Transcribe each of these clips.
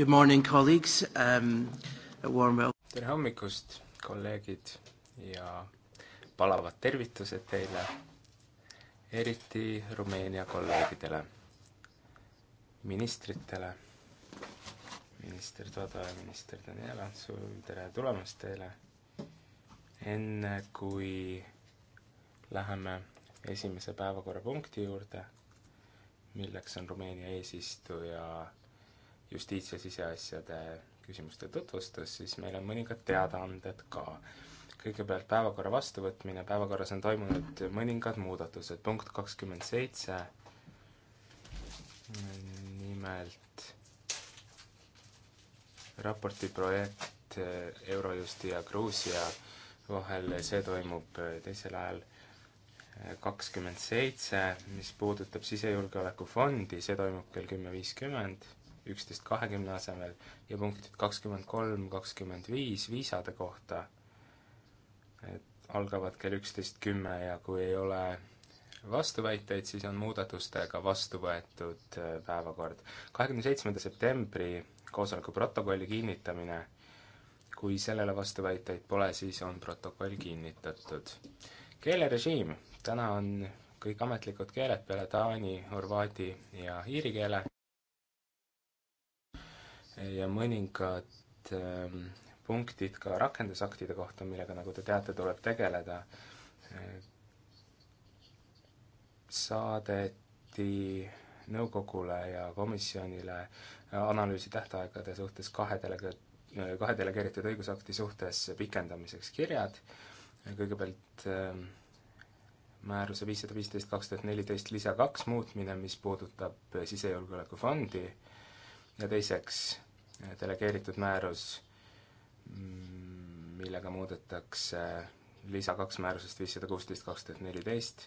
Good morning, colleagues um,, a warm welcome. tere hommikust, kolleegid ja palavad tervitused teile, eriti Rumeenia kolleegidele, ministritele, minister Toda ja minister Daniela, suur tere tulemast teile. enne kui läheme esimese päevakorrapunkti juurde, milleks on Rumeenia eesistuja justiits- ja siseasjade küsimuste tutvustus, siis meil on mõningad teadaanded ka. kõigepealt päevakorra vastuvõtmine, päevakorras on toimunud mõningad muudatused, punkt kakskümmend seitse, nimelt raporti projekt Eurojusti ja Gruusia vahel, see toimub teisel ajal kakskümmend seitse, mis puudutab sisejulgeolekufondi, see toimub kell kümme viiskümmend üksteist kahekümne asemel ja punktid kakskümmend kolm, kakskümmend viis viisade kohta, et algavad kell üksteist kümme ja kui ei ole vastuväiteid, siis on muudatustega vastu võetud äh, päevakord. kahekümne seitsmenda septembri koosoleku protokolli kinnitamine, kui sellele vastuväiteid pole, siis on protokoll kinnitatud. keelerežiim, täna on kõik ametlikud keeled peale taani, horvaadi ja iiri keele ja mõningad ähm, punktid ka rakendusaktide kohta, millega, nagu te teate, tuleb tegeleda. saadeti nõukogule ja komisjonile analüüsi tähtaegade suhtes kahe delega-, kahe delegeeritud õigusakti suhtes pikendamiseks kirjad, kõigepealt ähm, määruse viissada viisteist kaks tuhat neliteist lisa kaks muutmine, mis puudutab sisejulgeolekufondi, ja teiseks delegeeritud määrus, mm, millega muudetakse lisa kaks määrusest viissada kuusteist kaks tuhat neliteist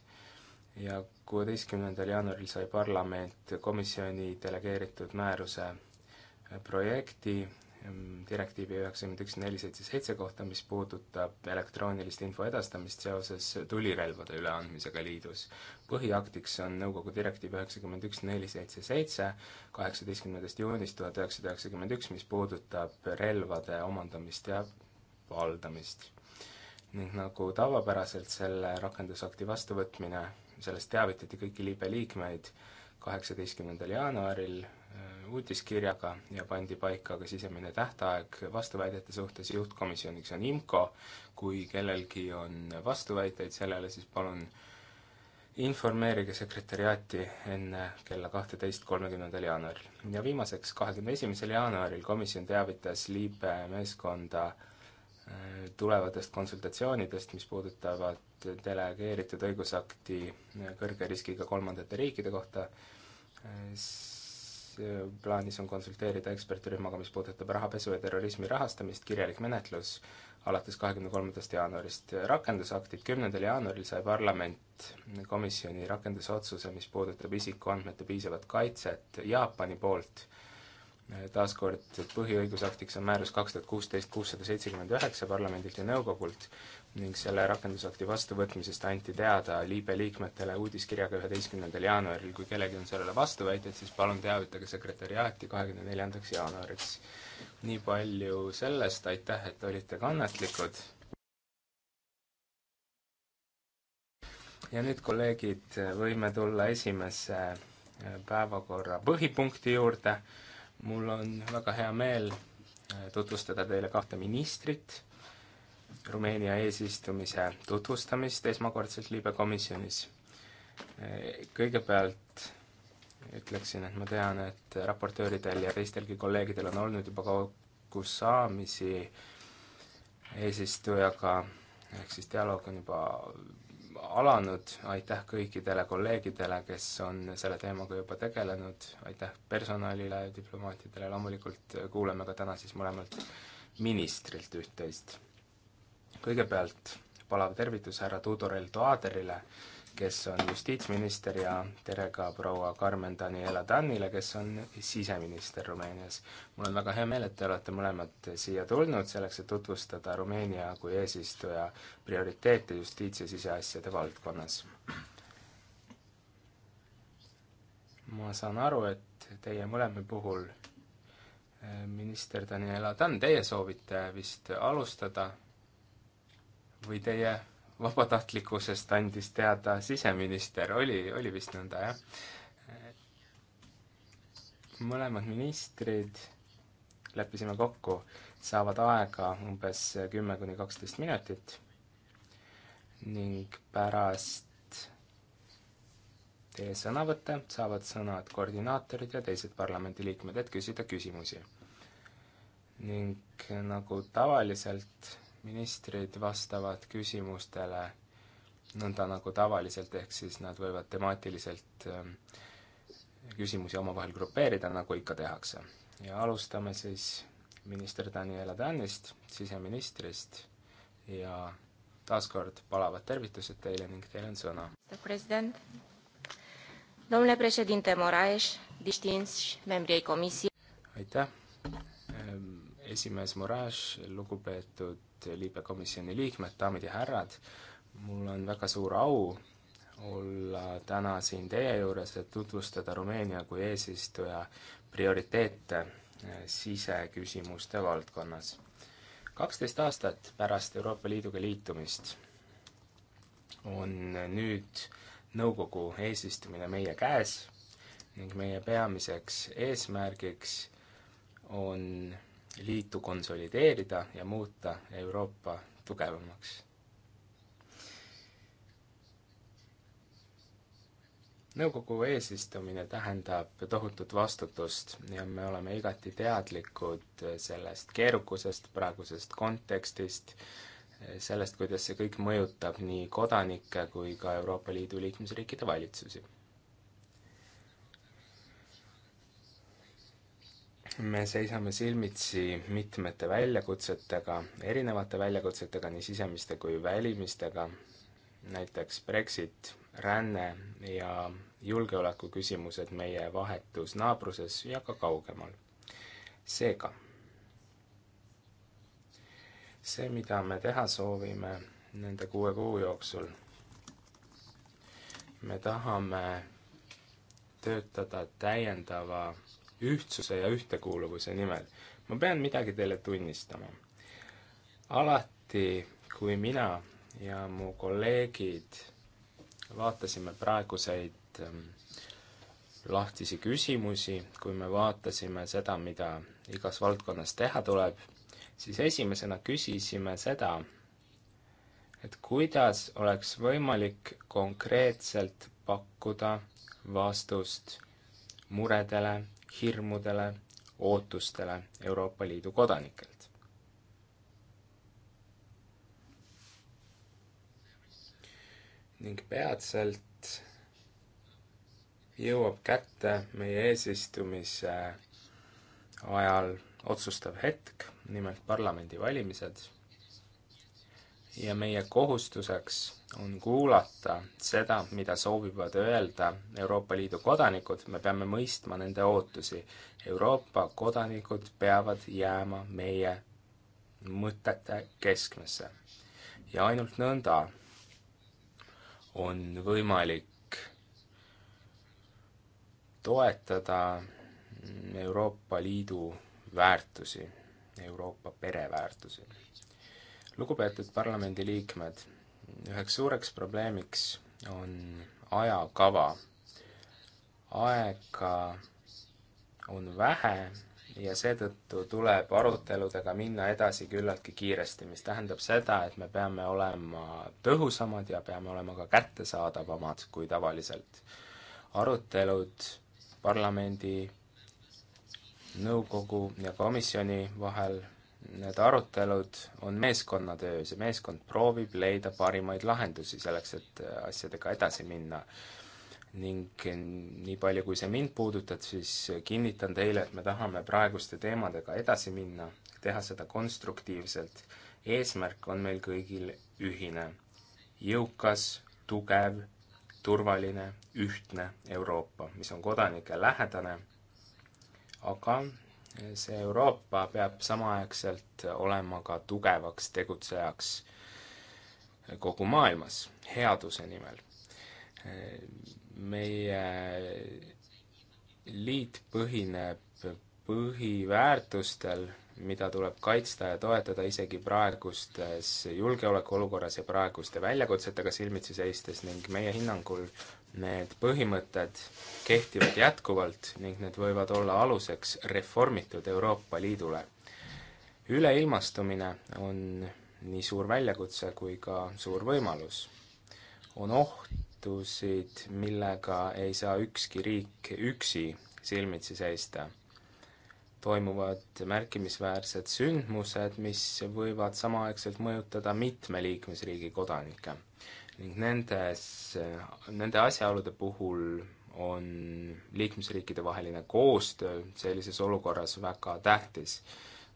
ja kuueteistkümnendal jaanuaril sai parlament komisjoni delegeeritud määruse projekti direktiivi üheksakümmend üks neli seitse seitse kohta, mis puudutab elektroonilist info edastamist seoses tulirelvade üleandmisega liidus. põhiaktiks on nõukogu direktiiv üheksakümmend üks neli seitse seitse kaheksateistkümnendast juunist tuhat üheksasada üheksakümmend üks, mis puudutab relvade omandamist ja valdamist. ning nagu tavapäraselt, selle rakendusakti vastuvõtmine, sellest teavitati kõiki liibe liikmeid kaheksateistkümnendal jaanuaril Äh, uudiskirjaga ja pandi paika ka sisemine tähtaeg vastuväidete suhtes, juhtkomisjoniks on IMCO, kui kellelgi on vastuväiteid sellele, siis palun informeerige sekretäriaati enne kella kahteteist kolmekümnendal jaanuaril. ja viimaseks, kahekümne esimesel jaanuaril komisjon teavitas Liibe meeskonda äh, tulevatest konsultatsioonidest, mis puudutavad delegeeritud õigusakti äh, kõrge riskiga kolmandate riikide kohta, plaanis on konsulteerida ekspertrühmaga, mis puudutab rahapesu ja terrorismi rahastamist, kirjalik menetlus alates kahekümne kolmandast jaanuarist. rakendusaktid, kümnendal jaanuaril sai parlament komisjoni rakendusotsuse, mis puudutab isikuandmete piisavat kaitset Jaapani poolt, taaskord põhiõigusaktiks on määrus kaks tuhat kuusteist kuussada seitsekümmend üheksa parlamendilt ja nõukogult, ning selle rakendusakti vastuvõtmisest anti teada liibe liikmetele uudiskirjaga üheteistkümnendal jaanuaril, kui kellelgi on sellele vastuväited, siis palun teavitage sekretäriaati kahekümne neljandaks jaanuariks. nii palju sellest, aitäh, et olite kannatlikud. ja nüüd, kolleegid, võime tulla esimese äh, päevakorra põhipunkti juurde. mul on väga hea meel äh, tutvustada teile kahte ministrit Rumeenia eesistumise tutvustamist esmakordselt Liibe komisjonis. kõigepealt ütleksin, et ma tean, et raportööridel ja teistelgi kolleegidel on olnud juba kokkusaamisi eesistujaga, ehk siis dialoog on juba alanud, aitäh kõikidele kolleegidele, kes on selle teemaga juba tegelenud, aitäh personalile, diplomaatidele, loomulikult kuuleme ka täna siis mõlemalt ministrilt üht-teist kõigepealt palav tervitus härra Tudorel Toaderile, kes on justiitsminister ja tere ka proua Carmen Daniela Tannile, kes on siseminister Rumeenias. mul on väga hea meel, et te olete mõlemad siia tulnud selleks, et tutvustada Rumeenia kui eesistuja prioriteete justiits- ja siseasjade valdkonnas. ma saan aru, et teie mõlema puhul eh, minister Daniela Tann, teie soovite vist alustada või teie vabatahtlikkusest andis teada siseminister, oli, oli vist nõnda, jah? mõlemad ministrid, leppisime kokku, saavad aega umbes kümme kuni kaksteist minutit ning pärast teie sõnavõtte saavad sõnad koordinaatorid ja teised parlamendiliikmed, et küsida küsimusi. ning nagu tavaliselt ministrid vastavad küsimustele nõnda nagu tavaliselt, ehk siis nad võivad temaatiliselt ähm, küsimusi omavahel grupeerida, nagu ikka tehakse. ja alustame siis minister Daniela Tänist, siseministrist ja taaskord palavad tervitused teile ning teil on sõna. president, domnule president Moraes, distinsi membri komisjoni. aitäh, esimees Moraes, lugupeetud liibekomisjoni liikmed, daamid ja härrad, mul on väga suur au olla täna siin teie juures, et tutvustada Rumeenia kui eesistuja prioriteete eh, siseküsimuste valdkonnas. kaksteist aastat pärast Euroopa Liiduga liitumist on nüüd nõukogu eesistumine meie käes ning meie peamiseks eesmärgiks on liitu konsolideerida ja muuta Euroopa tugevamaks. nõukogu eesistumine tähendab tohutut vastutust ja me oleme igati teadlikud sellest keerukusest, praegusest kontekstist, sellest, kuidas see kõik mõjutab nii kodanikke kui ka Euroopa Liidu liikmesriikide valitsusi me seisame silmitsi mitmete väljakutsetega, erinevate väljakutsetega, nii sisemiste kui välimistega, näiteks Brexit, ränne ja julgeolekuküsimused meie vahetus naabruses ja ka kaugemal. seega, see, mida me teha soovime nende kuue kuu jooksul, me tahame töötada täiendava ühtsuse ja ühtekuuluvuse nimel. ma pean midagi teile tunnistama. alati, kui mina ja mu kolleegid vaatasime praeguseid ähm, lahtisi küsimusi, kui me vaatasime seda, mida igas valdkonnas teha tuleb, siis esimesena küsisime seda, et kuidas oleks võimalik konkreetselt pakkuda vastust muredele hirmudele, ootustele Euroopa Liidu kodanikelt. ning peatselt jõuab kätte meie eesistumise ajal otsustav hetk, nimelt parlamendivalimised, ja meie kohustuseks on kuulata seda, mida soovivad öelda Euroopa Liidu kodanikud, me peame mõistma nende ootusi. Euroopa kodanikud peavad jääma meie mõtete keskmesse. ja ainult nõnda on võimalik toetada Euroopa Liidu väärtusi, Euroopa pereväärtusi. lugupeetud parlamendiliikmed, üheks suureks probleemiks on ajakava. aega on vähe ja seetõttu tuleb aruteludega minna edasi küllaltki kiiresti, mis tähendab seda, et me peame olema tõhusamad ja peame olema ka kättesaadavamad kui tavaliselt. arutelud parlamendi, nõukogu ja komisjoni vahel need arutelud on meeskonnatöös ja meeskond proovib leida parimaid lahendusi selleks, et asjadega edasi minna. ning nii palju, kui see mind puudutab, siis kinnitan teile, et me tahame praeguste teemadega edasi minna, teha seda konstruktiivselt. eesmärk on meil kõigil ühine, jõukas, tugev, turvaline, ühtne Euroopa, mis on kodanike lähedane, aga see Euroopa peab samaaegselt olema ka tugevaks tegutsejaks kogu maailmas headuse nimel. meie liit põhineb põhiväärtustel, mida tuleb kaitsta ja toetada isegi praegustes julgeolekuolukorras ja praeguste väljakutsetega silmitsi seistes ning meie hinnangul Need põhimõtted kehtivad jätkuvalt ning need võivad olla aluseks reformitud Euroopa Liidule. üleilmastumine on nii suur väljakutse kui ka suur võimalus. on ohtusid, millega ei saa ükski riik üksi silmitsi seista. toimuvad märkimisväärsed sündmused, mis võivad samaaegselt mõjutada mitme liikmesriigi kodanikke ning nendes, nende asjaolude puhul on liikmesriikide vaheline koostöö sellises olukorras väga tähtis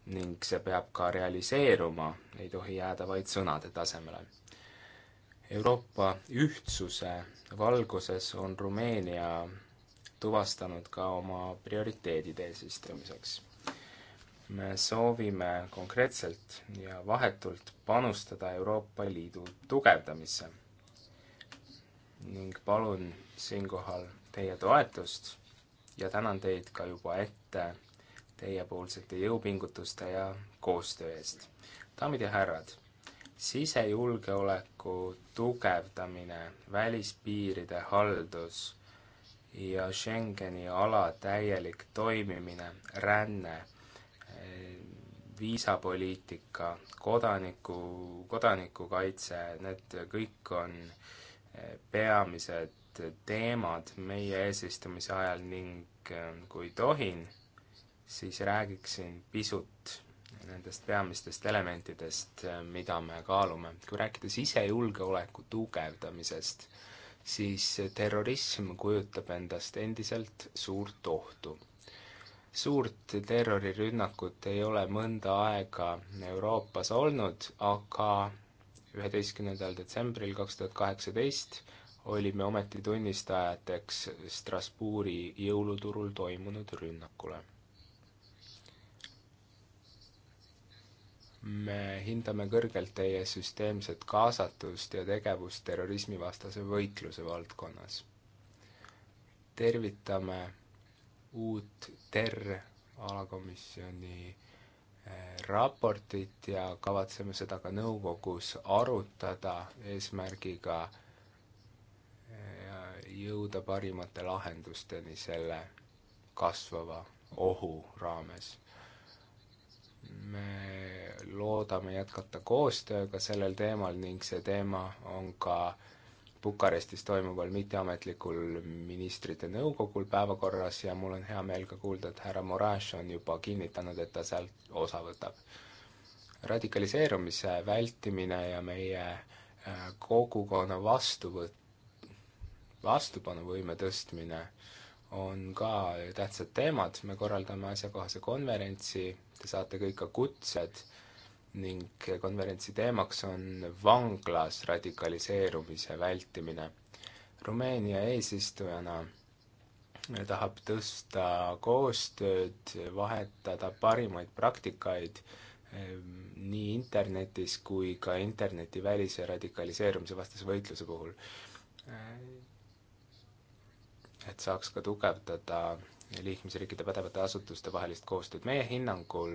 ning see peab ka realiseeruma, ei tohi jääda vaid sõnade tasemele. Euroopa ühtsuse valguses on Rumeenia tuvastanud ka oma prioriteedid eesistumiseks. me soovime konkreetselt ja vahetult panustada Euroopa Liidu tugevdamisse ning palun siinkohal teie toetust ja tänan teid ka juba ette teiepoolsete jõupingutuste ja koostöö eest. daamid ja härrad, sisejulgeoleku tugevdamine, välispiiride haldus ja Schengeni ala täielik toimimine, ränne, viisapoliitika, kodaniku, kodanikukaitse, need kõik on äh, peamised teemad meie eesistumise ajal ning ähm, kui tohin, siis räägiksin pisut nendest peamistest elementidest, äh, mida me kaalume. kui rääkida sisejulgeoleku tugevdamisest, siis terrorism kujutab endast endiselt suurt ohtu. suurt terrorirünnakut ei ole mõnda aega Euroopas olnud, aga üheteistkümnendal detsembril kaks tuhat kaheksateist olime ometi tunnistajateks Strasbourgi jõuluturul toimunud rünnakule. me hindame kõrgelt teie süsteemset kaasatust ja tegevust terrorismivastase võitluse valdkonnas. tervitame uut TER alakomisjoni raportit ja kavatseme seda ka nõukogus arutada eesmärgiga äh, jõuda parimate lahendusteni selle kasvava ohu raames. me loodame jätkata koostööga sellel teemal ning see teema on ka äh, Bukarestis toimuval mitteametlikul ministrite nõukogul päevakorras ja mul on hea meel ka kuulda, et härra Moraes on juba kinnitanud, et ta sealt osa võtab. radikaliseerumise vältimine ja meie äh, kogukonna vastuvõtt, vastupanuvõime tõstmine on ka tähtsad teemad, me korraldame asjakohase konverentsi, te saate kõik ka kutsed ning konverentsi teemaks on vanglas radikaliseerumise vältimine. Rumeenia eesistujana tahab tõsta koostööd, vahetada parimaid praktikaid ehm, nii internetis kui ka internetivälise radikaliseerumise vastase võitluse puhul. Ehm, et saaks ka tugevdada liikmesriikide pädevate asutuste vahelist koostööd. meie hinnangul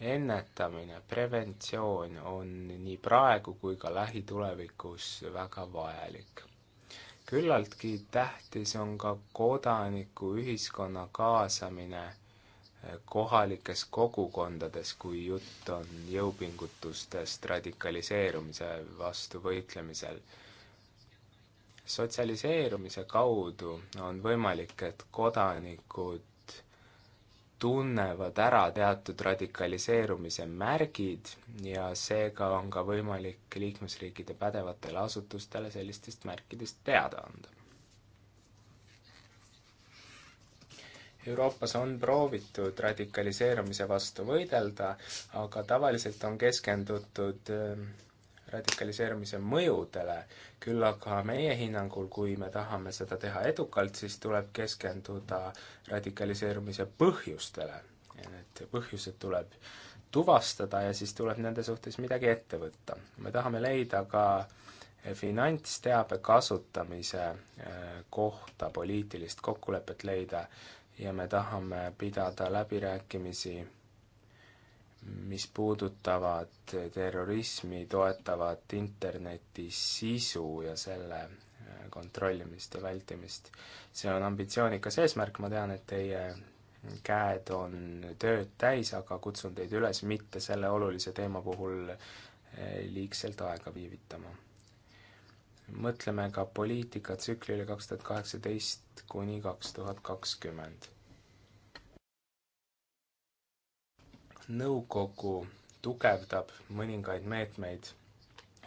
ennetamine, preventsioon on nii praegu kui ka lähitulevikus väga vajalik. küllaltki tähtis on ka kodanikuühiskonna kaasamine eh, kohalikes kogukondades, kui jutt on jõupingutustest radikaliseerumise vastu võitlemisel. sotsialiseerumise kaudu on võimalik, et kodanikud tunnevad ära teatud radikaliseerumise märgid ja seega on ka võimalik liikmesriikide pädevatele asutustele sellistest märkidest teada anda. Euroopas on proovitud radikaliseerumise vastu võidelda, aga tavaliselt on keskendutud äh, radikaliseerumise mõjudele, küll aga meie hinnangul, kui me tahame seda teha edukalt, siis tuleb keskenduda radikaliseerumise põhjustele. ja need põhjused tuleb tuvastada ja siis tuleb nende suhtes midagi ette võtta. me tahame leida ka eh, finantsteabe kasutamise eh, kohta poliitilist kokkulepet leida ja me tahame pidada läbirääkimisi mis puudutavad terrorismi toetavat interneti sisu ja selle äh, kontrollimist ja vältimist. see on ambitsioonikas eesmärk, ma tean, et teie käed on tööd täis, aga kutsun teid üles mitte selle olulise teema puhul äh, liigselt aega viivitama. mõtleme ka poliitikatsüklile kaks tuhat kaheksateist kuni kaks tuhat kakskümmend nõukogu tugevdab mõningaid meetmeid,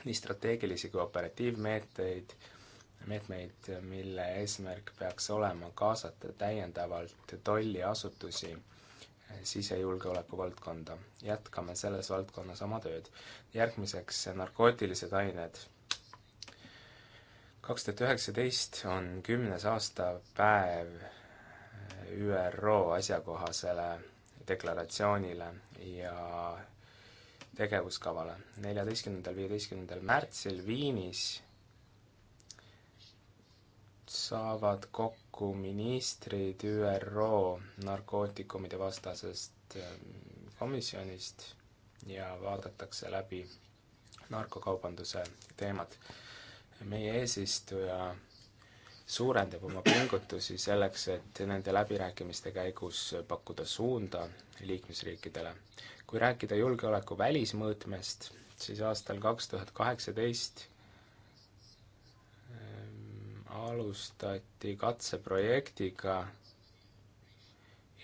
nii strateegilisi kui operatiivmeetmeid, meetmeid, mille eesmärk peaks olema kaasata täiendavalt tolliasutusi sisejulgeoleku valdkonda. jätkame selles valdkonnas oma tööd. järgmiseks narkootilised ained. kaks tuhat üheksateist on kümnes aastapäev ÜRO asjakohasele deklaratsioonile ja tegevuskavale. neljateistkümnendal, viieteistkümnendal märtsil Viinis saavad kokku ministrid ÜRO narkootikumide vastasest ähm, komisjonist ja vaadatakse läbi narkokaubanduse teemad. meie eesistuja suurendab oma pingutusi selleks, et nende läbirääkimiste käigus pakkuda suunda liikmesriikidele. kui rääkida julgeoleku välismõõtmest, siis aastal kaks tuhat kaheksateist ehm, alustati katseprojektiga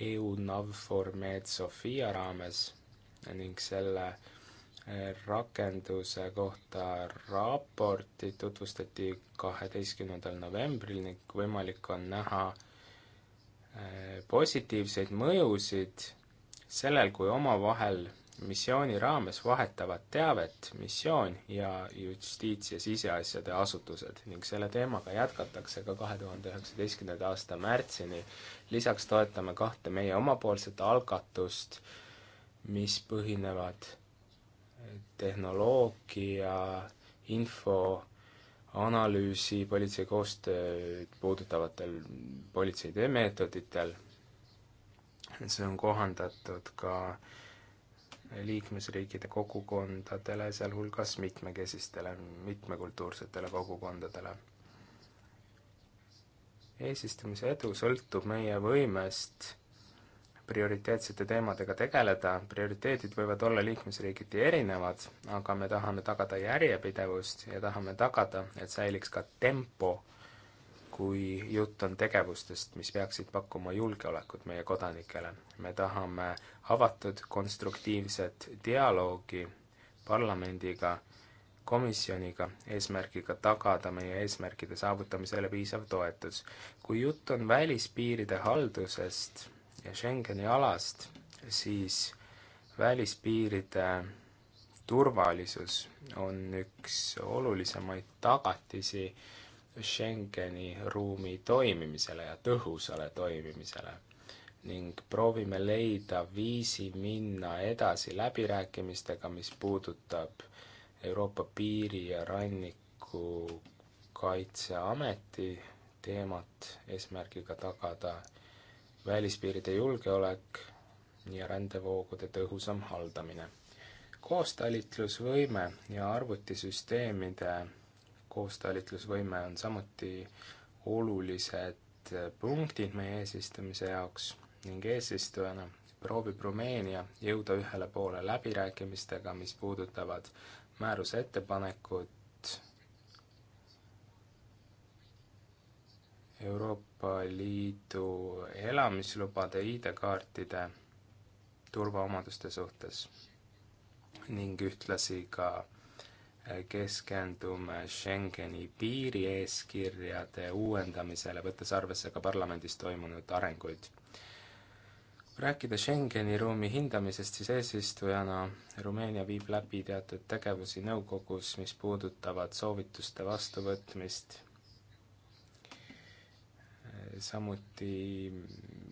EU NAVFOR Med e Sophia raames ning selle äh, rakenduse kohta raportit tutvustati kaheteistkümnendal novembril ning võimalik on näha eh, positiivseid mõjusid sellel, kui omavahel missiooni raames vahetavad teavet missioon ja justiits- ja siseasjade asutused ning selle teemaga jätkatakse ka kahe tuhande üheksateistkümnenda aasta märtsini. lisaks toetame kahte meie omapoolset algatust, mis põhinevad tehnoloogia, info, analüüsi politsei koostööd puudutavatel politsei töömeetoditel. see on kohandatud ka liikmesriikide kogukondadele, sealhulgas mitmekesistele, mitmekultuursetele kogukondadele. eesistumise edu sõltub meie võimest prioriteetsete teemadega tegeleda, prioriteedid võivad olla liikmesriigiti erinevad, aga me tahame tagada järjepidevust ja tahame tagada, et säiliks ka tempo, kui jutt on tegevustest, mis peaksid pakkuma julgeolekut meie kodanikele. me tahame avatud konstruktiivset dialoogi parlamendiga, komisjoniga, eesmärgiga tagada meie eesmärkide saavutamisele piisav toetus. kui jutt on välispiiride haldusest, Schengeni alast, siis välispiiride turvalisus on üks olulisemaid tagatisi Schengeni ruumi toimimisele ja tõhusale toimimisele ning proovime leida viisi minna edasi läbirääkimistega, mis puudutab Euroopa Piiri- ja Rannikukaitseameti teemat eesmärgiga tagada välispiiride julgeolek ja rändevoogude tõhusam haldamine. koostalitlusvõime ja arvutisüsteemide koostalitlusvõime on samuti olulised punktid meie eesistumise jaoks ning eesistujana proovib Rumeenia jõuda ühele poole läbirääkimistega, mis puudutavad määruse ettepanekut Euroopa Liidu elamislubade ID-kaartide turvaomaduste suhtes ning ühtlasi ka äh, keskendume Schengeni piirieeskirjade uuendamisele, võttes arvesse ka parlamendis toimunud arenguid. rääkida Schengeni ruumi hindamisest, siis eesistujana Rumeenia viib läbi teatud tegevusi nõukogus, mis puudutavad soovituste vastuvõtmist samuti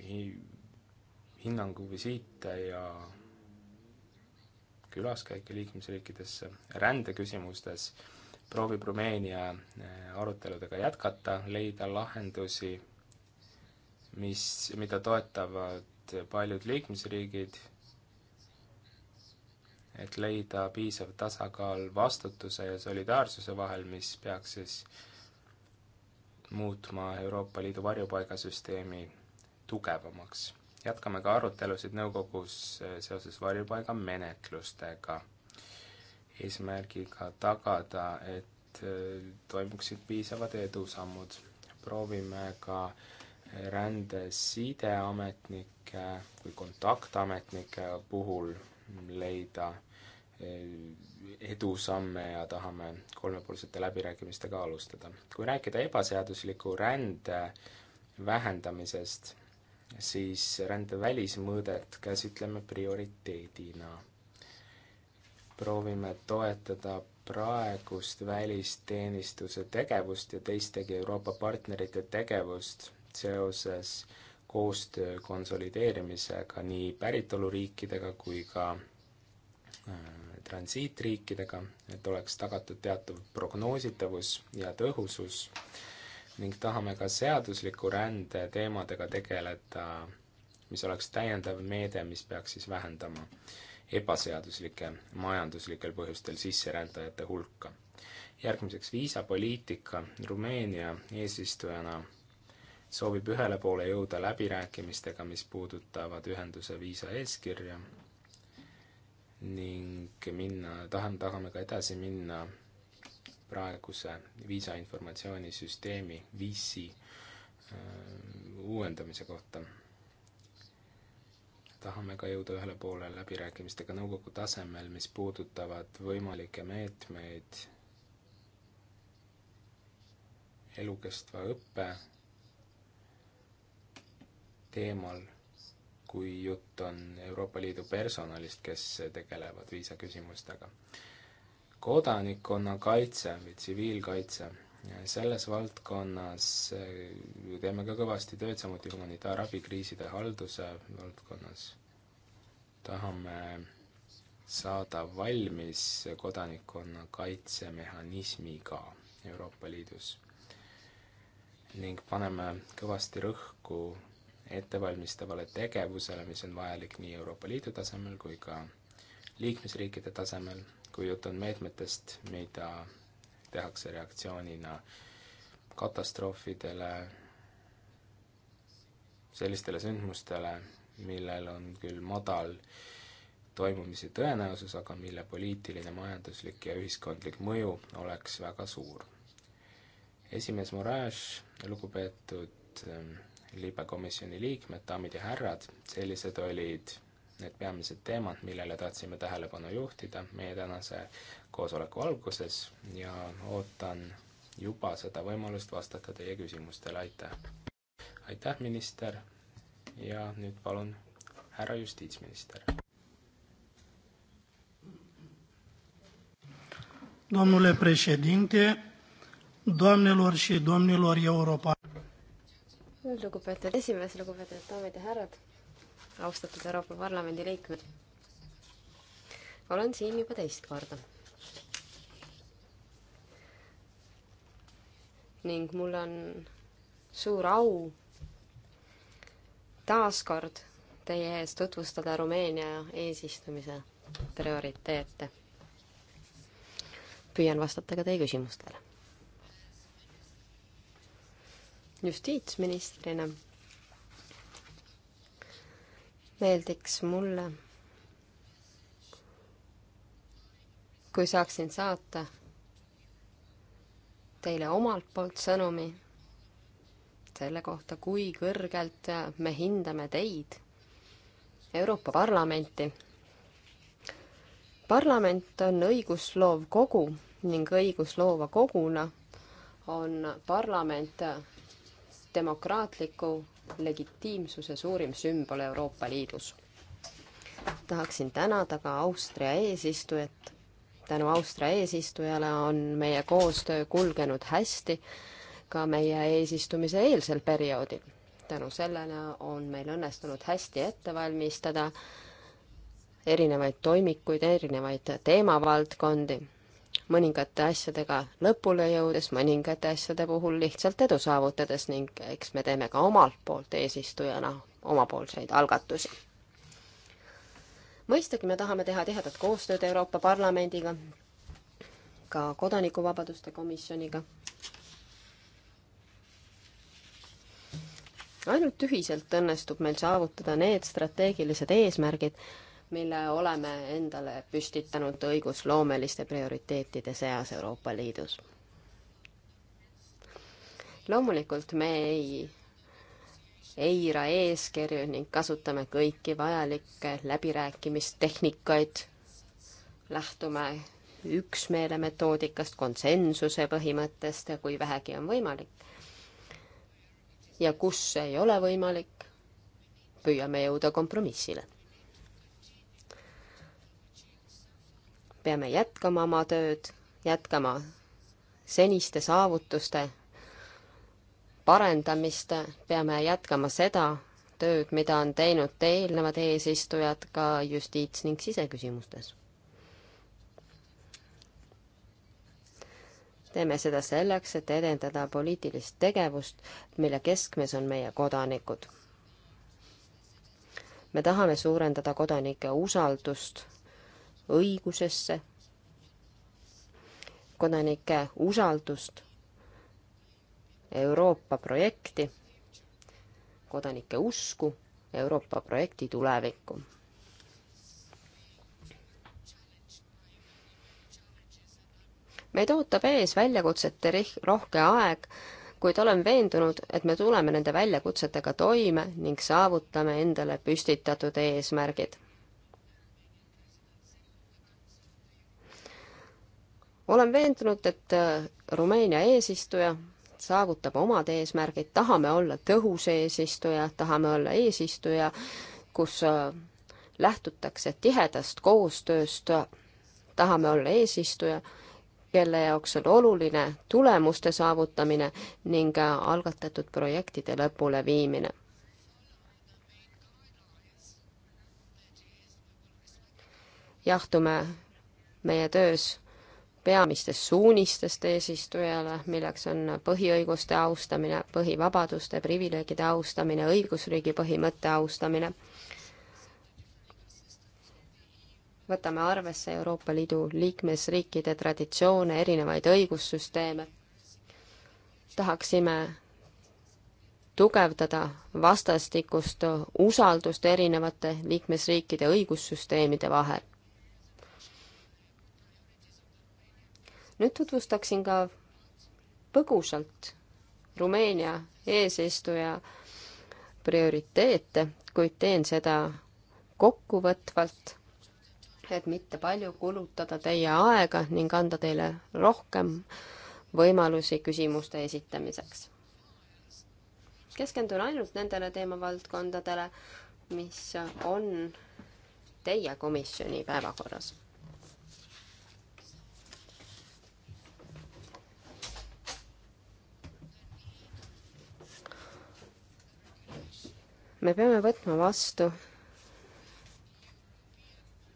hi-, hinnanguvisiite ja külaskäike liikmesriikidesse rändeküsimustes, proovib Rumeenia äh, aruteludega jätkata, leida lahendusi, mis, mida toetavad paljud liikmesriigid, et leida piisav tasakaal vastutuse ja solidaarsuse vahel, mis peaks siis äh, muutma Euroopa Liidu varjupaigasüsteemi tugevamaks. jätkame ka arutelusid nõukogus eh, seoses varjupaiga menetlustega, eesmärgiga tagada, et eh, toimuksid piisavad edusammud. proovime ka eh, rändesideametnike kui kontaktametnike puhul leida Eh, edusamme ja tahame kolmepoolsete läbirääkimistega alustada. kui rääkida ebaseadusliku rände vähendamisest, siis rände välismõõdet käsitleme prioriteedina. proovime toetada praegust välisteenistuse tegevust ja teistegi Euroopa partnerite tegevust seoses koostöö konsolideerimisega nii päritoluriikidega kui ka äh, transiitriikidega, et oleks tagatud teatav prognoositavus ja tõhusus ning tahame ka seadusliku rände teemadega tegeleda, mis oleks täiendav meede, mis peaks siis vähendama ebaseaduslike majanduslikel põhjustel sisserändajate hulka. järgmiseks viisapoliitika, Rumeenia eesistujana soovib ühele poole jõuda läbirääkimistega, mis puudutavad ühenduse viisaeeskirja ning minna, tahame, tahame ka edasi minna praeguse viisainformatsioonisüsteemi, VIS-i äh, uuendamise kohta. tahame ka jõuda ühele poole läbirääkimistega nõukogu tasemel, mis puudutavad võimalikke meetmeid elukestva õppe teemal kui jutt on Euroopa Liidu personalist, kes tegelevad viisaküsimustega. kodanikkonnakaitse või tsiviilkaitse, selles valdkonnas eh, teeme ka kõvasti tööd, samuti humanitaarabi kriiside halduse valdkonnas. tahame saada valmis kodanikkonna kaitsemehhanismiga Euroopa Liidus ning paneme kõvasti rõhku ettevalmistavale tegevusele, mis on vajalik nii Euroopa Liidu tasemel kui ka liikmesriikide tasemel, kui jutt on meetmetest, mida tehakse reaktsioonina katastroofidele, sellistele sündmustele, millel on küll madal toimumise tõenäosus, aga mille poliitiline, majanduslik ja ühiskondlik mõju oleks väga suur. esimees Moraes, lugupeetud ähm, libekomisjoni liikmed, daamid ja härrad, sellised olid need peamised teemad, millele tahtsime tähelepanu juhtida meie tänase koosoleku alguses ja ootan juba seda võimalust vastata teie küsimustele, aitäh! aitäh, minister, ja nüüd palun, härra justiitsminister! Domnule președinte, doamnelor și domnilor europeni lugupeetud esimees, lugupeetud daamid ja härrad, austatud Euroopa Parlamendi liikmed. olen siin juba teist korda. ning mul on suur au taas kord teie ees tutvustada Rumeenia eesistumise prioriteete. püüan vastata ka teie küsimustele justiitsministrina meeldiks mulle, kui saaksin saata teile omalt poolt sõnumi selle kohta, kui kõrgelt me hindame teid, Euroopa Parlamenti. parlament on õigusloov kogu ning õigusloova koguna on parlament demokraatliku legitiimsuse suurim sümbol Euroopa Liidus. tahaksin tänada ka Austria eesistujat. tänu Austria eesistujale on meie koostöö kulgenud hästi ka meie eesistumise eelsel perioodil. tänu sellele on meil õnnestunud hästi ette valmistada erinevaid toimikuid, erinevaid teemavaldkondi mõningate asjadega lõpule jõudes, mõningate asjade puhul lihtsalt edu saavutades ning eks me teeme ka omalt poolt eesistujana omapoolseid algatusi. mõistagi me tahame teha tihedat koostööd Euroopa Parlamendiga, ka Kodanikuvabaduste Komisjoniga. ainult ühiselt õnnestub meil saavutada need strateegilised eesmärgid, mille oleme endale püstitanud õigusloomeliste prioriteetide seas Euroopa Liidus. loomulikult me ei eira eeskirju ning kasutame kõiki vajalikke läbirääkimistehnikaid, lähtume üksmeele metoodikast, konsensuse põhimõttest, kui vähegi on võimalik. ja kus see ei ole võimalik, püüame jõuda kompromissile. peame jätkama oma tööd, jätkama seniste saavutuste parendamist, peame jätkama seda tööd, mida on teinud eelnevad eesistujad ka justiits- ning siseküsimustes. teeme seda selleks, et edendada poliitilist tegevust, mille keskmes on meie kodanikud. me tahame suurendada kodanike usaldust õigusesse, kodanike usaldust Euroopa projekti, kodanike usku Euroopa projekti tulevikku. meid ootab ees väljakutsete rohke aeg, kuid olen veendunud, et me tuleme nende väljakutsetega toime ning saavutame endale püstitatud eesmärgid. olen veendunud, et äh, Rumeenia eesistuja saavutab omad eesmärgid, tahame olla tõhus eesistuja, tahame olla eesistuja, kus äh, lähtutakse tihedast koostööst, tahame olla eesistuja, kelle jaoks on oluline tulemuste saavutamine ning äh, algatatud projektide lõpuleviimine. jahtume meie töös peamistest suunistest eesistujale, milleks on põhiõiguste austamine, põhivabaduste, privileegide austamine, õigusriigi põhimõtte austamine. võtame arvesse Euroopa Liidu liikmesriikide traditsioone, erinevaid õigussüsteeme. tahaksime tugevdada vastastikust usaldust erinevate liikmesriikide õigussüsteemide vahel nüüd tutvustaksin ka põgusalt Rumeenia eesistuja prioriteete, kuid teen seda kokkuvõtvalt, et mitte palju kulutada teie aega ning anda teile rohkem võimalusi küsimuste esitamiseks. keskendun ainult nendele teemavaldkondadele, mis on teie komisjoni päevakorras me peame võtma vastu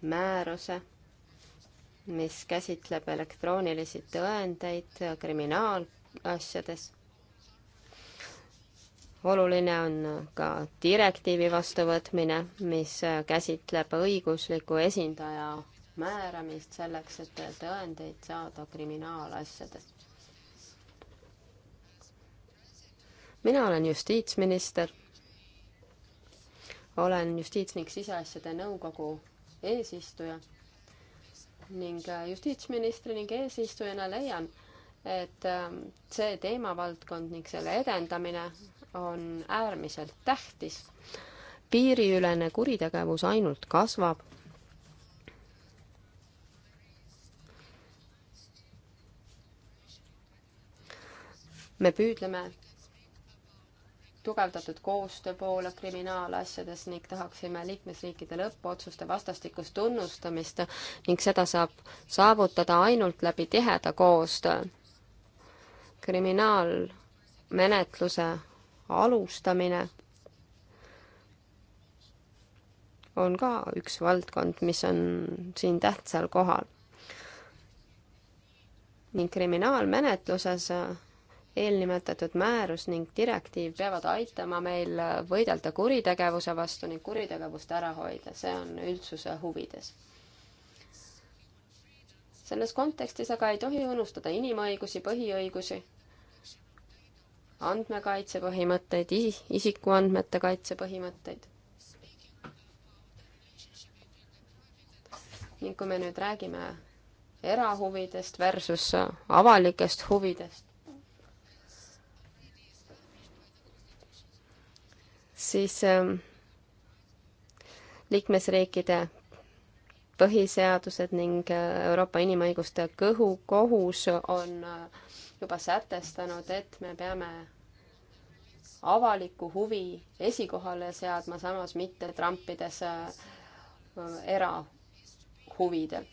määruse, mis käsitleb elektroonilisi tõendeid kriminaalasjades. oluline on ka direktiivi vastuvõtmine, mis käsitleb õigusliku esindaja määramist selleks, et tõendeid saada kriminaalasjades. mina olen justiitsminister olen justiits- ning siseasjade nõukogu eesistuja ning äh, justiitsministri ning eesistujana leian, et ähm, see teemavaldkond ning selle edendamine on äärmiselt tähtis. piiriülene kuritegevus ainult kasvab. me püüdleme tugevdatud koostöö poole kriminaalasjades ning tahaksime liikmesriikide lõppotsuste vastastikust tunnustamist ning seda saab saavutada ainult läbi tiheda koostöö. kriminaalmenetluse alustamine on ka üks valdkond, mis on siin tähtsal kohal. ning kriminaalmenetluses eelnimetatud määrus ning direktiiv peavad aitama meil võidelda kuritegevuse vastu ning kuritegevust ära hoida, see on üldsuse huvides. selles kontekstis aga ei tohi unustada inimõigusi, põhiõigusi, andmekaitse põhimõtteid, isikuandmete kaitse põhimõtteid ning kui me nüüd räägime erahuvidest versus avalikest huvidest, siis ähm, liikmesriikide põhiseadused ning äh, Euroopa Inimõiguste Kõhu kohus on äh, juba sätestanud, et me peame avalikku huvi esikohale seadma, samas mitte trampides äh, erahuvidel.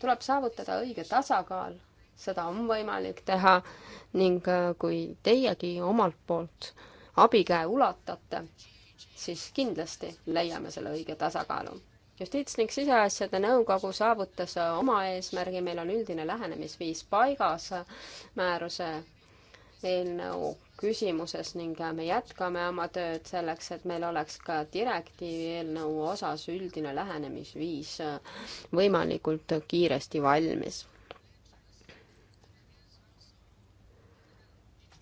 tuleb saavutada õige tasakaal, seda on võimalik teha ning kui teiegi omalt poolt abikäe ulatate, siis kindlasti leiame selle õige tasakaalu. justiits- ning siseasjade nõukogu saavutas oma eesmärgi, meil on üldine lähenemisviis paigas määruse eelnõu küsimuses ning me jätkame oma tööd selleks, et meil oleks ka direktiivi eelnõu osas üldine lähenemisviis võimalikult kiiresti valmis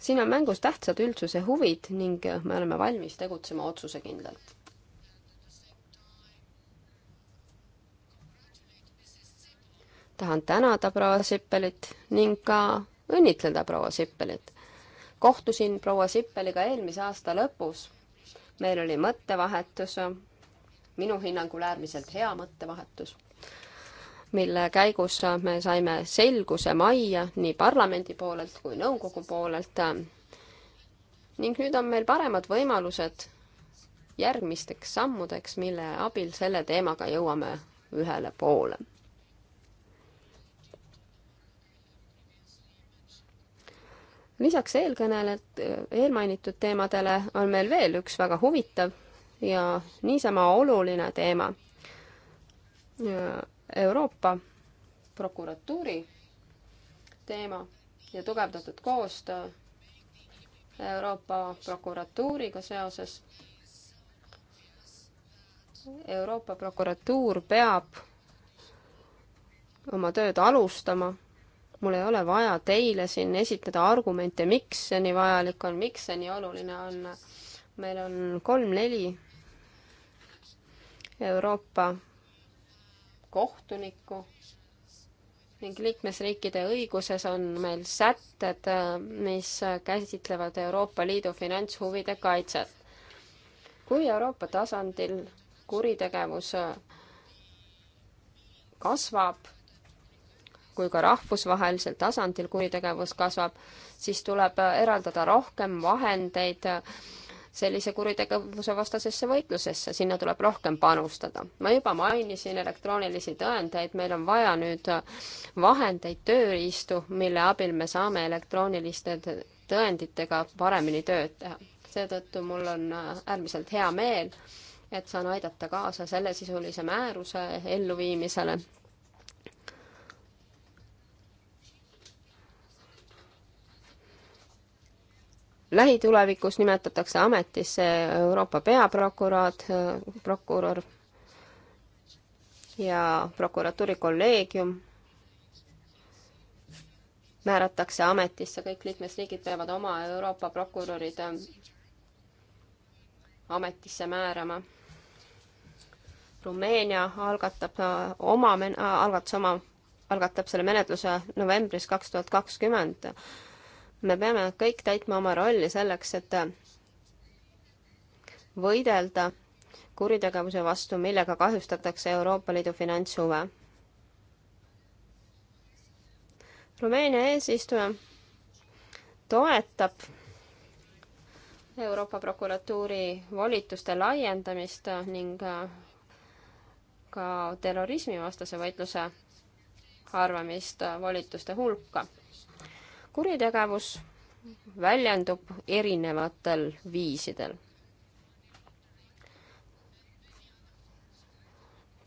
siin on mängus tähtsad üldsuse huvid ning me oleme valmis tegutsema otsusekindlalt. tahan tänada proua Sippelit ning ka õnnitleda proua Sippelit. kohtusin proua Sippeliga eelmise aasta lõpus. meil oli mõttevahetus, minu hinnangul äärmiselt hea mõttevahetus mille käigus me saime selguse majja nii parlamendi poolelt kui nõukogu poolelt. ning nüüd on meil paremad võimalused järgmisteks sammudeks, mille abil selle teemaga jõuame ühele poole. lisaks eelkõnelejad, eelmainitud teemadele on meil veel üks väga huvitav ja niisama oluline teema Euroopa prokuratuuri teema ja tugevdatud koostöö Euroopa prokuratuuriga seoses. Euroopa prokuratuur peab oma tööd alustama. mul ei ole vaja teile siin esitada argumente, miks see nii vajalik on, miks see nii oluline on. meil on kolm-neli Euroopa kohtunikku ning liikmesriikide õiguses on meil sätted, mis käsitlevad Euroopa Liidu finantshuvide kaitset. kui Euroopa tasandil kuritegevus kasvab, kui ka rahvusvahelisel tasandil kuritegevus kasvab, siis tuleb eraldada rohkem vahendeid sellise kuritegevuse vastasesse võitlusesse, sinna tuleb rohkem panustada. ma juba mainisin elektroonilisi tõendeid, meil on vaja nüüd vahendeid, tööriistu, mille abil me saame elektrooniliste tõenditega paremini tööd teha. seetõttu mul on äärmiselt hea meel, et saan aidata kaasa sellesisulise määruse elluviimisele lähitulevikus nimetatakse ametisse Euroopa peaprokurör, prokurör ja prokuratuuri kolleegium määratakse ametisse, kõik liikmesriigid peavad oma Euroopa prokurörid ametisse määrama. Rumeenia algatab oma, algatas oma, algatab selle menetluse novembris kaks tuhat kakskümmend me peame kõik täitma oma rolli selleks, et võidelda kuritegevuse vastu, millega kahjustatakse Euroopa Liidu finantshuve. Rumeenia eesistuja toetab Euroopa prokuratuuri volituste laiendamist ning ka terrorismivastase võitluse arvamist volituste hulka kuritegevus väljendub erinevatel viisidel.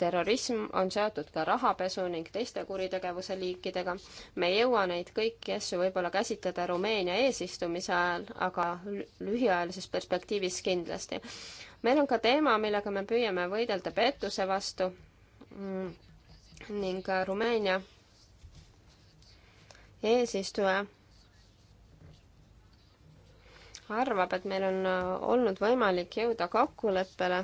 terrorism on seotud ka rahapesu ning teiste kuritegevuse liikidega. me ei jõua neid kõiki asju võib-olla käsitleda Rumeenia eesistumise ajal, aga lühiajalises perspektiivis kindlasti. meil on ka teema, millega me püüame võidelda pettuse vastu mm, ning Rumeenia eesistuja arvab, et meil on olnud võimalik jõuda kokkuleppele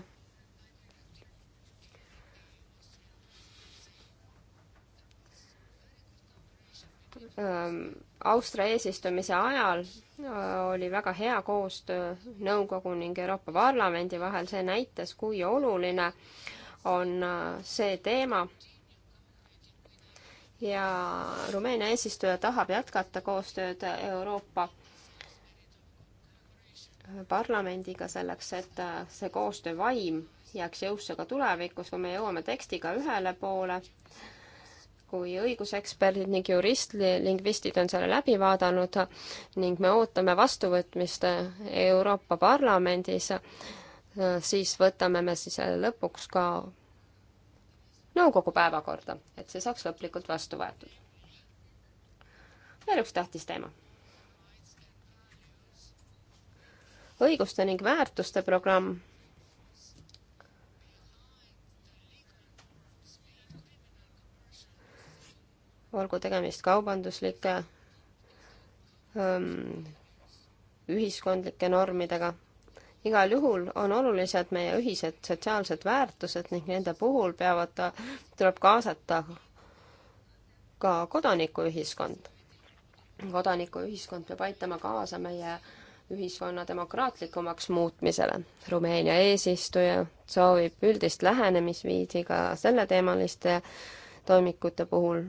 ähm, Austria eesistumise ajal äh, oli väga hea koostöö nõukogu ning Euroopa Parlamendi vahel, see näitas, kui oluline on äh, see teema ja Rumeenia eesistuja tahab jätkata koostööd Euroopa parlamendiga selleks, et see koostöö vaim jääks jõusse ka tulevikus, kui me jõuame tekstiga ühele poole, kui õiguseksperdid ning jurist, lingvistid on selle läbi vaadanud ning me ootame vastuvõtmist Euroopa Parlamendis, siis võtame me siis lõpuks ka nõukogu päevakorda, et see saaks lõplikult vastu võetud. veel üks tähtis teema. õiguste ning väärtuste programm olgu tegemist kaubanduslike, ähm, ühiskondlike normidega igal juhul on olulised meie ühised sotsiaalsed väärtused ning nende puhul peavad, tuleb kaasata ka kodanikuühiskond. kodanikuühiskond peab aitama kaasa meie ühiskonna demokraatlikumaks muutmisele. Rumeenia eesistuja soovib üldist lähenemisviisi ka selleteemaliste toimikute puhul,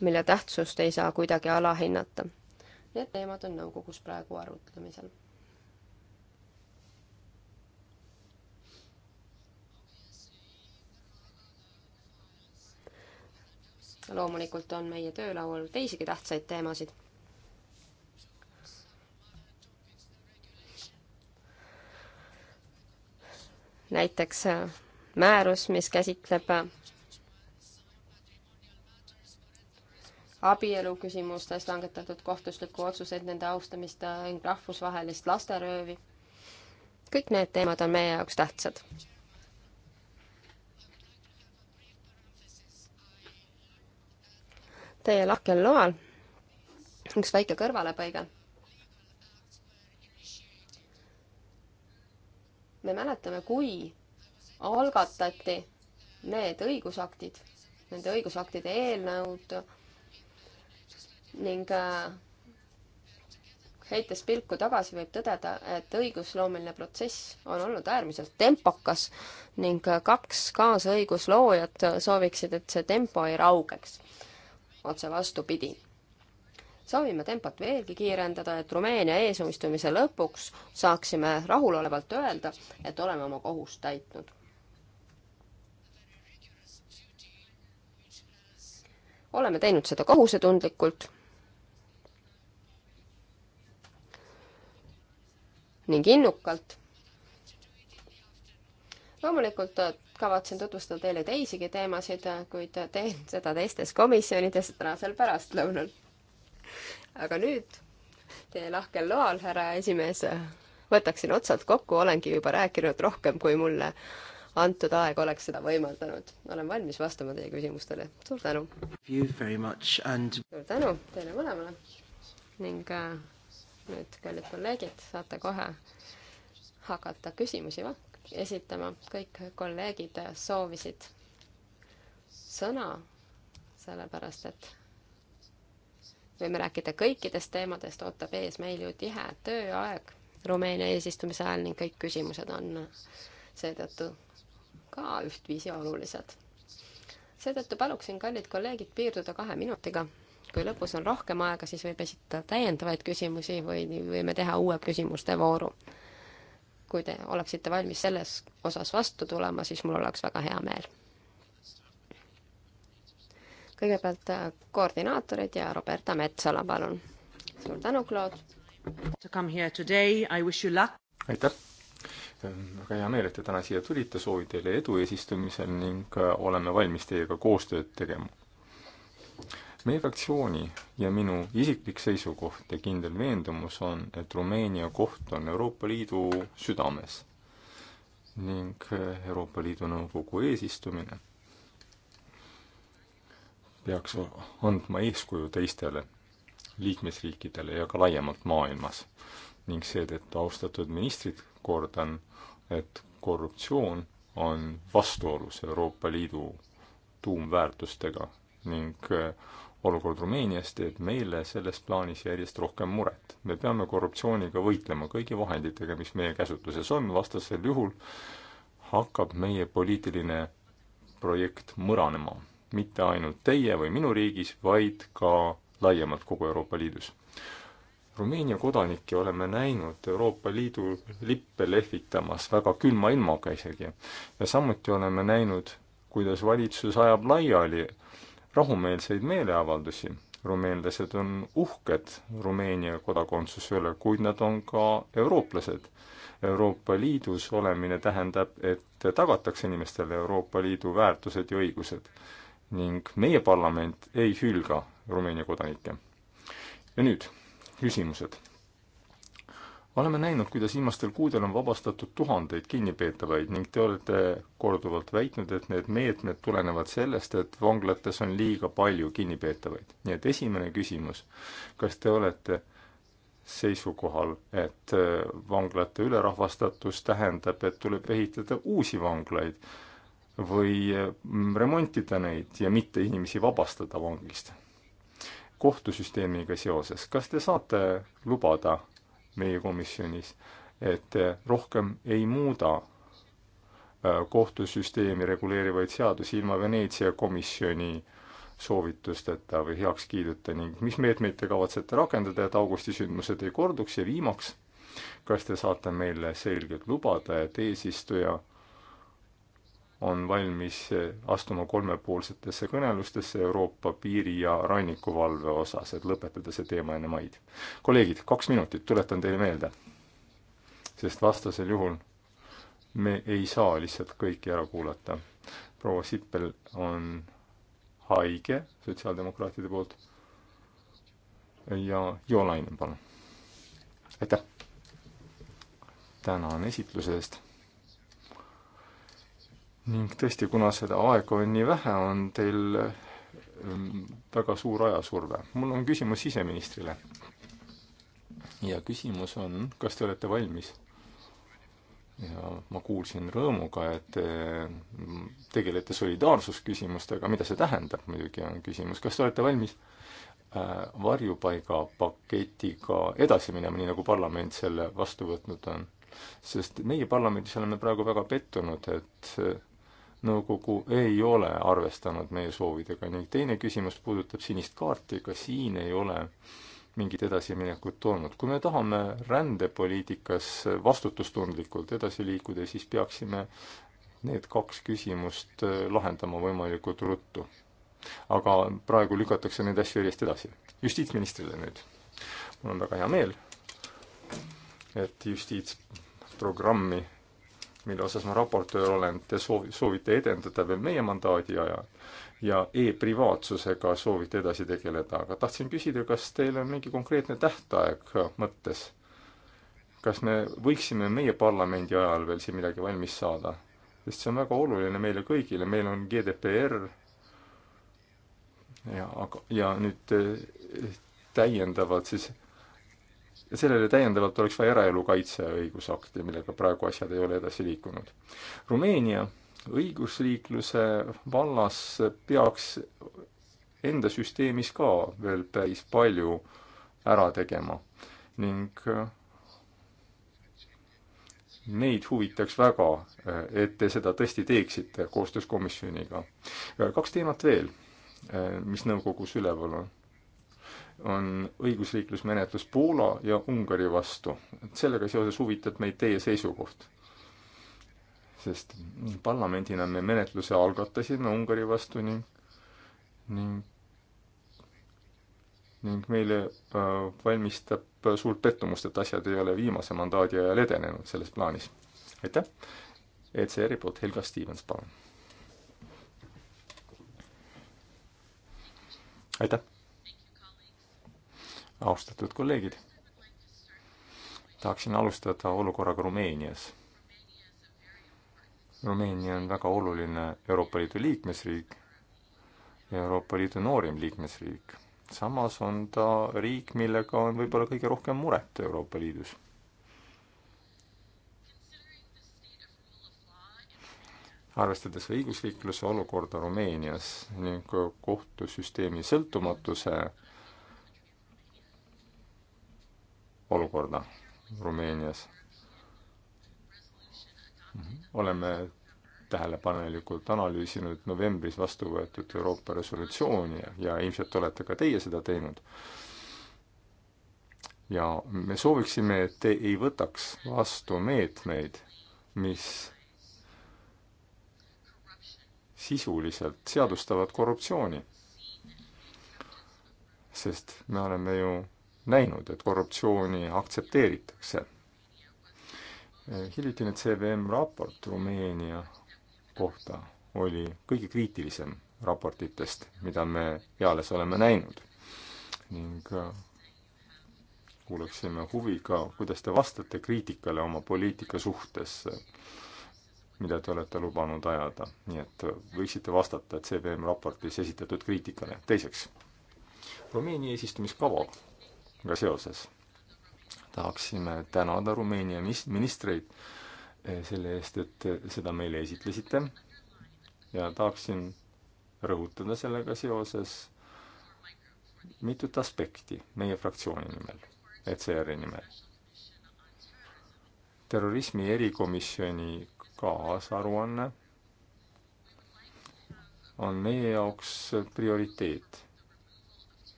mille tähtsust ei saa kuidagi alahinnata. Need teemad on nõukogus praegu arutlemisel loomulikult on meie töölaual teisigi tähtsaid teemasid. näiteks äh, määrus, mis käsitleb äh, abielu küsimustes langetatud kohtuslikku otsuseid, nende austamist äh, ning rahvusvahelist lasteröövi. kõik need teemad on meie jaoks tähtsad teie lahkel loal üks väike kõrvalepõige. me mäletame, kui algatati need õigusaktid, nende õigusaktide eelnõud ning äh, heites pilku tagasi, võib tõdeda, et õigusloomeline protsess on olnud äärmiselt tempokas ning äh, kaks kaasõigusloojat sooviksid, et see tempo ei raugeks otse vastupidi. soovime tempot veelgi kiirendada, et Rumeenia eesistumise lõpuks saaksime rahulolevalt öelda, et oleme oma kohust täitnud. oleme teinud seda kohusetundlikult ning innukalt loomulikult äh, kavatsen tutvustada teile teisigi teemasid, äh, kuid äh, teen seda teistes komisjonides tänasel pärastlõunal. aga nüüd teie lahkel loal, härra esimees, võtaksin otsad kokku, olengi juba rääkinud rohkem, kui mulle antud aeg oleks seda võimaldanud. olen valmis vastama teie küsimustele. suur tänu! And... suur tänu teile mõlemale ning nüüd, kallid kolleegid, saate kohe hakata küsimusi vaatama esitama. kõik kolleegid soovisid sõna, sellepärast et võime rääkida kõikidest teemadest, ootab ees meil ju tihe tööaeg Rumeenia eesistumise ajal ning kõik küsimused on seetõttu ka ühtviisi olulised. seetõttu paluksin, kallid kolleegid, piirduda kahe minutiga. kui lõpus on rohkem aega, siis võib esitada täiendavaid küsimusi või võime teha uue küsimuste vooru kui te oleksite valmis selles osas vastu tulema, siis mul oleks väga hea meel. kõigepealt äh, koordinaatorid ja Roberta Metsala, palun. suur tänu, Claude! aitäh! väga hea meel, et te täna siia tulite, soovin teile edu eesistumisel ning äh, oleme valmis teiega koostööd tegema meie fraktsiooni ja minu isiklik seisukoht ja kindel veendumus on, et Rumeenia koht on Euroopa Liidu südames ning Euroopa Liidu Nõukogu eesistumine peaks andma eeskuju teistele liikmesriikidele ja ka laiemalt maailmas. ning seetõttu, austatud ministrid, kordan, et korruptsioon on vastuolus Euroopa Liidu tuumväärtustega ning olukord Rumeenias teeb meile selles plaanis järjest rohkem muret. me peame korruptsiooniga võitlema kõigi vahenditega, mis meie käsutuses on, vastasel juhul hakkab meie poliitiline projekt mõranema. mitte ainult teie või minu riigis, vaid ka laiemalt kogu Euroopa Liidus. Rumeenia kodanikke oleme näinud Euroopa Liidu lippe lehvitamas väga külma ilmaga isegi. ja samuti oleme näinud, kuidas valitsus ajab laiali rahumeelseid meeleavaldusi. rumeenlased on uhked Rumeenia kodakondsuse üle, kuid nad on ka eurooplased. Euroopa Liidus olemine tähendab, et tagatakse inimestele Euroopa Liidu väärtused ja õigused. ning meie parlament ei hülga Rumeenia kodanikke. ja nüüd küsimused oleme näinud, kuidas viimastel kuudel on vabastatud tuhandeid kinnipeetavaid ning te olete korduvalt väitnud, et need meetmed tulenevad sellest, et vanglates on liiga palju kinnipeetavaid. nii et esimene küsimus, kas te olete seisukohal, et äh, vanglate ülerahvastatus tähendab, et tuleb ehitada uusi vanglaid või äh, remontida neid ja mitte inimesi vabastada vangist? kohtusüsteemiga seoses, kas te saate lubada meie komisjonis, et eh, rohkem ei muuda eh, kohtusüsteemi reguleerivaid seadusi ilma Veneetsia komisjoni soovitusteta või heakskiiduta ning mis meetmeid te kavatsete rakendada, et augusti sündmused ei korduks ja viimaks, kas te saate meile selgelt lubada, et eesistuja on valmis astuma kolmepoolsetesse kõnelustesse Euroopa piiri- ja rannikuvalve osas, et lõpetada see teema enne maid. kolleegid, kaks minutit, tuletan teile meelde. sest vastasel juhul me ei saa lihtsalt kõiki ära kuulata. proua Sippel on haige sotsiaaldemokraatide poolt ja Jo Lainen, palun. aitäh! tänan esitluse eest ning tõesti, kuna seda aega on nii vähe, on teil ähm, väga suur ajasurve. mul on küsimus siseministrile. ja küsimus on, kas te olete valmis? ja ma kuulsin rõõmuga, et te mm, tegelete solidaarsusküsimustega, mida see tähendab muidugi, on küsimus, kas te olete valmis äh, varjupaigapaketiga edasi minema, nii nagu parlament selle vastu võtnud on? sest meie parlamendis oleme praegu väga pettunud, et nõukogu ei ole arvestanud meie soovidega ning teine küsimus puudutab sinist kaarti, ka siin ei ole mingit edasiminekut olnud. kui me tahame rändepoliitikas vastutustundlikult edasi liikuda, siis peaksime need kaks küsimust äh, lahendama võimalikult ruttu. aga praegu lükatakse neid asju järjest edasi. justiitsministrile nüüd. mul on väga hea meel, et justiitsprogrammi mille osas ma raportöör olen, te soovi, soovite edendada veel meie mandaadi ajal ja e-privaatsusega soovite edasi tegeleda, aga tahtsin küsida, kas teil on mingi konkreetne tähtaeg mõttes? kas me võiksime meie parlamendi ajal veel siin midagi valmis saada? sest see on väga oluline meile kõigile, meil on GDPR ja aga, ja nüüd eh, täiendavad siis ja sellele täiendavalt oleks vaja eraelu kaitse õigusakti, millega praegu asjad ei ole edasi liikunud. Rumeenia õigusliikluse vallas peaks enda süsteemis ka veel päris palju ära tegema ning neid huvitaks väga, et te seda tõesti teeksite koostöös komisjoniga. kaks teemat veel, mis nõukogus üleval on on õigusriiklusmenetlus Poola ja Ungari vastu. sellega seoses huvitab meid teie seisukoht. sest parlamendina me menetluse algatasime Ungari vastu ning, ning, ning meile äh, valmistab suurt pettumust, et asjad ei ole viimase mandaadi ajal edenenud selles plaanis. aitäh! ECR-i poolt Helga Stevens, palun! aitäh! austatud kolleegid! tahaksin alustada olukorraga Rumeenias. Rumeenia on väga oluline Euroopa Liidu liikmesriik ja Euroopa Liidu noorim liikmesriik. samas on ta riik, millega on võib-olla kõige rohkem muret Euroopa Liidus. arvestades õigusriikluse olukorda Rumeenias ning kohtusüsteemi sõltumatuse olukorda Rumeenias. oleme tähelepanelikult analüüsinud novembris vastu võetud Euroopa resolutsiooni ja ilmselt olete ka teie seda teinud. ja me sooviksime, et te ei võtaks vastu meetmeid, mis sisuliselt seadustavad korruptsiooni. sest me oleme ju näinud, et korruptsiooni aktsepteeritakse. hiljutine CVM raport Rumeenia kohta oli kõige kriitilisem raportitest, mida me eales oleme näinud. ning äh, kuulaksime huviga, kuidas te vastate kriitikale oma poliitika suhtes, mida te olete lubanud ajada. nii et võiksite vastata CVM raportis esitatud kriitikale. teiseks, Rumeenia eesistumiskava ka seoses. tahaksime tänada Rumeenia ministreid eh, selle eest, et eh, seda meile esitlesite ja tahaksin rõhutada sellega seoses mitut aspekti meie fraktsiooni nimel, ECR-i nimel. terrorismi erikomisjoni kaasaruanne on meie jaoks prioriteet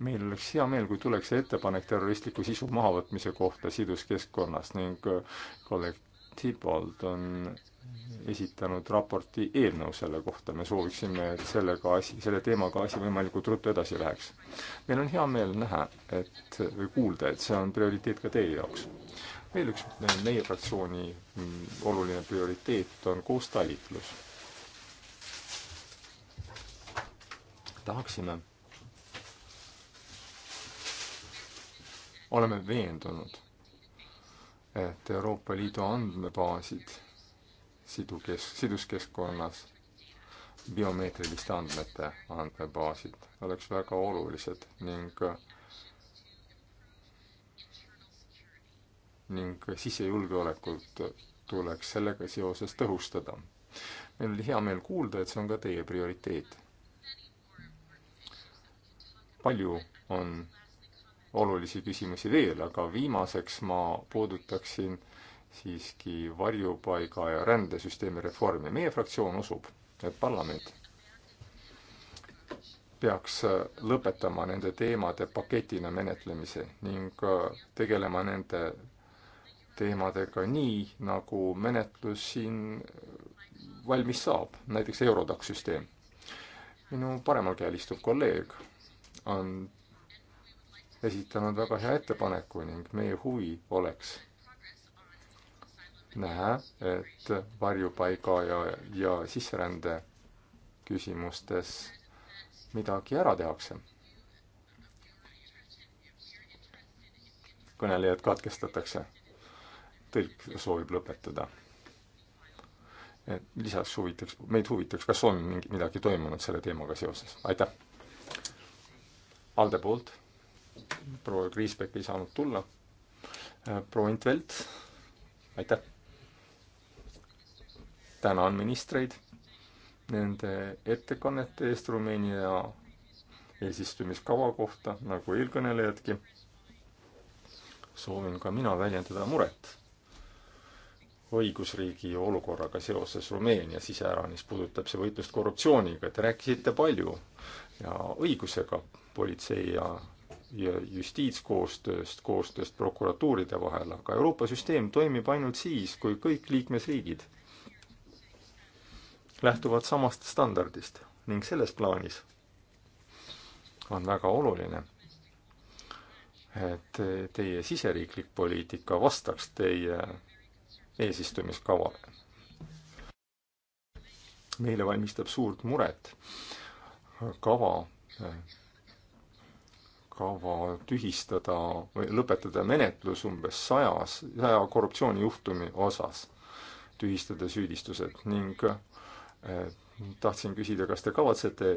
meil oleks hea meel, kui tuleks see ettepanek terroristliku sisu mahavõtmise kohta siduskeskkonnas ning äh, kolleeg Tibold on esitanud raporti eelnõu selle kohta, me sooviksime, et sellega asi, selle teemaga asi võimalikult ruttu edasi läheks. meil on hea meel näha, et või kuulda, et see on prioriteet ka teie jaoks. veel üks meie fraktsiooni mm, oluline prioriteet on koostalitlus. tahaksime oleme veendunud, et Euroopa Liidu andmebaasid sidukes-, siduskeskkonnas biomeetriliste andmete andmebaasid oleks väga olulised ning ning sisejulgeolekut tuleks sellega seoses tõhustada. meil oli hea meel kuulda, et see on ka teie prioriteet. palju on olulisi küsimusi veel, aga viimaseks ma puudutaksin siiski varjupaiga ja rändesüsteemi reformi. meie fraktsioon usub, et parlament peaks lõpetama nende teemade paketina menetlemise ning tegelema nende teemadega nii, nagu menetlus siin valmis saab, näiteks Eurodac süsteem. minu paremal käel istuv kolleeg on esitanud väga hea ettepaneku ning meie huvi oleks näha, et varjupaiga ja, ja sisserände küsimustes midagi ära tehakse. kõnelejad katkestatakse. tõlk soovib lõpetada. et lisaks huvitaks, meid huvitaks, kas on mingi, midagi toimunud selle teemaga seoses, aitäh. Alde poolt proua Kriisbeck ei saanud tulla. Äh, proua Intvelt, aitäh! tänan ministreid nende ettekannete eest Rumeenia eesistumiskava kohta, nagu eelkõnelejadki. soovin ka mina väljendada muret õigusriigi olukorraga seoses Rumeenias, iseäranis puudutab see võitlust korruptsiooniga. Te rääkisite palju ja õigusega politsei ja ja justiitskoostööst, koostööst prokuratuuride vahel, aga Euroopa süsteem toimib ainult siis, kui kõik liikmesriigid lähtuvad samast standardist ning selles plaanis on väga oluline, et teie siseriiklik poliitika vastaks teie eesistumiskavale. meile valmistab suurt muret kava kava tühistada või lõpetada menetlus umbes sajas, saja korruptsioonijuhtumi osas, tühistada süüdistused ning eh, tahtsin küsida, kas te kavatsete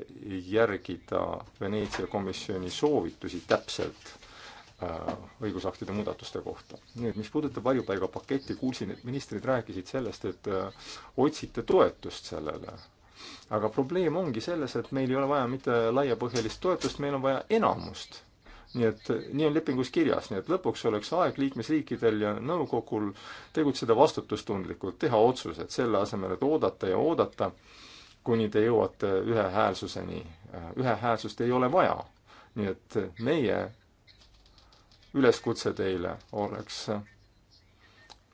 järgida Veneetsia komisjoni soovitusi täpselt äh, õigusaktide muudatuste kohta. nüüd, mis puudutab varjupaigapaketti, kuulsin, et ministrid rääkisid sellest, et äh, otsite toetust sellele. aga probleem ongi selles, et meil ei ole vaja mitte laiapõhjalist toetust, meil on vaja enamust nii et nii on lepingus kirjas, nii et lõpuks oleks aeg liikmesriikidel ja nõukogul tegutseda vastutustundlikult, teha otsused, selle asemel, et oodata ja oodata, kuni te jõuate ühehäälsuseni. ühehäälsust ei ole vaja. nii et meie üleskutse teile oleks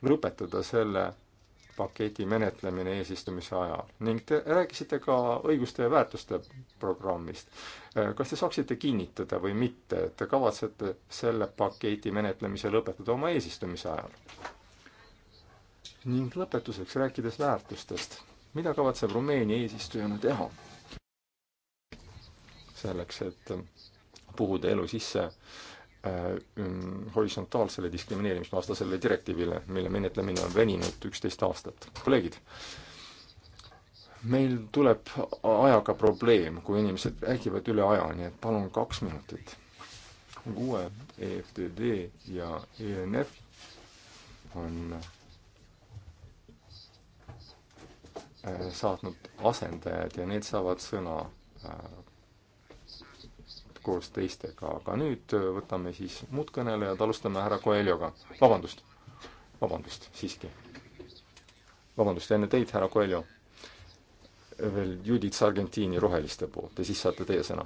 lõpetada selle paketi menetlemine eesistumise ajal ning te rääkisite ka õiguste ja väärtuste programmist. Äh, kas te saaksite kinnitada või mitte, et te kavatsete selle paketi menetlemise lõpetada oma eesistumise ajal? ning lõpetuseks, rääkides väärtustest, mida kavatseb Rumeenia eesistujana teha? selleks, et puhuda elu sisse äh, Äh, mm, horisontaalsele diskrimineerimisvastasele direktiivile, mille menetlemine on veninud üksteist aastat. kolleegid, meil tuleb ajaga probleem, kui inimesed räägivad üle aja, nii et palun kaks minutit. uue EFTD ja ENF on äh, saatnud asendajad ja need saavad sõna äh, koos teistega, aga nüüd äh, võtame siis muud kõnelejad, alustame härra Coelhoga. vabandust, vabandust siiski. vabandust, enne teid, härra Coelho, veel Judith Sargentini Roheliste poolt ja siis saate teie sõna.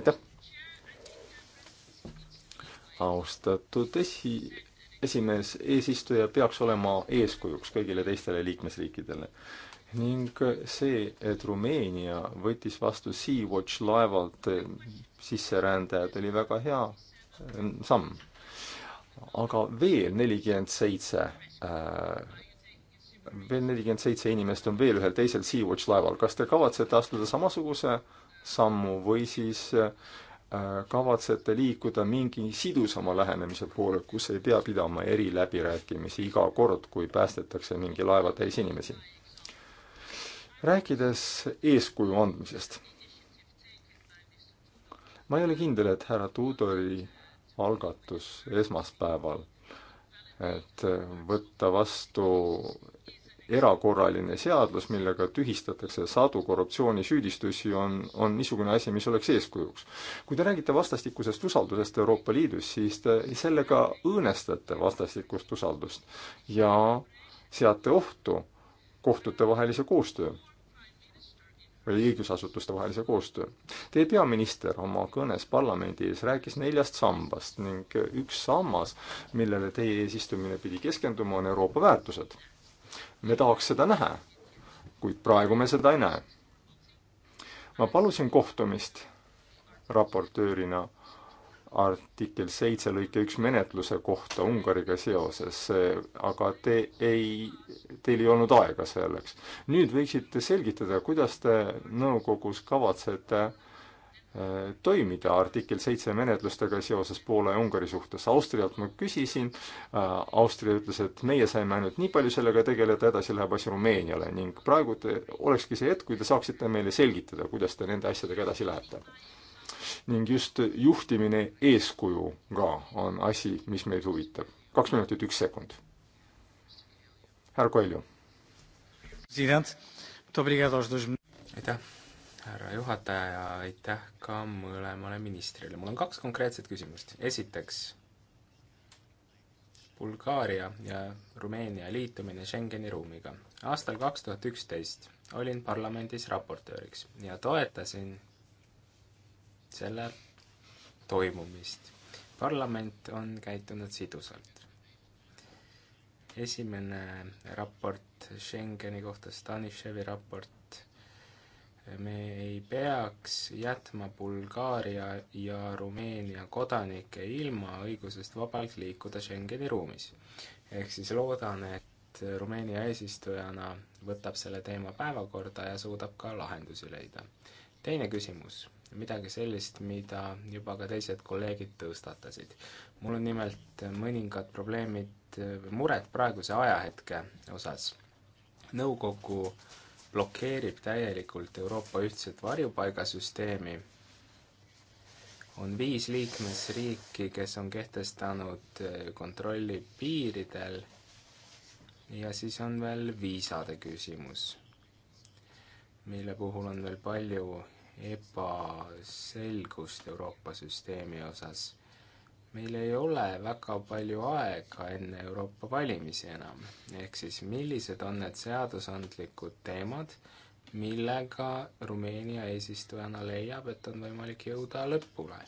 aitäh! austatud esi, esimees, eesistuja peaks olema eeskujuks kõigile teistele liikmesriikidele ning see, et Rumeenia võttis vastu Sea-Watch laevalt sisserändajad oli väga hea äh, samm. aga veel nelikümmend seitse äh, veel nelikümmend seitse inimest on veel ühel teisel Sea-Watch laeval. kas te kavatsete astuda samasuguse sammu või siis äh, kavatsete liikuda mingi sidusama lähenemise poole, kus ei pea pidama eriläbirääkimisi iga kord, kui päästetakse mingi laeva täis inimesi? rääkides eeskuju andmisest ma ei ole kindel, et härra Tudori algatus esmaspäeval, et võtta vastu erakorraline seadus, millega tühistatakse sadu korruptsioonisüüdistusi, on, on niisugune asi, mis oleks eeskujuks. kui te räägite vastastikusest usaldusest Euroopa Liidus, siis te sellega õõnestate vastastikust usaldust ja seate ohtu kohtutevahelise koostöö oli õigusasutuste vahelise koostöö. Teie peaminister oma kõnes parlamendi ees rääkis neljast sambast ning üks sammas, millele teie eesistumine pidi keskenduma, on Euroopa väärtused. me tahaks seda näha, kuid praegu me seda ei näe. ma palusin kohtumist raportöörina artikkel seitse lõike üks menetluse kohta Ungariga seoses, aga te ei, teil ei olnud aega selleks. nüüd võiksite selgitada, kuidas te nõukogus kavatsete äh, toimida artikkel seitse menetlustega seoses Poola ja Ungari suhtes. Austrialt ma küsisin, äh, Austria ütles, et meie saime ainult nii palju sellega tegeleda, edasi läheb asi Rumeeniale ning praegu te, olekski see hetk, kui te saaksite meile selgitada, kuidas te nende asjadega edasi lähete ning just juhtimine eeskujuga on asi, mis meid huvitab. kaks minutit, üks sekund. härra Koilju. aitäh, härra juhataja ja aitäh ka mõlemale ministrile. mul on kaks konkreetset küsimust. esiteks, Bulgaaria ja Rumeenia liitumine Schengeni ruumiga. aastal kaks tuhat üksteist olin parlamendis raportööriks ja toetasin selle toimumist. parlament on käitunud sidusalt. esimene raport Schengeni kohta, Stanishevi raport, me ei peaks jätma Bulgaaria ja Rumeenia kodanikke ilma õigusest vabalt liikuda Schengeni ruumis. ehk siis loodan, et Rumeenia eesistujana võtab selle teema päevakorda ja suudab ka lahendusi leida. teine küsimus midagi sellist, mida juba ka teised kolleegid tõstatasid. mul on nimelt mõningad probleemid, mured praeguse ajahetke osas. nõukogu blokeerib täielikult Euroopa ühtset varjupaigasüsteemi, on viis liikmesriiki, kes on kehtestanud kontrolli piiridel ja siis on veel viisade küsimus, mille puhul on veel palju ebaselgust Euroopa süsteemi osas. meil ei ole väga palju aega enne Euroopa valimisi enam, ehk siis millised on need seadusandlikud teemad, millega Rumeenia eesistujana leiab, et on võimalik jõuda lõpule.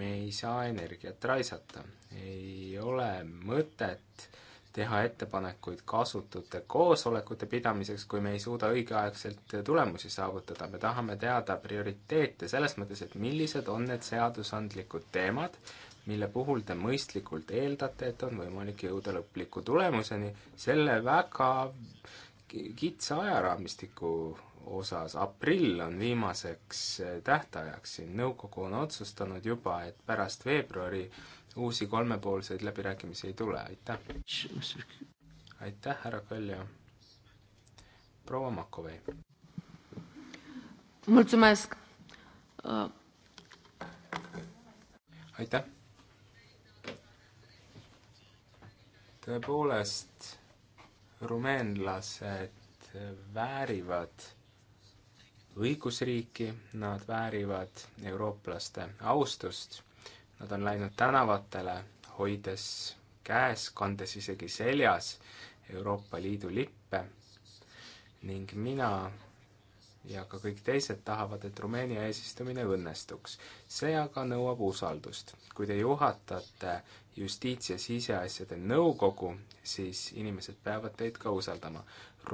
me ei saa energiat raisata, ei ole mõtet äh, teha ettepanekuid kasutute koosolekute pidamiseks, kui me ei suuda õigeaegselt tulemusi saavutada. me tahame teada prioriteete selles mõttes, et millised on need seadusandlikud teemad, mille puhul te mõistlikult eeldate, et on võimalik jõuda lõpliku tulemuseni selle väga kitsa ajaraamistiku osas, aprill on viimaseks tähtajaks siin, nõukogu on otsustanud juba, et pärast veebruari uusi kolmepoolseid läbirääkimisi ei tule, aitäh. aitäh, härra Kaljo. proua Makovei. aitäh. tõepoolest, rumeenlased väärivad õigusriiki, nad väärivad eurooplaste austust Nad on läinud tänavatele, hoides käes, kandes isegi seljas Euroopa Liidu lippe ning mina ja ka kõik teised tahavad, et Rumeenia eesistumine õnnestuks. see aga nõuab usaldust. kui te juhatate justiits- ja siseasjade nõukogu, siis inimesed peavad teid ka usaldama.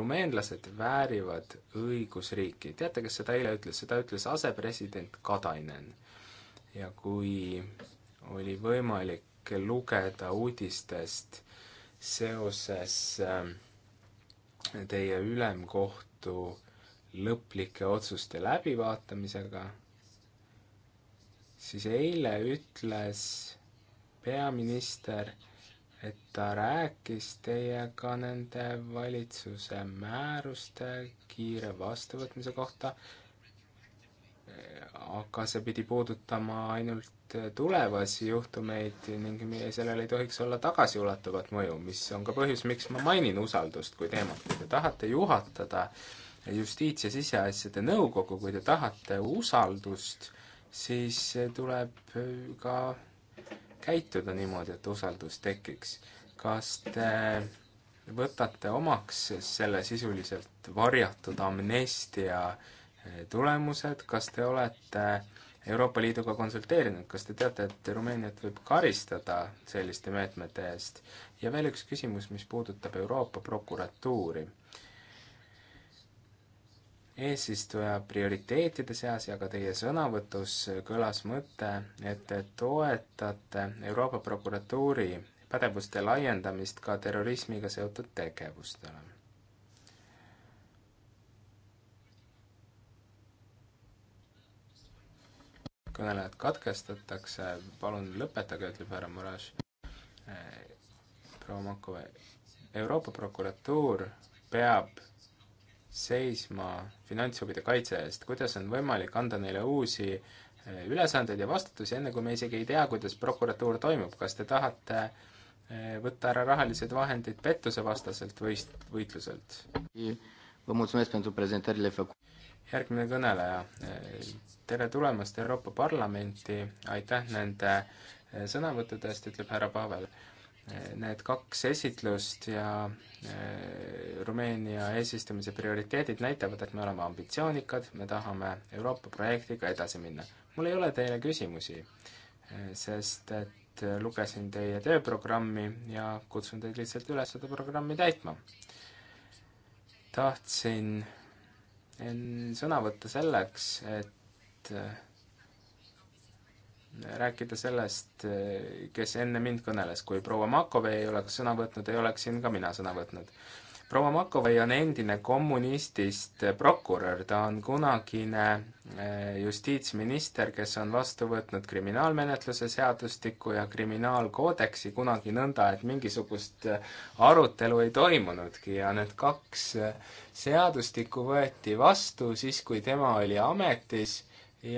rumeenlased väärivad õigusriiki. teate, kes seda eile ütles? seda ütles asepresident Katainen. ja kui oli võimalik lugeda uudistest seoses ähm, teie ülemkohtu lõplike otsuste läbivaatamisega, siis eile ütles peaminister, et ta rääkis teiega nende valitsuse määruste kiire vastuvõtmise kohta aga see pidi puudutama ainult tulevasi juhtumeid ning sellel ei tohiks olla tagasiulatuvat mõju, mis on ka põhjus, miks ma mainin usaldust kui teemat. kui te tahate juhatada justiits- ja siseasjade nõukogu, kui te tahate usaldust, siis tuleb ka käituda niimoodi, et usaldus tekiks. kas te võtate omaks selle sisuliselt varjatud amnestia äh, tulemused, kas te olete Euroopa Liiduga konsulteerinud, kas te teate, et Rumeeniat võib karistada selliste meetmete eest? ja veel üks küsimus, mis puudutab Euroopa prokuratuuri. eesistuja prioriteetide seas ja ka teie sõnavõtus kõlas mõte, et te toetate Euroopa prokuratuuri pädevuste laiendamist ka terrorismiga seotud tegevustele kõnelejad katkestatakse, palun lõpetage, ütleb härra Muraž. proua Makova, Euroopa prokuratuur peab seisma finantshuvide kaitse eest, kuidas on võimalik anda neile uusi eh, ülesandeid ja vastutusi, enne kui me isegi ei tea, kuidas prokuratuur toimub, kas te tahate eh, võtta ära rahalised vahendid pettusevastaselt võist-, võitluselt? järgmine kõneleja, tere tulemast Euroopa Parlamenti, aitäh nende eh, sõnavõttude eest, ütleb härra Pavel. Eh, need kaks esitlust ja eh, Rumeenia eesistumise prioriteedid näitavad, et me oleme ambitsioonikad, me tahame Euroopa projektiga edasi minna. mul ei ole teile küsimusi, sest et lugesin teie tööprogrammi ja kutsun teid lihtsalt üles seda programmi täitma. tahtsin sõna võtta selleks, et äh, rääkida sellest, äh, kes enne mind kõneles. kui proua Makovei ei oleks sõna võtnud, ei oleks siin ka mina sõna võtnud proua Makovei on endine kommunistist prokurör, ta on kunagine eh, justiitsminister, kes on vastu võtnud kriminaalmenetluse seadustiku ja kriminaalkoodeksi kunagi nõnda, et mingisugust eh, arutelu ei toimunudki ja need kaks eh, seadustikku võeti vastu siis, kui tema oli ametis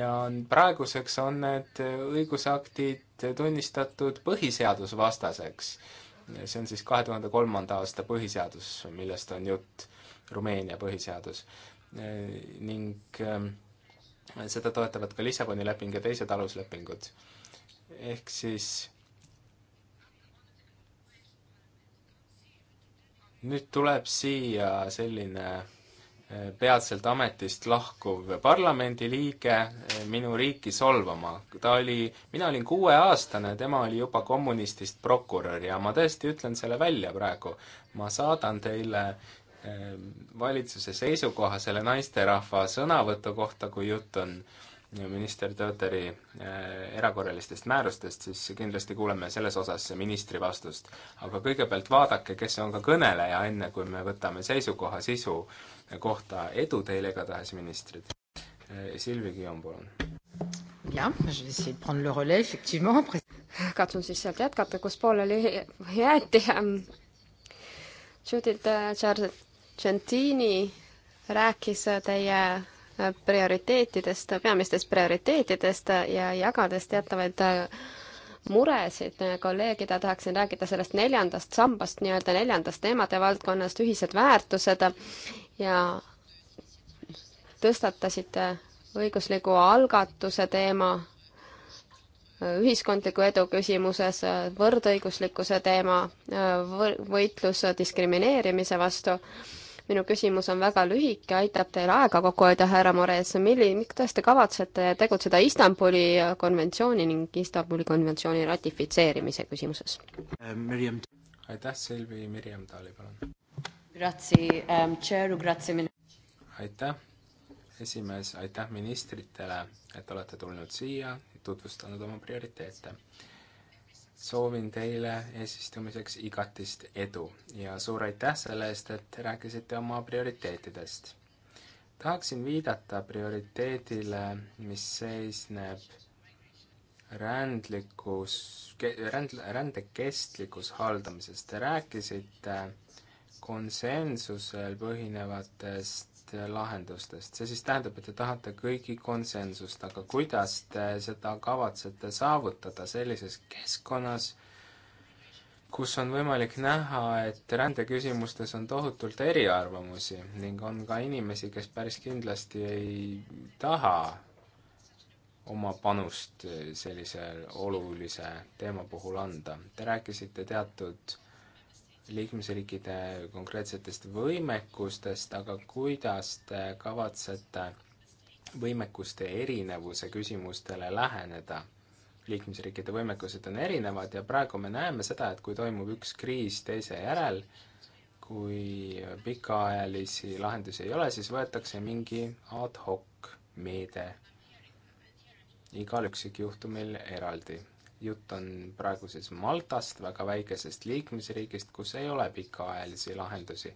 ja praeguseks on need õigusaktid tunnistatud põhiseadusvastaseks see on siis kahe tuhande kolmanda aasta põhiseadus, millest on jutt, Rumeenia põhiseadus. E, ning e, seda toetavad ka Lissaboni leping ja teised aluslepingud. ehk siis nüüd tuleb siia selline peatselt ametist lahkuv parlamendiliige eh, minu riiki solvama. ta oli, mina olin kuueaastane, tema oli juba kommunistist prokurör ja ma tõesti ütlen selle välja praegu. ma saadan teile eh, valitsuse seisukoha selle naisterahva sõnavõtu kohta, kui jutt on äh, minister Tõoteri äh, erakorralistest määrustest, siis kindlasti kuuleme selles osas ministri vastust. aga kõigepealt vaadake, kes on ka kõneleja, enne kui me võtame seisukoha sisu kohta. edu teile igatahes, ministrid! Äh, Silvi Kiom, palun! katsun siis sealt jätkata, kus pooleli jäeti. Ähm, Judith Sargentini äh, rääkis teie prioriteetidest, peamistest prioriteetidest ja jagades teatavaid äh, muresid äh, kolleegidele, tahaksin rääkida sellest neljandast sambast, nii-öelda neljandast teemadevaldkonnast, ühised väärtused ja tõstatasite äh, õigusliku algatuse teema, ühiskondliku edu küsimuses, võrdõiguslikkuse teema, võitlus diskrimineerimise vastu minu küsimus on väga lühike, aitab teil aega kokku hoida, härra Mores, milli-, kuidas te kavatsete tegutseda Istanbuli konventsiooni ning Istanbuli konventsiooni ratifitseerimise küsimuses? Äh, Mirjam. aitäh, Silvi, Mirjam Taali, palun. Grazie um,, ähm, Tšeru, grazie min-. aitäh, esimees, aitäh ministritele, et olete tulnud siia, tutvustanud oma prioriteete soovin teile eesistumiseks igatist edu ja suur aitäh selle eest, et rääkisite oma prioriteetidest. tahaksin viidata prioriteedile, mis seisneb rändlikus, ränd, rände kestlikus haldamises. Te rääkisite konsensusel põhinevatest Äh, lahendustest. see siis tähendab, et te tahate kõigi konsensust, aga kuidas te seda kavatsete saavutada sellises keskkonnas, kus on võimalik näha, et rändeküsimustes on tohutult eriarvamusi ning on ka inimesi, kes päris kindlasti ei taha oma panust sellise olulise teema puhul anda. Te rääkisite teatud liikmesriikide konkreetsetest võimekustest, aga kuidas te kavatsete võimekuste erinevuse küsimustele läheneda? liikmesriikide võimekused on erinevad ja praegu me näeme seda, et kui toimub üks kriis teise järel, kui pikaajalisi lahendusi ei ole, siis võetakse mingi ad hoc meede igal üksikjuhtumil eraldi jutt on praegu siis Maltast, väga väikesest liikmesriigist, kus ei ole pikaajalisi lahendusi.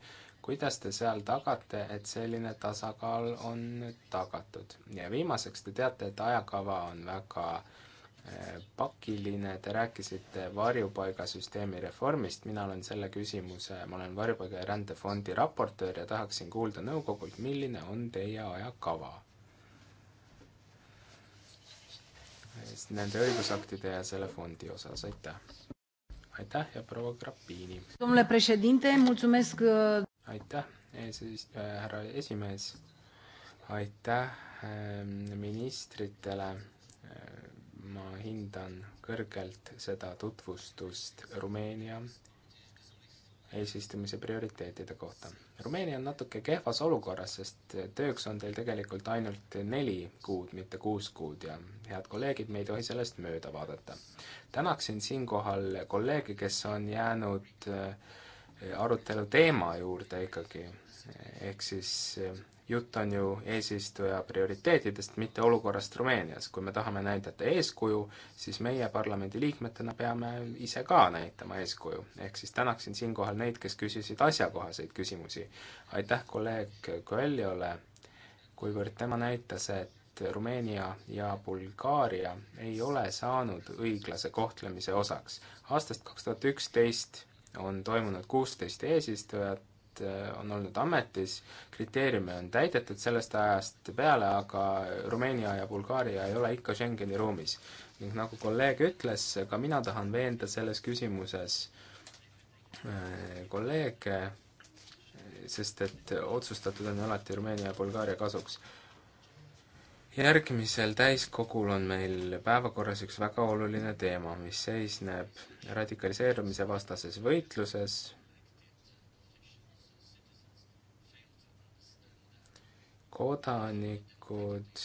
kuidas te seal tagate, et selline tasakaal on nüüd tagatud? ja viimaseks, te teate, et ajakava on väga eh, pakiline, te rääkisite varjupaigasüsteemi reformist, mina olen selle küsimuse, ma olen Varjupaiga ja Rändefondi raportöör ja tahaksin kuulda nõukogult, milline on teie ajakava? siis nende õigusaktide ja selle fondi osas, aitäh. aitäh ja proua Grappini. Uh, aitäh, eesis- äh,, härra esimees. aitäh äh, ministritele äh, ma hindan kõrgelt seda tutvustust Rumeenia eesistumise prioriteetide kohta. Rumeenia on natuke kehvas olukorras, sest tööks on teil tegelikult ainult neli kuud, mitte kuus kuud ja head kolleegid, me ei tohi sellest mööda vaadata. tänaksin siinkohal kolleege, kes on jäänud äh, arutelu teema juurde ikkagi, ehk siis äh, jutt on ju eesistuja prioriteetidest, mitte olukorrast Rumeenias. kui me tahame näidata eeskuju, siis meie parlamendiliikmetena peame ise ka näitama eeskuju. ehk siis tänaksin siinkohal neid, kes küsisid asjakohaseid küsimusi. aitäh kolleeg Coelhole, kuivõrd tema näitas, et Rumeenia ja Bulgaaria ei ole saanud õiglase kohtlemise osaks. aastast kaks tuhat üksteist on toimunud kuusteist eesistujat, Äh, on olnud ametis, kriteeriume on täidetud sellest ajast peale, aga Rumeenia ja Bulgaaria ei ole ikka Schengeni ruumis. ning nagu kolleeg ütles, ka mina tahan veenda selles küsimuses äh, kolleege, sest et otsustatud on alati Rumeenia ja Bulgaaria kasuks järgmisel täiskogul on meil päevakorras üks väga oluline teema, mis seisneb radikaliseerumise vastases võitluses, kodanikud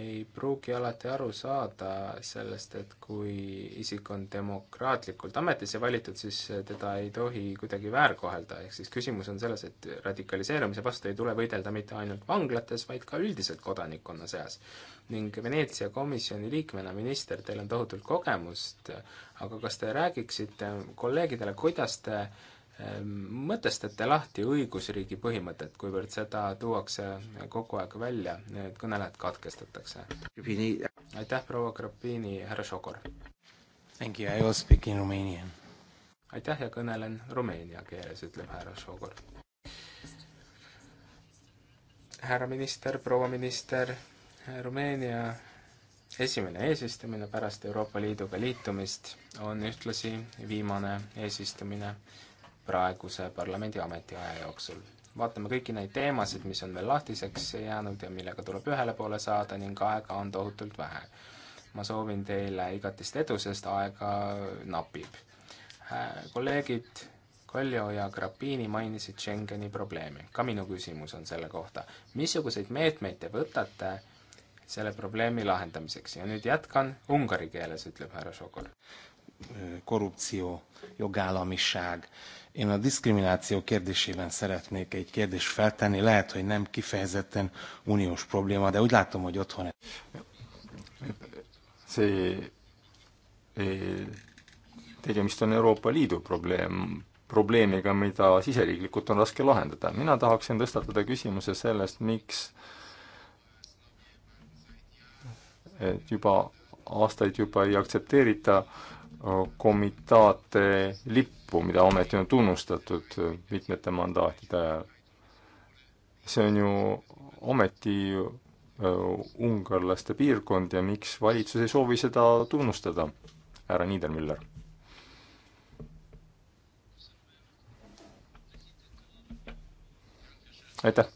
ei pruugi alati aru saada sellest, et kui isik on demokraatlikult ametisse valitud, siis teda ei tohi kuidagi väärkohelda, ehk siis küsimus on selles, et radikaliseerumise vastu ei tule võidelda mitte ainult vanglates, vaid ka üldiselt kodanikkonna seas. ning Veneetsia komisjoni liikmena, minister, teil on tohutult kogemust, aga kas te räägiksite kolleegidele, kuidas te äh, Ehm, mõtestate lahti õigusriigi põhimõtet, kuivõrd seda tuuakse kogu aeg välja, need kõneled katkestatakse? aitäh, proua Krapini, härra Šokor! aitäh ja kõnelen rumeenia keeles, ütleb härra Šokor. härra minister, proua minister, Rumeenia esimene eesistumine pärast Euroopa Liiduga liitumist on ühtlasi viimane eesistumine praeguse parlamendi ametiaja jooksul. vaatame kõiki neid teemasid, mis on veel lahtiseks jäänud ja millega tuleb ühele poole saada ning aega on tohutult vähe. ma soovin teile igatist edu, sest aega napib. kolleegid Koljo ja Grappini mainisid Schengeni probleemi. ka minu küsimus on selle kohta. missuguseid meetmeid te võtate selle probleemi lahendamiseks ja nüüd jätkan ungari keeles, ütleb härra Sokol korrupció, jogállamiság, Én a diszkrimináció kérdésében szeretnék egy kérdést feltenni, lehet, hogy nem kifejezetten uniós probléma, de úgy látom, hogy otthon. see tegemist on Euroopa Liidu probleem, probleemiga, mida siseriiklikult on raske lahendada. mina tahaksin tõstatada küsimuse sellest, miks et juba aastaid juba ei aktsepteerita komitaate lipp, lõppu, mida ometi on tunnustatud mitmete mandaatide ajal. see on ju ometi äh, ungarlaste piirkond ja miks valitsus ei soovi seda tunnustada, härra Niedermüller? aitäh!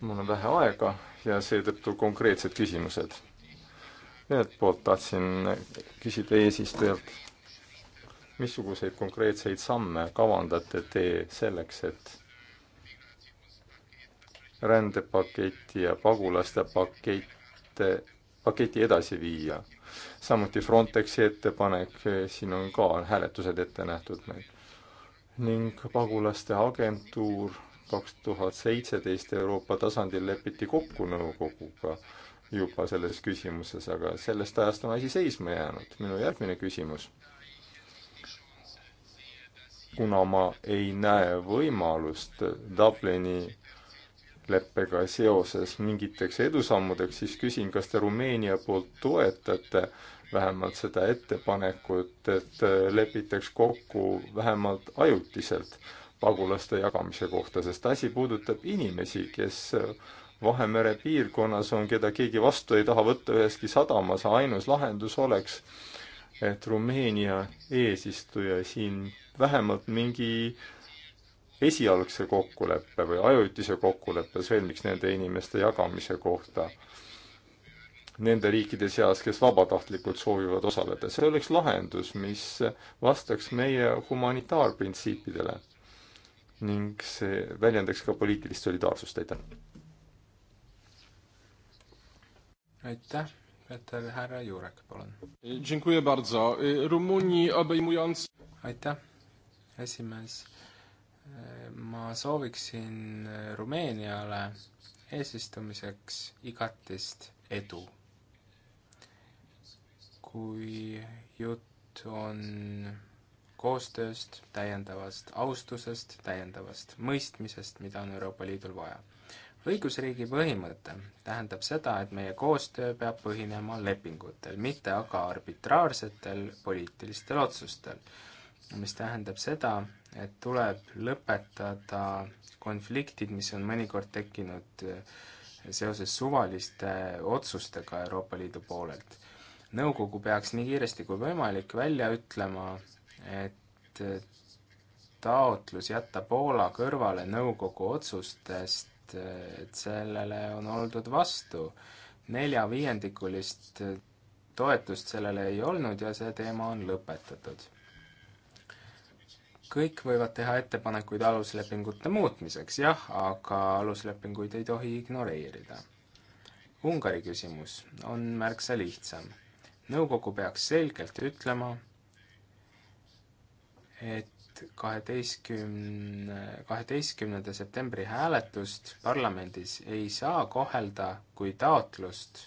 mul on vähe aega ja seetõttu konkreetsed küsimused. ühelt poolt tahtsin küsida eesistujalt missuguseid konkreetseid samme kavandate te selleks, et rändepaketi ja pagulaste pakette, paketi edasi viia? samuti Frontexi ettepanek, siin on ka hääletused ette nähtud meil. ning pagulaste agentuur kaks tuhat seitseteist Euroopa tasandil lepiti kokku nõukoguga juba selles küsimuses, aga sellest ajast on asi seisma jäänud. minu järgmine küsimus kuna ma ei näe võimalust Dublini leppega seoses mingiteks edusammudeks, siis küsin, kas te Rumeenia poolt toetate vähemalt seda ettepanekut, et lepitaks kokku vähemalt ajutiselt pagulaste jagamise kohta, sest asi puudutab inimesi, kes Vahemere piirkonnas on, keda keegi vastu ei taha võtta üheski sadamas, ainus lahendus oleks, et Rumeenia eesistuja siin vähemalt mingi esialgse kokkuleppe või ajutise kokkuleppe sõlmiks nende inimeste jagamise kohta nende riikide seas, kes vabatahtlikult soovivad osaleda. see oleks lahendus, mis vastaks meie humanitaarprintsiipidele ning see väljendaks ka poliitilist solidaarsust, aitäh! aitäh, Peeter, härra Jurek, palun! aitäh! esimees, ma sooviksin Rumeeniale eesistumiseks igatist edu. kui jutt on koostööst, täiendavast austusest, täiendavast mõistmisest, mida on Euroopa Liidul vaja. õigusriigi põhimõte tähendab seda, et meie koostöö peab põhinema lepingutel, mitte aga arbitraarsetel poliitilistel otsustel mis tähendab seda, et tuleb lõpetada konfliktid, mis on mõnikord tekkinud äh, seoses suvaliste äh, otsustega Euroopa Liidu poolelt. nõukogu peaks nii kiiresti kui võimalik välja ütlema, et äh, taotlus jätta Poola kõrvale nõukogu otsustest, et sellele on oldud vastu. neljaviiendikulist toetust sellele ei olnud ja see teema on lõpetatud kõik võivad teha ettepanekuid aluslepingute muutmiseks, jah, aga aluslepinguid ei tohi ignoreerida. Ungari küsimus on märksa lihtsam. nõukogu peaks selgelt ütlema, et kaheteistkümne, kaheteistkümnenda septembri hääletust parlamendis ei saa kohelda kui taotlust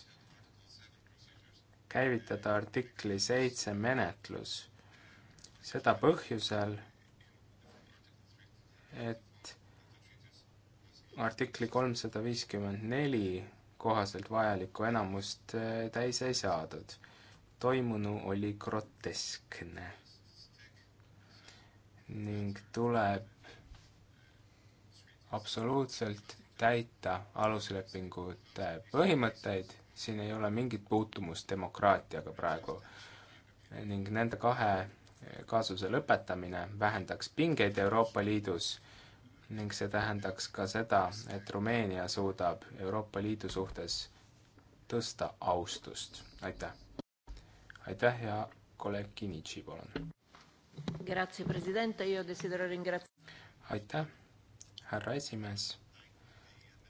käivitada artikli seitse menetlus seda põhjusel, et artikli kolmsada viiskümmend neli kohaselt vajalikku enamust äh, täis ei saadud. toimunu oli groteskne ning tuleb absoluutselt täita aluslepingute põhimõtteid, siin ei ole mingit puutumust demokraatiaga praegu ning nende kahe kaasuse lõpetamine vähendaks pingeid Euroopa Liidus ning see tähendaks ka seda, et Rumeenia suudab Euroopa Liidu suhtes tõsta austust. aitäh! aitäh ja kolleeg Kinitši, palun! aitäh, härra esimees!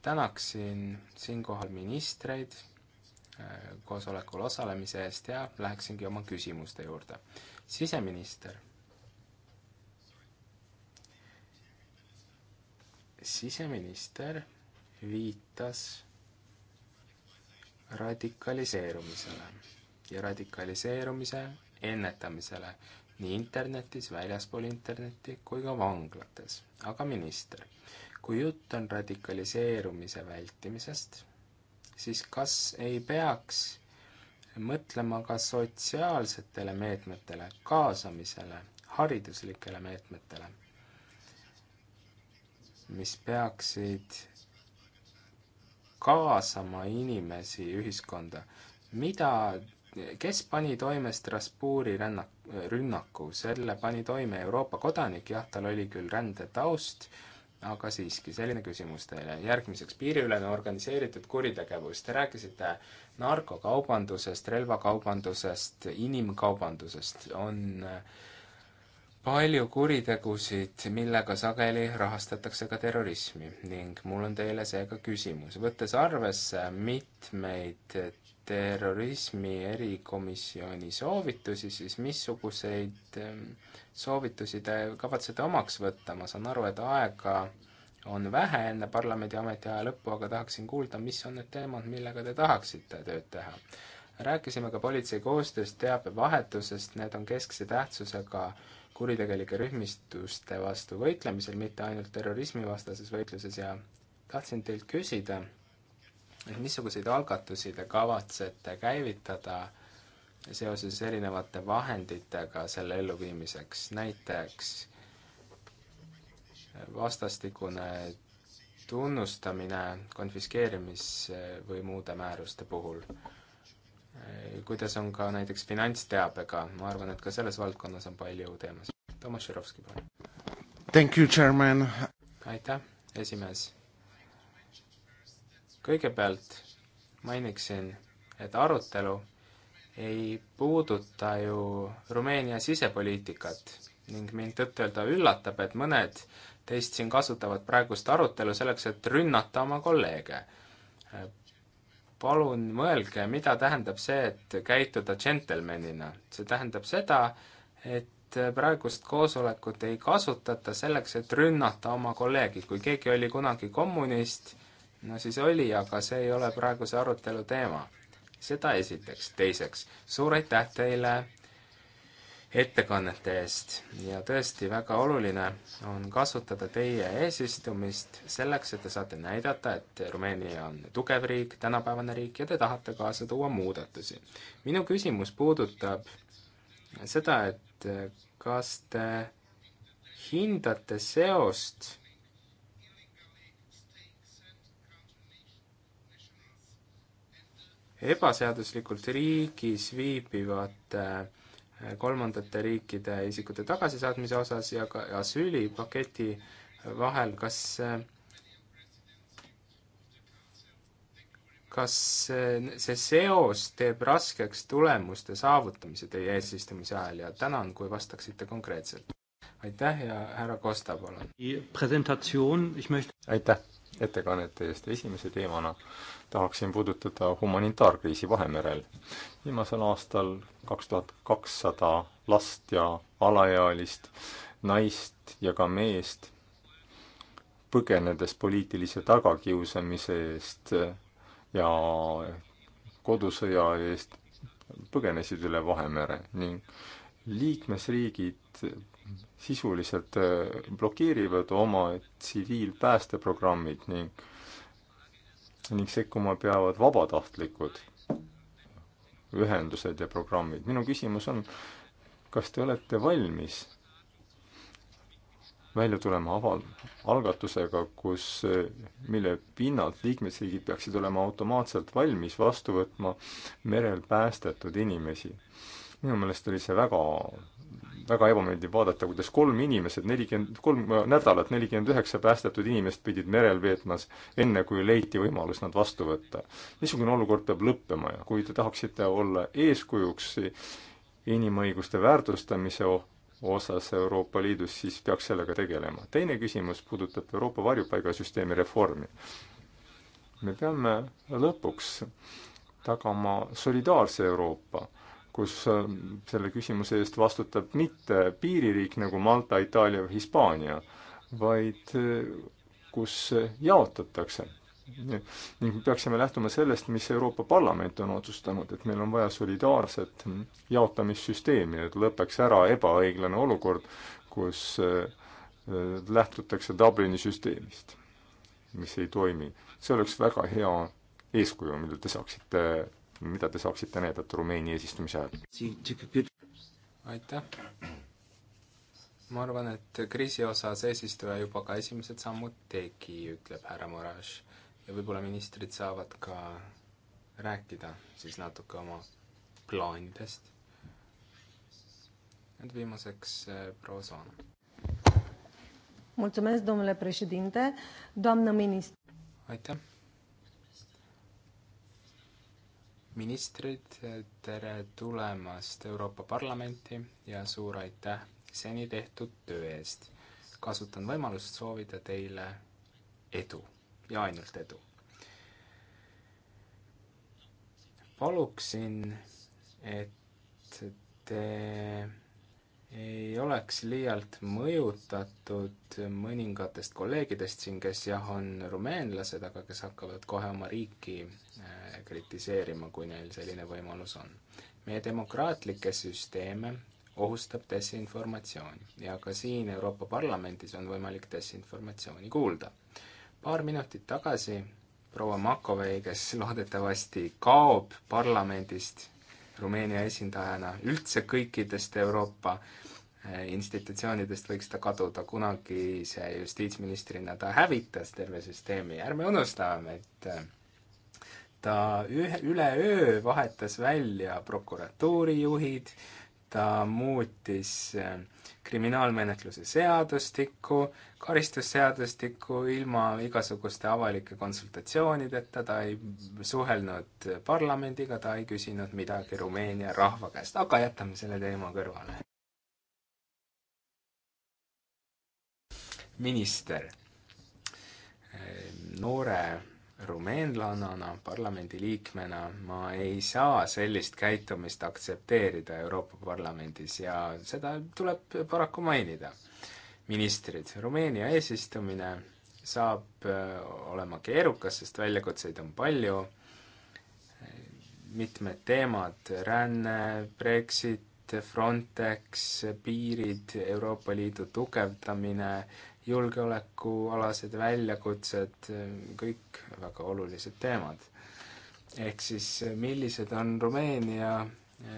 tänaksin siinkohal ministreid äh, koosolekul osalemise eest ja läheksingi oma küsimuste juurde. siseminister siseminister viitas radikaliseerumisele ja radikaliseerumise ennetamisele nii internetis, väljaspool internetti kui ka vanglates. aga minister, kui jutt on radikaliseerumise vältimisest, siis kas ei peaks mõtlema ka sotsiaalsetele meetmetele, kaasamisele, hariduslikele meetmetele mis peaksid kaasama inimesi ühiskonda. mida, kes pani toime Strasbourgi rännak, rünnaku, selle pani toime Euroopa kodanik, jah, tal oli küll rändetaust, aga siiski, selline küsimus teile. järgmiseks, piiriülene organiseeritud kuritegevus. Te rääkisite narkokaubandusest, relvakaubandusest, inimkaubandusest, on äh, palju kuritegusid, millega sageli rahastatakse ka terrorismi ning mul on teile seega küsimus, võttes arvesse mitmeid terrorismi erikomisjoni soovitusi, siis missuguseid ehm, soovitusi te kavatsete omaks võtta, ma saan aru, et aega on vähe enne parlamendi ametiaja lõppu, aga tahaksin kuulda, mis on need teemad, millega te tahaksite tööd teha. rääkisime ka politsei koostööst, teabevahetusest, need on keskse tähtsusega äh, kuritegelike rühmistuste vastu võitlemisel, mitte ainult terrorismivastases võitluses ja tahtsin teilt küsida, et missuguseid algatusi te kavatsete käivitada seoses erinevate vahenditega selle elluviimiseks, näiteks vastastikune tunnustamine konfiskeerimis- või muude määruste puhul kuidas on ka näiteks finantsteabega, ma arvan, et ka selles valdkonnas on palju teemasid. Tomas Širovski, palun. Thank you, chairman. aitäh, esimees. kõigepealt mainiksin, et arutelu ei puuduta ju Rumeenia sisepoliitikat ning mind tõtt-öelda üllatab, et mõned teist siin kasutavad praegust arutelu selleks, et rünnata oma kolleege palun mõelge, mida tähendab see, et käituda džentelmenina. see tähendab seda, et praegust koosolekut ei kasutata selleks, et rünnata oma kolleegi. kui keegi oli kunagi kommunist, no siis oli, aga see ei ole praeguse arutelu teema. seda esiteks. teiseks, suur aitäh teile ettekannete eest ja tõesti väga oluline on kasutada teie eesistumist selleks, et te saate näidata, et Rumeenia on tugev riik, tänapäevane riik ja te tahate kaasa tuua muudatusi. minu küsimus puudutab seda, et kas te hindate seost ebaseaduslikult riigis viibivate kolmandate riikide isikute tagasisaatmise osas ja ka asüülipaketi vahel, kas kas see seos teeb raskeks tulemuste saavutamise teie eesistumise ajal ja tänan, kui vastaksite konkreetselt. aitäh ja härra Kosta, palun. aitäh ettekannete eest esimese teemana tahaksin puudutada humanitaarkriisi Vahemerel. viimasel aastal kaks tuhat kakssada last ja alaealist, naist ja ka meest põgenedes poliitilise tagakiusamise eest ja kodusõja eest, põgenesid üle Vahemere ning liikmesriigid sisuliselt blokeerivad oma tsiviilpäästeprogrammid ning ning sekkuma peavad vabatahtlikud ühendused ja programmid. minu küsimus on, kas te olete valmis välja tulema aval-, algatusega, kus, mille pinnalt liikmesriigid peaksid olema automaatselt valmis vastu võtma merel päästetud inimesi. minu meelest oli see väga väga ebameeldiv vaadata, kuidas kolm inimesed, nelikümmend, kolm äh, nädalat, nelikümmend üheksa päästetud inimest pidid merel veetmas, enne kui leiti võimalus nad vastu võtta. niisugune olukord peab lõppema ja kui te tahaksite olla eeskujuks inimõiguste väärtustamise osas Euroopa Liidus, siis peaks sellega tegelema. teine küsimus puudutab Euroopa varjupaigasüsteemi reformi. me peame lõpuks tagama solidaarse Euroopa kus ähm, selle küsimuse eest vastutab mitte piiririik nagu Malta, Itaalia või Hispaania, vaid äh, kus äh, jaotatakse. ning me peaksime lähtuma sellest, mis Euroopa Parlament on otsustanud, et meil on vaja solidaarset hm, jaotamissüsteemi, et lõpeks ära ebaõiglane olukord, kus äh, lähtutakse Dublini süsteemist, mis ei toimi. see oleks väga hea eeskuju, mida te saaksite mida te saaksite näidata Rumeenia eesistumise ajal? aitäh! ma arvan, et kriisi osas eesistuja juba ka esimesed sammud tegi, ütleb härra Moraš. ja võib-olla ministrid saavad ka rääkida siis natuke oma plaanidest. nüüd viimaseks eh, proua Soon. aitäh! ministrid, tere tulemast Euroopa Parlamenti ja suur aitäh seni tehtud töö eest. kasutan võimalust soovida teile edu ja ainult edu. paluksin, et te ei oleks liialt mõjutatud mõningatest kolleegidest siin, kes jah, on rumeenlased, aga kes hakkavad kohe oma riiki äh, kritiseerima, kui neil selline võimalus on. meie demokraatlikke süsteeme ohustab desinformatsioon ja ka siin Euroopa Parlamendis on võimalik desinformatsiooni kuulda. paar minutit tagasi proua Makovei, kes loodetavasti kaob parlamendist Rumeenia esindajana, üldse kõikidest Euroopa eh, institutsioonidest võiks ta kaduda, kunagise justiitsministrina ta hävitas terve süsteemi, ärme unustame, et eh, ta ühe, üleöö vahetas välja prokuratuuri juhid, ta muutis äh, kriminaalmenetluse seadustikku, karistusseadustikku ilma igasuguste avalike konsultatsioonideta, ta ei suhelnud parlamendiga, ta ei küsinud midagi Rumeenia rahva käest, aga jätame selle teema kõrvale. minister, eh, noore rumeenlannana, parlamendiliikmena ma ei saa sellist käitumist aktsepteerida Euroopa Parlamendis ja seda tuleb paraku mainida. ministrid, Rumeenia eesistumine saab äh, olema keerukas, sest väljakutseid on palju, mitmed teemad, ränne, Brexit, Frontex, piirid, Euroopa Liidu tugevdamine, julgeolekualased väljakutsed, kõik väga olulised teemad. ehk siis millised on Rumeenia eh,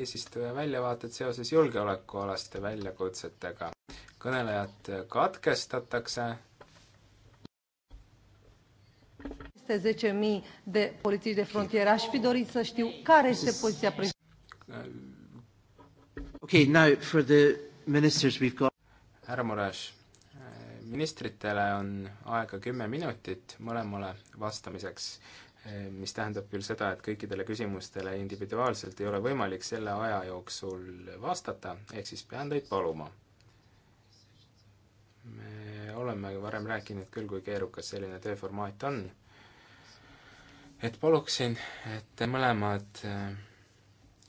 eesistuja väljavaated seoses julgeolekualaste väljakutsetega. kõnelejad katkestatakse. de polițiști de frontieră. Aș fi dorit să știu care este poziția președintelui. Okay, now for the ministers we've got. Härra Murash, ministritele on aega kümme minutit mõlemale vastamiseks, mis tähendab küll seda, et kõikidele küsimustele individuaalselt ei ole võimalik selle aja jooksul vastata, ehk siis pean teid paluma. me oleme varem rääkinud küll, kui keerukas selline tööformaat on, et paluksin, et te mõlemad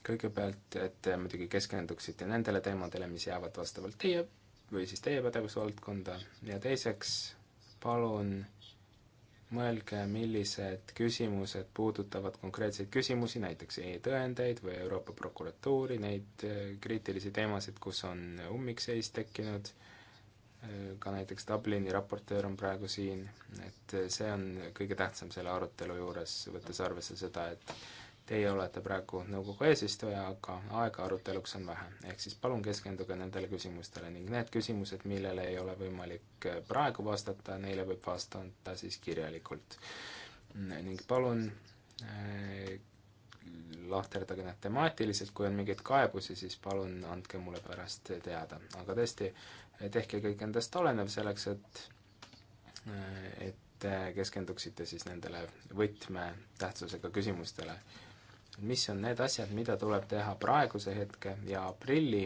kõigepealt, et te muidugi keskenduksite nendele teemadele, mis jäävad vastavalt teie või siis teie pädevusvaldkonda ja teiseks palun mõelge, millised küsimused puudutavad konkreetseid küsimusi, näiteks e-tõendeid või Euroopa prokuratuuri, neid äh, kriitilisi teemasid, kus on ummikseis tekkinud, äh, ka näiteks Dublini raportöör on praegu siin, et äh, see on kõige tähtsam selle arutelu juures, võttes arvesse seda, et Teie olete praegu nõukogu eesistuja, aga aega aruteluks on vähe, ehk siis palun keskenduge nendele küsimustele ning need küsimused, millele ei ole võimalik praegu vastata, neile võib vastata siis kirjalikult. ning palun äh, lahterdage need temaatiliselt, kui on mingeid kaebusi, siis palun andke mulle pärast teada, aga tõesti, tehke kõik endast olenev selleks, et, äh, et äh, keskenduksite siis nendele võtmetähtsusega küsimustele mis on need asjad, mida tuleb teha praeguse hetke ja aprilli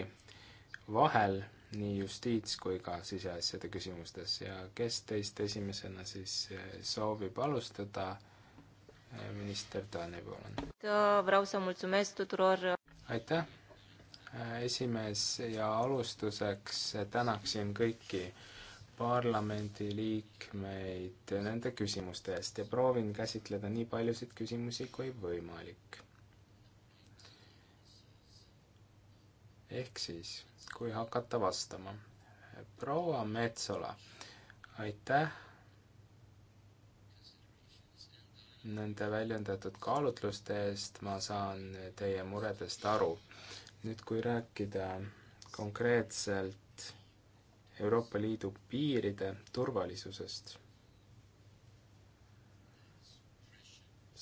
vahel nii justiits- kui ka siseasjade küsimustes ja kes teist esimesena siis eh, soovib alustada, eh, minister Taani, palun. aitäh, eh, esimees, ja alustuseks tänaksin kõiki parlamendiliikmeid nende küsimuste eest ja proovin käsitleda nii paljusid küsimusi kui võimalik ehk siis, kui hakata vastama. proua Metsola, aitäh nende väljendatud kaalutluste eest, ma saan teie muredest aru. nüüd, kui rääkida konkreetselt Euroopa Liidu piiride turvalisusest,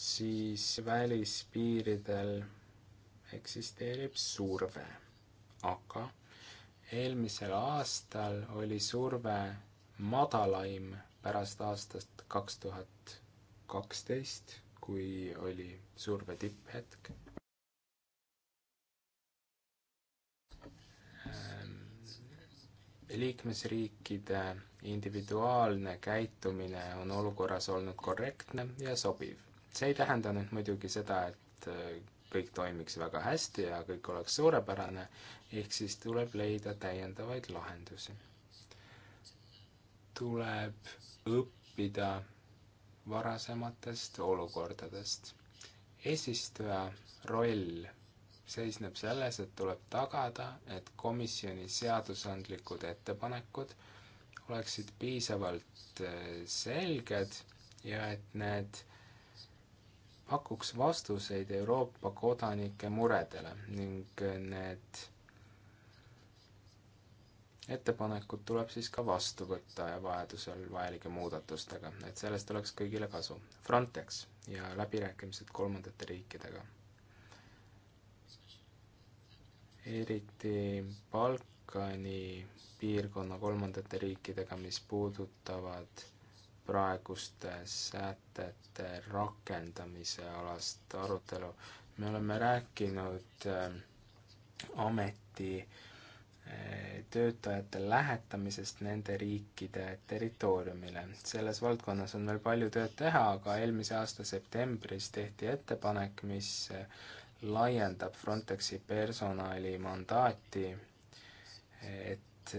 siis välispiiridel eksisteerib surve aga eelmisel aastal oli surve madalaim pärast aastast kaks tuhat kaksteist, kui oli surve tipphetk. Ähm, liikmesriikide individuaalne käitumine on olukorras olnud korrektne ja sobiv. see ei tähenda nüüd muidugi seda, et äh, kõik toimiks väga hästi ja kõik oleks suurepärane, ehk siis tuleb leida täiendavaid lahendusi. tuleb õppida varasematest olukordadest. eesistuja roll seisneb selles, et tuleb tagada, et komisjoni seadusandlikud ettepanekud oleksid piisavalt eh, selged ja et need pakuks vastuseid Euroopa kodanike muredele ning need ettepanekud tuleb siis ka vastu võtta ja vajadusel vajalike muudatustega, et sellest oleks kõigile kasu. Frontex ja läbirääkimised kolmandate riikidega. eriti Balkani piirkonna kolmandate riikidega, mis puudutavad praeguste sätete rakendamise alast arutelu. me oleme rääkinud äh, ameti äh, töötajate lähetamisest nende riikide territooriumile. selles valdkonnas on veel palju tööd teha, aga eelmise aasta septembris tehti ettepanek, mis äh, laiendab Frontexi personali mandaati, et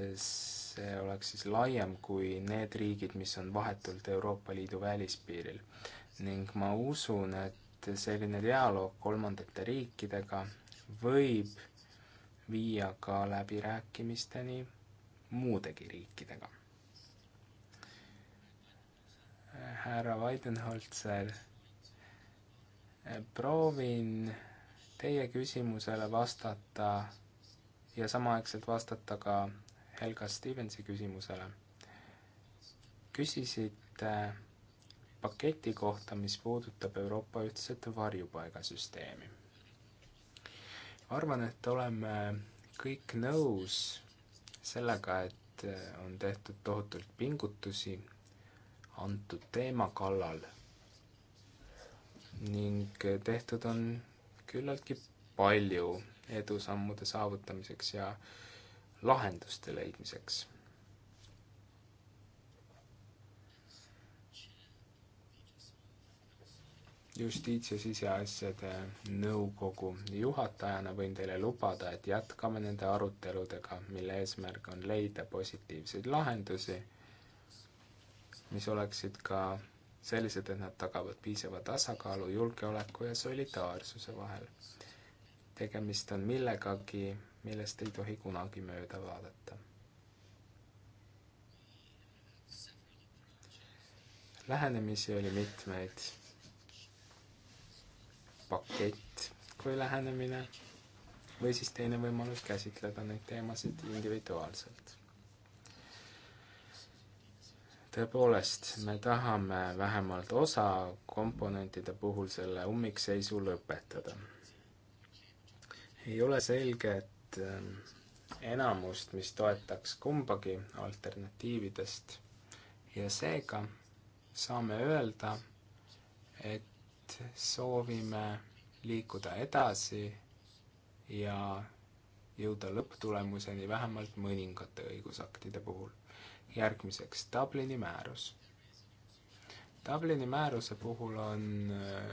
see oleks siis laiem kui need riigid, mis on vahetult Euroopa Liidu välispiiril. ning ma usun, et selline dialoog kolmandate riikidega võib viia ka läbirääkimisteni muudegi riikidega. härra Weidenholzer, proovin teie küsimusele vastata ja samaaegselt vastata ka Helga Stevensi küsimusele. küsisite äh, paketi kohta, mis puudutab Euroopa ühtset varjupaigasüsteemi. arvan, et oleme kõik nõus sellega, et äh, on tehtud tohutult pingutusi antud teema kallal ning tehtud on küllaltki palju edusammude saavutamiseks ja äh, lahenduste leidmiseks. justiits- ja siseasjade nõukogu juhatajana võin teile lubada, et jätkame nende aruteludega, mille eesmärk on leida positiivseid lahendusi, mis oleksid ka sellised, et nad tagavad piisava tasakaalu julgeoleku ja solidaarsuse vahel. tegemist on millegagi, millest ei tohi kunagi mööda vaadata. lähenemisi oli mitmeid. pakett kui lähenemine või siis teine võimalus käsitleda neid teemasid individuaalselt. tõepoolest, me tahame vähemalt osa komponentide puhul selle ummikseisu lõpetada. ei ole selge, et Ähm, enamust, mis toetaks kumbagi alternatiividest ja seega saame öelda, et soovime liikuda edasi ja jõuda lõpptulemuseni vähemalt mõningate õigusaktide puhul. järgmiseks Dublini määrus. Dublini määruse puhul on äh,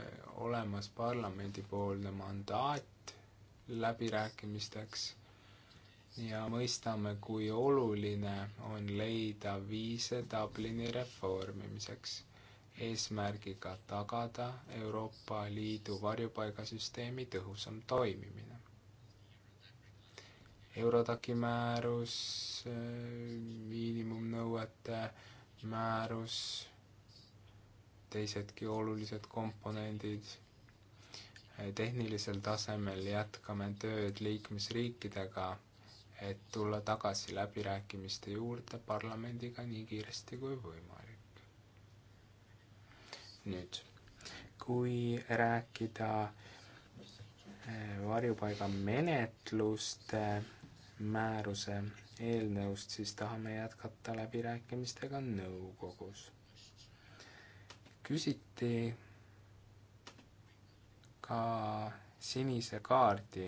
olemas parlamendipoolne mandaat läbirääkimisteks ja mõistame, kui oluline on leida viise Dublini reformimiseks, eesmärgiga tagada Euroopa Liidu varjupaigasüsteemi tõhusam toimimine. Eurodaki määrus, miinimumnõuete määrus, teisedki olulised komponendid tehnilisel tasemel jätkame tööd liikmesriikidega, et tulla tagasi läbirääkimiste juurde parlamendiga nii kiiresti kui võimalik. nüüd, kui rääkida eh, varjupaiga menetluste määruse eelnõust, siis tahame jätkata läbirääkimistega nõukogus. küsiti ka sinise kaardi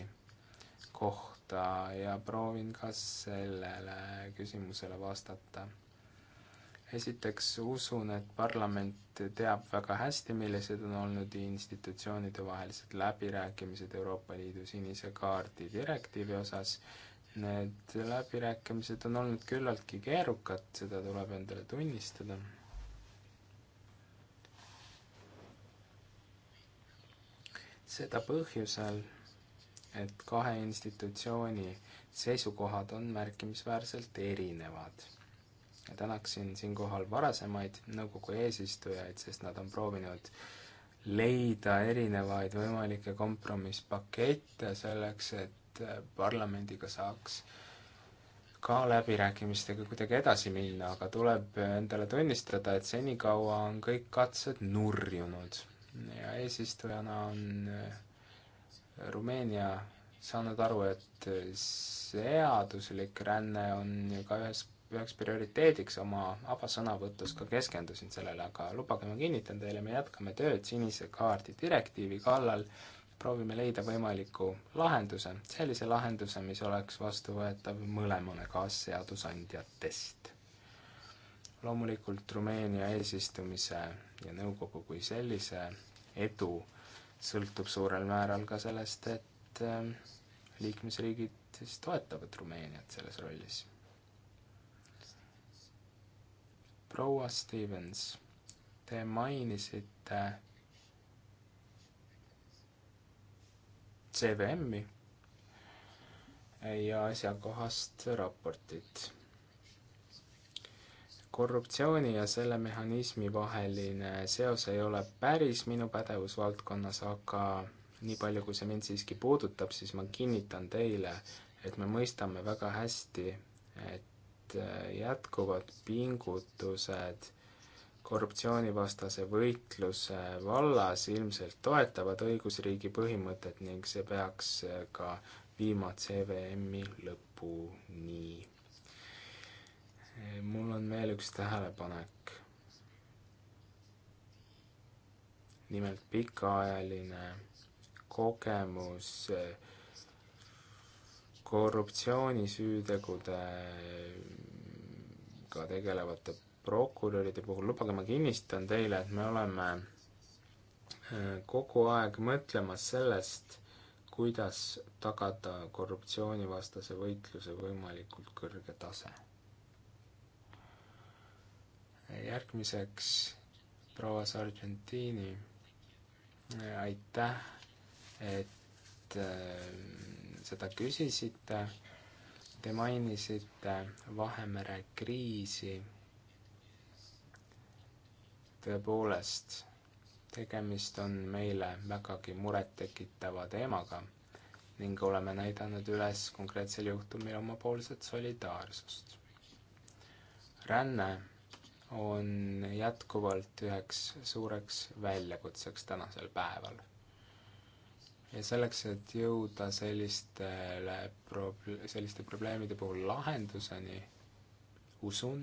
kohta ja proovin ka sellele küsimusele vastata. esiteks usun, et parlament teab väga hästi, millised on olnud institutsioonide vahelised läbirääkimised Euroopa Liidu sinise kaardi direktiivi osas. Need läbirääkimised on olnud küllaltki keerukad, seda tuleb endale tunnistada seda põhjusel, et kahe institutsiooni seisukohad on märkimisväärselt erinevad. ja tänaksin siinkohal varasemaid nõukogu eesistujaid, sest nad on proovinud leida erinevaid võimalikke kompromisspakette selleks, et parlamendiga saaks ka läbirääkimistega kuidagi edasi minna, aga tuleb endale tunnistada, et senikaua on kõik katsed nurjunud ja eesistujana on äh, Rumeenia saanud aru, et äh, seaduslik ränne on ka ühes, üheks prioriteediks, oma avasõnavõtus ka keskendusin sellele, aga lubage, ma kinnitan teile, me jätkame tööd sinise kaardi direktiivi kallal, proovime leida võimaliku lahenduse, sellise lahenduse, mis oleks vastuvõetav mõlemale kaasseadusandjatest loomulikult Rumeenia eesistumise ja nõukogu kui sellise edu sõltub suurel määral ka sellest, et ähm, liikmesriigid siis toetavad Rumeeniat selles rollis. proua Stevens, te mainisite CVM-i ja asjakohast raportit korruptsiooni ja selle mehhanismi vaheline seos ei ole päris minu pädevusvaldkonnas, aga nii palju, kui see mind siiski puudutab, siis ma kinnitan teile, et me mõistame väga hästi, et äh, jätkuvad pingutused korruptsioonivastase võitluse vallas ilmselt toetavad õigusriigi põhimõtet ning see peaks äh, ka viima CVM-i lõpuni Eh, mul on veel üks tähelepanek. nimelt pikaajaline kogemus eh, korruptsioonisüütegudega eh, tegelevate prokuröride puhul, lubage, ma kinnistan teile, et me oleme kogu aeg mõtlemas sellest, kuidas tagada korruptsioonivastase võitluse võimalikult kõrge tase järgmiseks proua Sargentini, aitäh, et äh, seda küsisite. Te mainisite Vahemere kriisi. tõepoolest, tegemist on meile vägagi murettekitava teemaga ning oleme näidanud üles konkreetsel juhtumil omapoolset solidaarsust. ränne on jätkuvalt üheks suureks väljakutseks tänasel päeval. ja selleks, et jõuda sellistele prob-, selliste probleemide puhul lahenduseni, usun,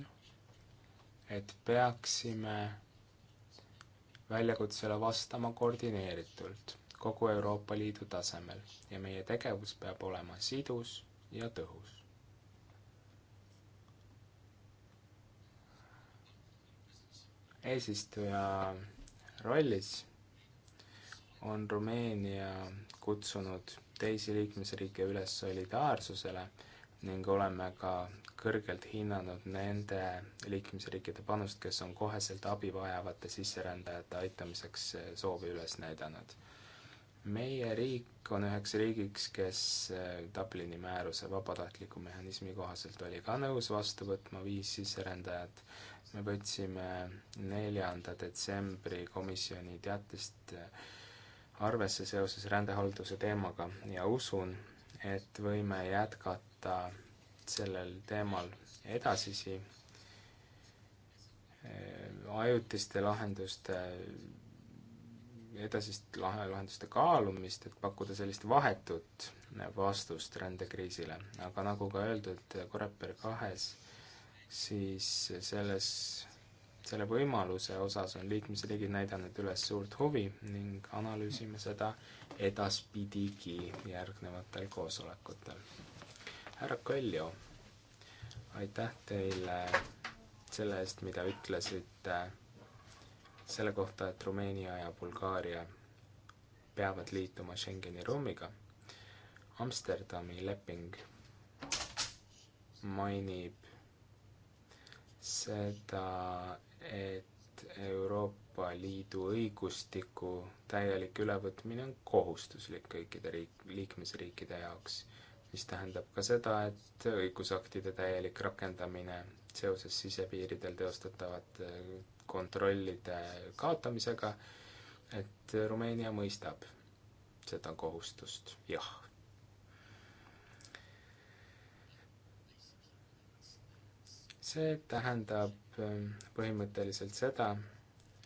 et peaksime väljakutsele vastama koordineeritult kogu Euroopa Liidu tasemel ja meie tegevus peab olema sidus ja tõhus. eesistuja rollis on Rumeenia kutsunud teisi liikmesriike üles solidaarsusele ning oleme ka kõrgelt hinnanud nende liikmesriikide panust, kes on koheselt abi vajavate sisserändajate aitamiseks soovi üles näidanud. meie riik on üheks riigiks, kes äh, Dublini määruse vabatahtliku mehhanismi kohaselt oli ka nõus vastu võtma viis sisserändajat me võtsime neljanda detsembri komisjoni teatist äh, arvesse seoses rändehalduse teemaga ja usun, et võime jätkata sellel teemal edasisi äh, ajutiste lahenduste, edasist lahe, lahenduste kaalumist, et pakkuda sellist vahetut vastust rändekriisile. aga nagu ka öeldud, Koreper kahes siis selles, selle võimaluse osas on liikmesriigid näidanud üles suurt huvi ning analüüsime seda edaspidigi järgnevatel koosolekutel. härra Kõljo, aitäh teile selle eest, mida ütlesite selle kohta, et Rumeenia ja Bulgaaria peavad liituma Schengeni ruumiga. Amsterdami leping mainib seda, et Euroopa Liidu õigustiku täielik ülevõtmine on kohustuslik kõikide riik, liikmesriikide jaoks, mis tähendab ka seda, et õigusaktide täielik rakendamine seoses sisepiiridel teostatavate kontrollide kaotamisega, et Rumeenia mõistab seda kohustust, jah see tähendab ähm, põhimõtteliselt seda,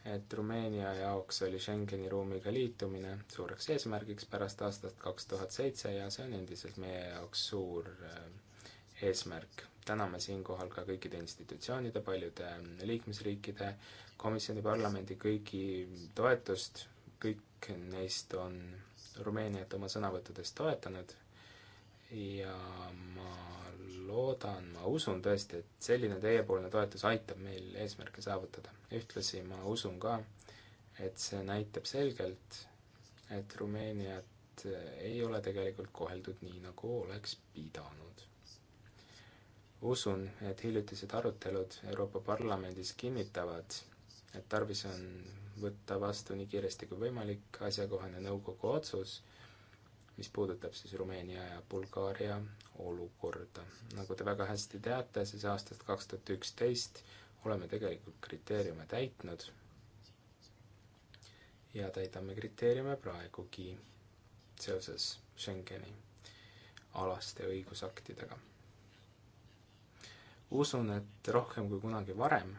et Rumeenia jaoks oli Schengeni ruumiga liitumine suureks eesmärgiks pärast aastat kaks tuhat seitse ja see on endiselt meie jaoks suur äh, eesmärk. täname siinkohal ka kõikide institutsioonide, paljude ähm, liikmesriikide, komisjoni, parlamendi, kõigi toetust, kõik neist on Rumeeniat oma sõnavõttudes toetanud ja ma loodan, ma usun tõesti, et selline teiepoolne toetus aitab meil eesmärke saavutada. ühtlasi ma usun ka, et see näitab selgelt, et Rumeeniat ei ole tegelikult koheldud nii, nagu oleks pidanud. usun, et hiljutised arutelud Euroopa Parlamendis kinnitavad, et tarvis on võtta vastu nii kiiresti kui võimalik asjakohane nõukogu otsus mis puudutab siis Rumeenia ja Bulgaaria olukorda. nagu te väga hästi teate, siis aastast kaks tuhat üksteist oleme tegelikult kriteeriume täitnud ja täidame kriteeriume praegugi seoses Schengeni alaste õigusaktidega. usun, et rohkem kui kunagi varem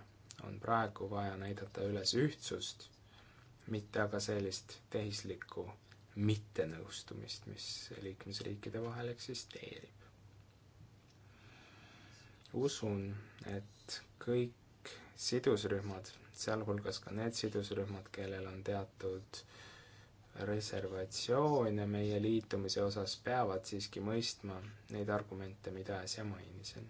on praegu vaja näidata üles ühtsust, mitte aga sellist tehislikku mittenõustumist, mis liikmesriikide vahel eksisteerib. usun, et kõik sidusrühmad, sealhulgas ka need sidusrühmad, kellel on teatud reservatsioone meie liitumise osas, peavad siiski mõistma neid argumente, mida äsja mainisin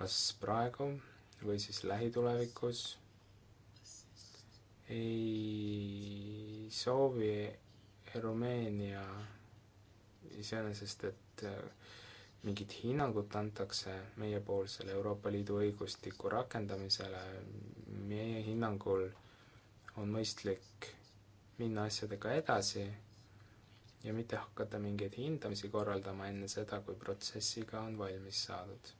kas praegu või siis lähitulevikus ei soovi Rumeenia iseenesest, et äh, mingit hinnangut antakse meiepoolsele Euroopa Liidu õigustiku rakendamisele, meie hinnangul on mõistlik minna asjadega edasi ja mitte hakata mingeid hindamisi korraldama enne seda, kui protsessiga on valmis saadud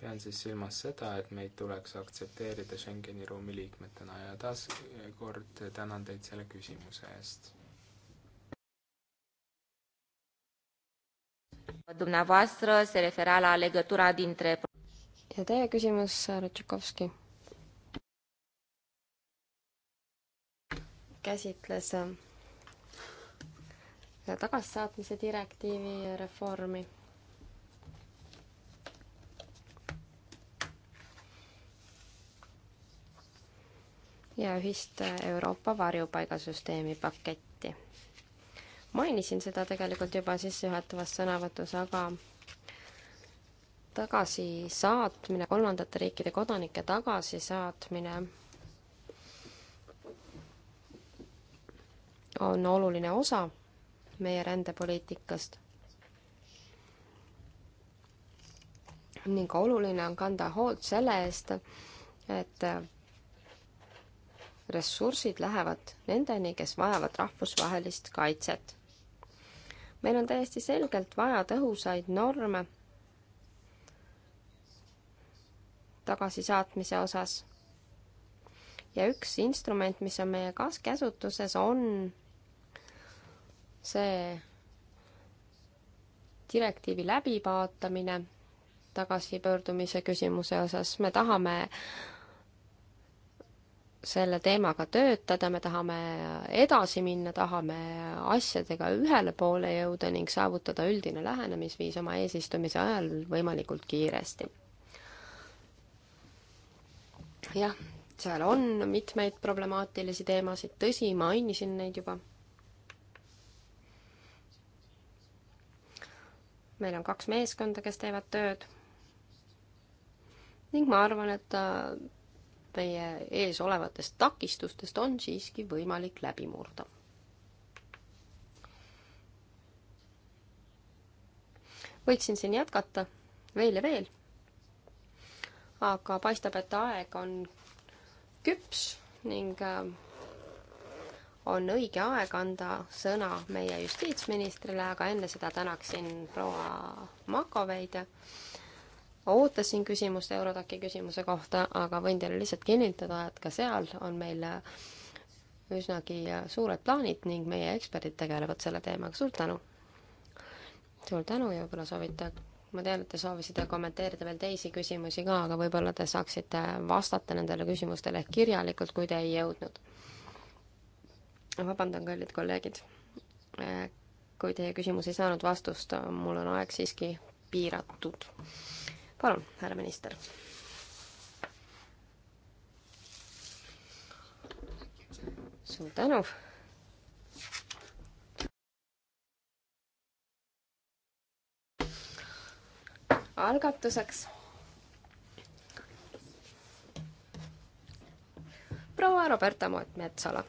pean siis silmas seda, et meid tuleks aktsepteerida Schengeni ruumi liikmetena ja taaskord tänan teid selle küsimuse eest. ja teie küsimus, härra Tšukovski? käsitles äh, tagasisaatmise direktiivi reformi ja ühist Euroopa varjupaigasüsteemi paketti. mainisin seda tegelikult juba sissejuhatavas sõnavõtus, aga tagasisaatmine, kolmandate riikide kodanike tagasisaatmine on oluline osa meie rändepoliitikast. ning oluline on kanda hoolt selle eest, et ressursid lähevad nendeni, kes vajavad rahvusvahelist kaitset. meil on täiesti selgelt vaja tõhusaid norme tagasisaatmise osas. ja üks instrument, mis on meie kaaskäsutuses, on see direktiivi läbivaatamine tagasipöördumise küsimuse osas, me tahame selle teemaga töötada, me tahame edasi minna, tahame asjadega ühele poole jõuda ning saavutada üldine lähenemisviis oma eesistumise ajal võimalikult kiiresti. jah, seal on mitmeid problemaatilisi teemasid, tõsi, mainisin neid juba. meil on kaks meeskonda, kes teevad tööd ning ma arvan, et meie ees olevatest takistustest on siiski võimalik läbi murda. võiksin siin jätkata veel ja veel, aga paistab, et aeg on küps ning äh, on õige aeg anda sõna meie justiitsministrile, aga enne seda tänaksin proua Makoveid ootasin küsimust Eurodaki küsimuse kohta, aga võin teile lihtsalt kinnitada, et ka seal on meil äh, üsnagi äh, suured plaanid ning meie eksperdid tegelevad selle teemaga, suur tänu! suur tänu ja võib-olla soovite, ma tean, et te soovisite kommenteerida veel teisi küsimusi ka, aga võib-olla te saaksite vastata nendele küsimustele ehk kirjalikult, kui te ei jõudnud. vabandan, kallid kolleegid, äh, kui teie küsimus ei saanud vastust, mul on aeg siiski piiratud palun, härra minister. suur tänu algatuseks. proua Roberta Metsola.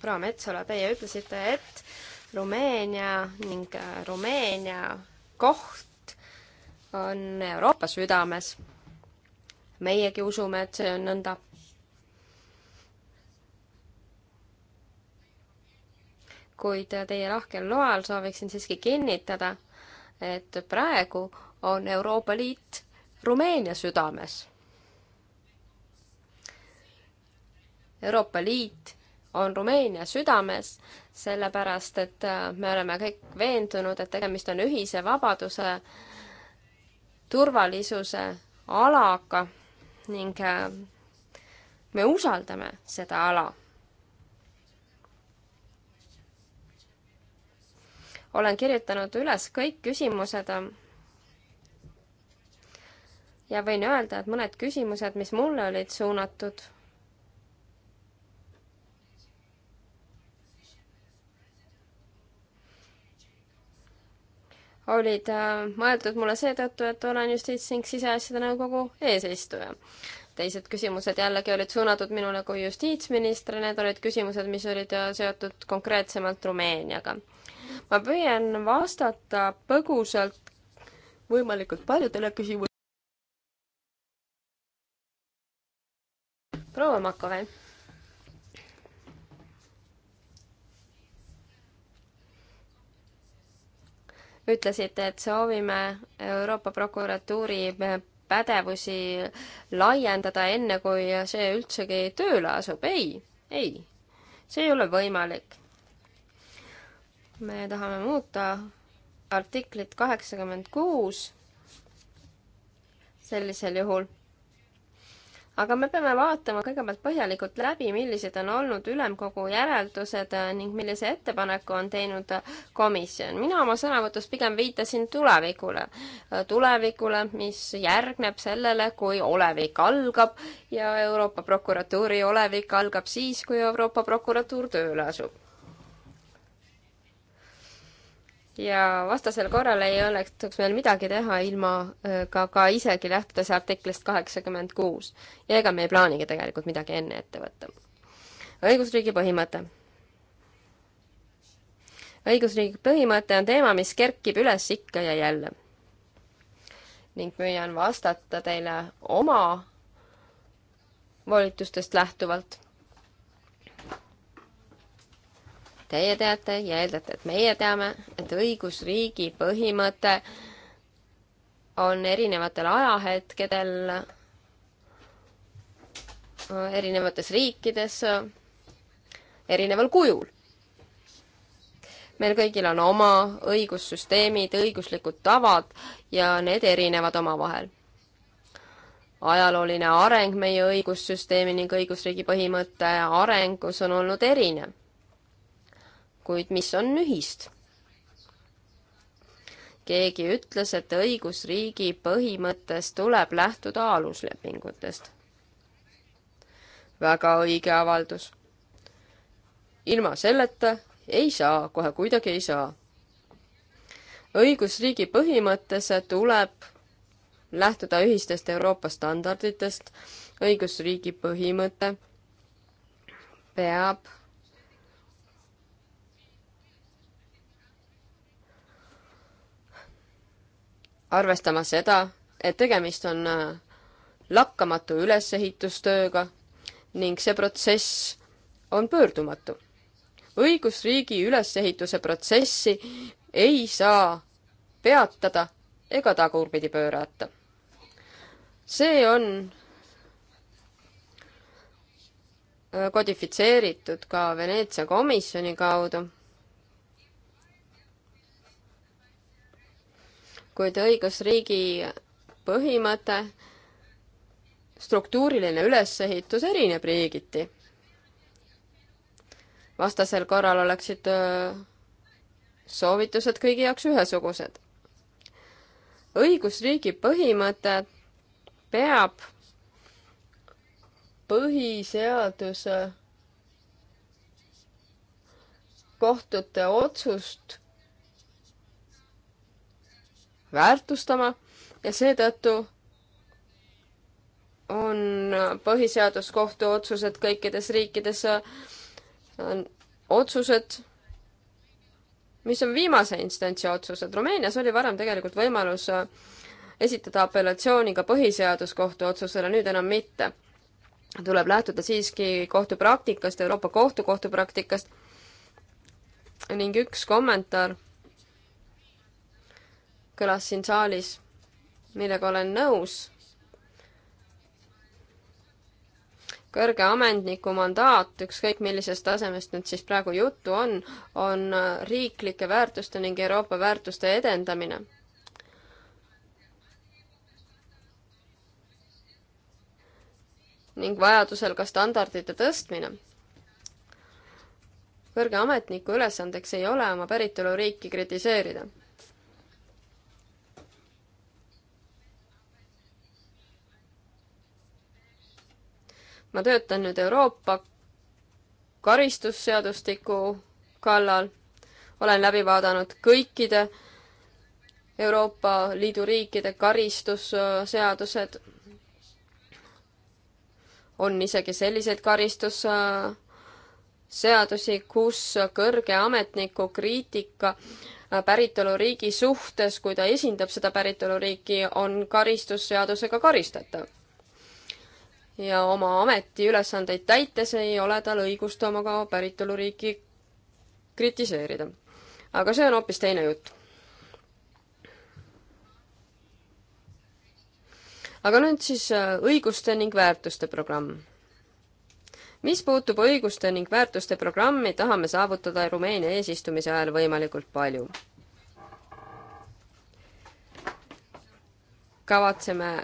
proua Metsola, teie ütlesite, et Rumeenia ning äh, Rumeenia koht on Euroopa südames. meiegi usume, et see on nõnda. kuid teie lahkel loal sooviksin siiski kinnitada, et praegu on Euroopa Liit Rumeenia südames. Euroopa Liit on Rumeenia südames, sellepärast et me oleme kõik veendunud, et tegemist on ühise vabaduse äh, turvalisuse alaga ning äh, me usaldame seda ala. olen kirjutanud üles kõik küsimused äh, ja võin öelda, et mõned küsimused, mis mulle olid suunatud, olid äh, mõeldud mulle seetõttu, et olen justiits- ning siseasjade nõukogu eesistuja. teised küsimused jällegi olid suunatud minule kui justiitsministri, need olid küsimused, mis olid äh, seotud konkreetsemalt Rumeeniaga. ma püüan vastata põgusalt võimalikult paljudele küsimustele. proua Makovei ütlesite, et soovime Euroopa prokuratuuri pädevusi laiendada, enne kui see üldsegi tööle asub. ei, ei, see ei ole võimalik. me tahame muuta artiklit kaheksakümmend kuus sellisel juhul aga me peame vaatama kõigepealt põhjalikult läbi, millised on olnud ülemkogu järeldused äh, ning millise ettepaneku on teinud äh, komisjon. mina oma sõnavõtus pigem viitasin tulevikule. Äh, tulevikule, mis järgneb sellele, kui olevik algab ja Euroopa prokuratuuri olevik algab siis, kui Euroopa prokuratuur tööle asub ja vastasel korral ei oleks meil midagi teha ilma äh, ka, ka isegi lähtudes artiklist kaheksakümmend kuus. ja ega me ei plaanigi tegelikult midagi enne ette võtta. õigusriigi põhimõte. õigusriigi põhimõte on teema, mis kerkib üles ikka ja jälle. ning püüan vastata teile oma volitustest lähtuvalt teie teate ja eeldate, et meie teame, et õigusriigi põhimõte on erinevatel ajahetkedel erinevates riikides erineval kujul. meil kõigil on oma õigussüsteemid, õiguslikud tavad ja need erinevad omavahel. ajalooline areng meie õigussüsteemi ning õigusriigi põhimõtte arengus on olnud erinev kuid mis on ühist? keegi ütles, et õigusriigi põhimõttes tuleb lähtuda aluslepingutest. väga õige avaldus. ilma selleta ei saa, kohe kuidagi ei saa. õigusriigi põhimõttes tuleb lähtuda ühistest Euroopa standarditest, õigusriigi põhimõte peab arvestama seda, et tegemist on äh, lakkamatu ülesehitustööga ning see protsess on pöördumatu. õigusriigi ülesehituse protsessi ei saa peatada ega tagurpidi pöörata. see on äh, kodifitseeritud ka Veneetsia komisjoni kaudu kuid õigusriigi põhimõte, struktuuriline ülesehitus erineb riigiti. vastasel korral oleksid äh, soovitused kõigi jaoks ühesugused. õigusriigi põhimõte peab põhiseaduse kohtute otsust väärtustama ja seetõttu on põhiseaduskohtu otsused kõikides riikides äh, otsused, mis on viimase instantsi otsused. Rumeenias oli varem tegelikult võimalus äh, esitada apellatsiooni ka põhiseaduskohtu otsusele, nüüd enam mitte. tuleb lähtuda siiski kohtupraktikast, Euroopa Kohtu kohtupraktikast ning üks kommentaar kõlas siin saalis, millega olen nõus. kõrge ametniku mandaat, ükskõik millisest tasemest nüüd siis praegu juttu on, on riiklike väärtuste ning Euroopa väärtuste edendamine ning vajadusel ka standardite tõstmine. kõrge ametniku ülesandeks ei ole oma päritoluriiki kritiseerida. ma töötan nüüd Euroopa karistusseadustiku kallal, olen läbi vaadanud kõikide Euroopa Liidu riikide karistusseadused. on isegi selliseid karistusseadusi, kus kõrge ametniku kriitika päritoluriigi suhtes, kui ta esindab seda päritoluriiki, on karistusseadusega karistatav ja oma ametiülesandeid täites ei ole tal õigust oma ka päritoluriiki kritiseerida. aga see on hoopis teine jutt. aga nüüd siis äh, õiguste ning väärtuste programm. mis puutub õiguste ning väärtuste programmi, tahame saavutada Rumeenia eesistumise ajal võimalikult palju. kavatseme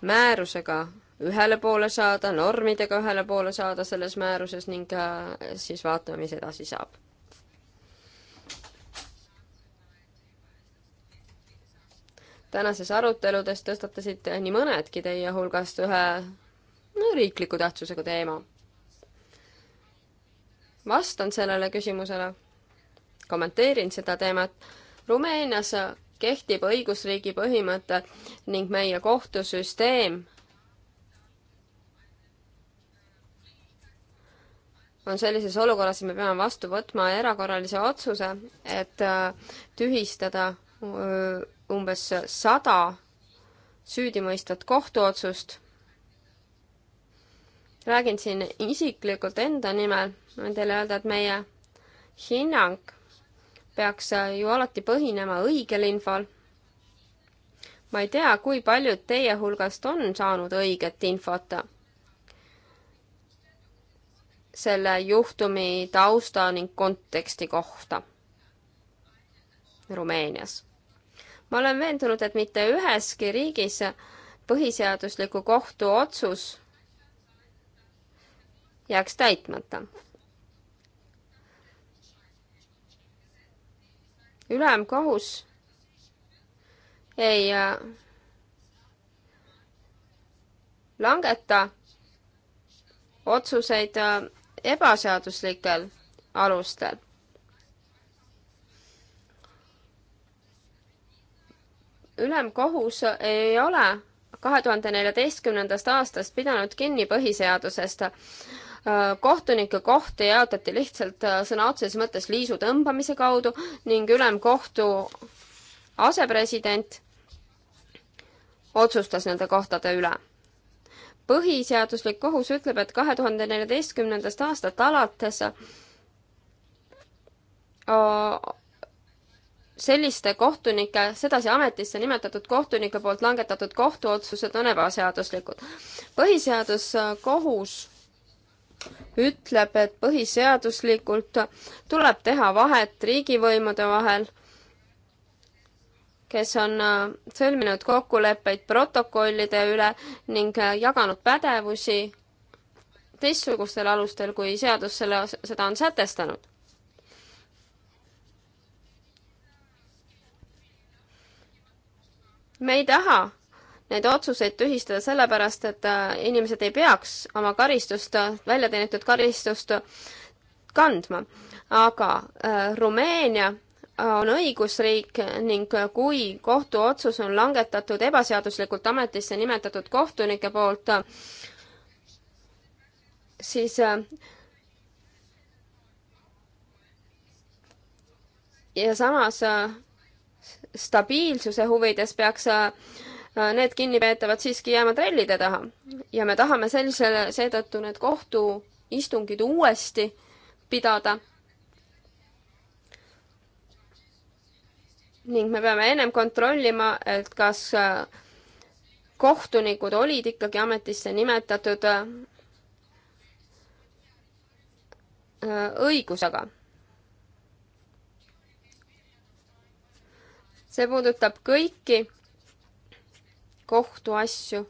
määrusega ühele poole saada, normidega ühele poole saada selles määruses ning äh, siis vaatame, mis edasi saab. tänases aruteludes tõstatasid nii mõnedki teie hulgast ühe no, riikliku tähtsusega teema. vastan sellele küsimusele, kommenteerin seda teemat. Rumeenias kehtib õigusriigi põhimõte ning meie kohtusüsteem on sellises olukorras, et me peame vastu võtma erakorralise otsuse, et äh, tühistada äh, umbes sada süüdimõistvat kohtuotsust. räägin siin isiklikult enda nimel, võin teile öelda, et meie hinnang peaks äh, ju alati põhinema õigel infol. ma ei tea, kui paljud teie hulgast on saanud õiget infot selle juhtumi tausta ning konteksti kohta Rumeenias. ma olen veendunud, et mitte üheski riigis põhiseadusliku kohtu otsus jääks täitmata. ülemkohus ei äh, langeta otsuseid äh, ebaseaduslikel alustel. ülemkohus ei ole kahe tuhande neljateistkümnendast aastast pidanud kinni põhiseadusest. kohtunike kohti jaotati lihtsalt äh, sõna otseses mõttes liisu tõmbamise kaudu ning ülemkohtu asepresident otsustas nende kohtade üle põhiseaduslik kohus ütleb, et kahe tuhande neljateistkümnendast aastast alates äh, selliste kohtunike, sedasi ametisse nimetatud kohtunike poolt langetatud kohtuotsused on ebaseaduslikud. põhiseaduskohus ütleb, et põhiseaduslikult tuleb teha vahet riigivõimude vahel kes on äh, sõlminud kokkuleppeid protokollide üle ning äh, jaganud pädevusi teistsugustel alustel, kui seadus selle, seda on sätestanud. me ei taha neid otsuseid tühistada sellepärast, et äh, inimesed ei peaks oma karistust, välja teenitud karistust kandma. aga äh, Rumeenia on õigusriik ning kui kohtuotsus on langetatud ebaseaduslikult ametisse nimetatud kohtunike poolt, siis ja samas stabiilsuse huvides peaks need kinnipeetavad siiski jääma trellide taha. ja me tahame sellisele, seetõttu need kohtuistungid uuesti pidada ning me peame ennem kontrollima, et kas äh, kohtunikud olid ikkagi ametisse nimetatud äh, õigusega. see puudutab kõiki kohtuasju,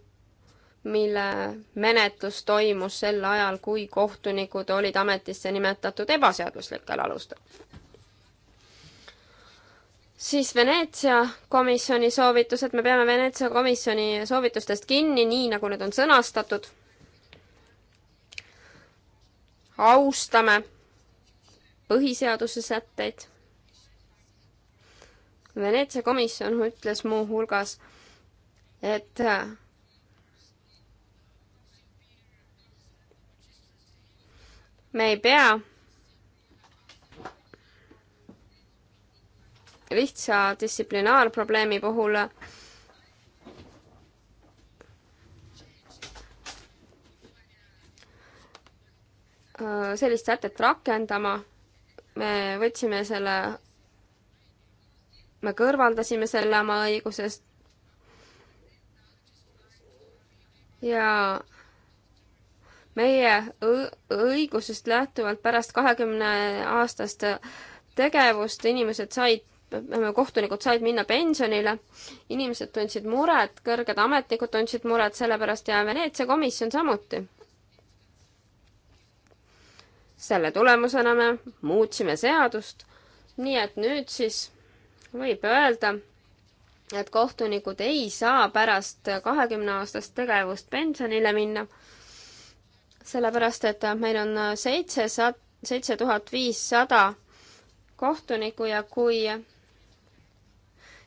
mille menetlus toimus sel ajal, kui kohtunikud olid ametisse nimetatud ebaseaduslikel alustel siis Veneetsia komisjoni soovitused, me peame Veneetsia komisjoni soovitustest kinni, nii nagu need on sõnastatud. austame põhiseaduse sätteid. Veneetsia komisjon ütles muuhulgas, et me ei pea lihtsa distsiplinaarprobleemi puhul sellist sätet rakendama. me võtsime selle, me kõrvaldasime selle oma õigusest. ja meie õigusest lähtuvalt pärast kahekümne aastast tegevust inimesed said Äh, kohtunikud said minna pensionile, inimesed tundsid muret, kõrged ametnikud tundsid muret selle pärast ja Veneetsia komisjon samuti. selle tulemusena me muutsime seadust, nii et nüüd siis võib öelda, et kohtunikud ei saa pärast kahekümne aastast tegevust pensionile minna, sellepärast et meil on seitsesada, seitse tuhat viissada kohtunikku ja kui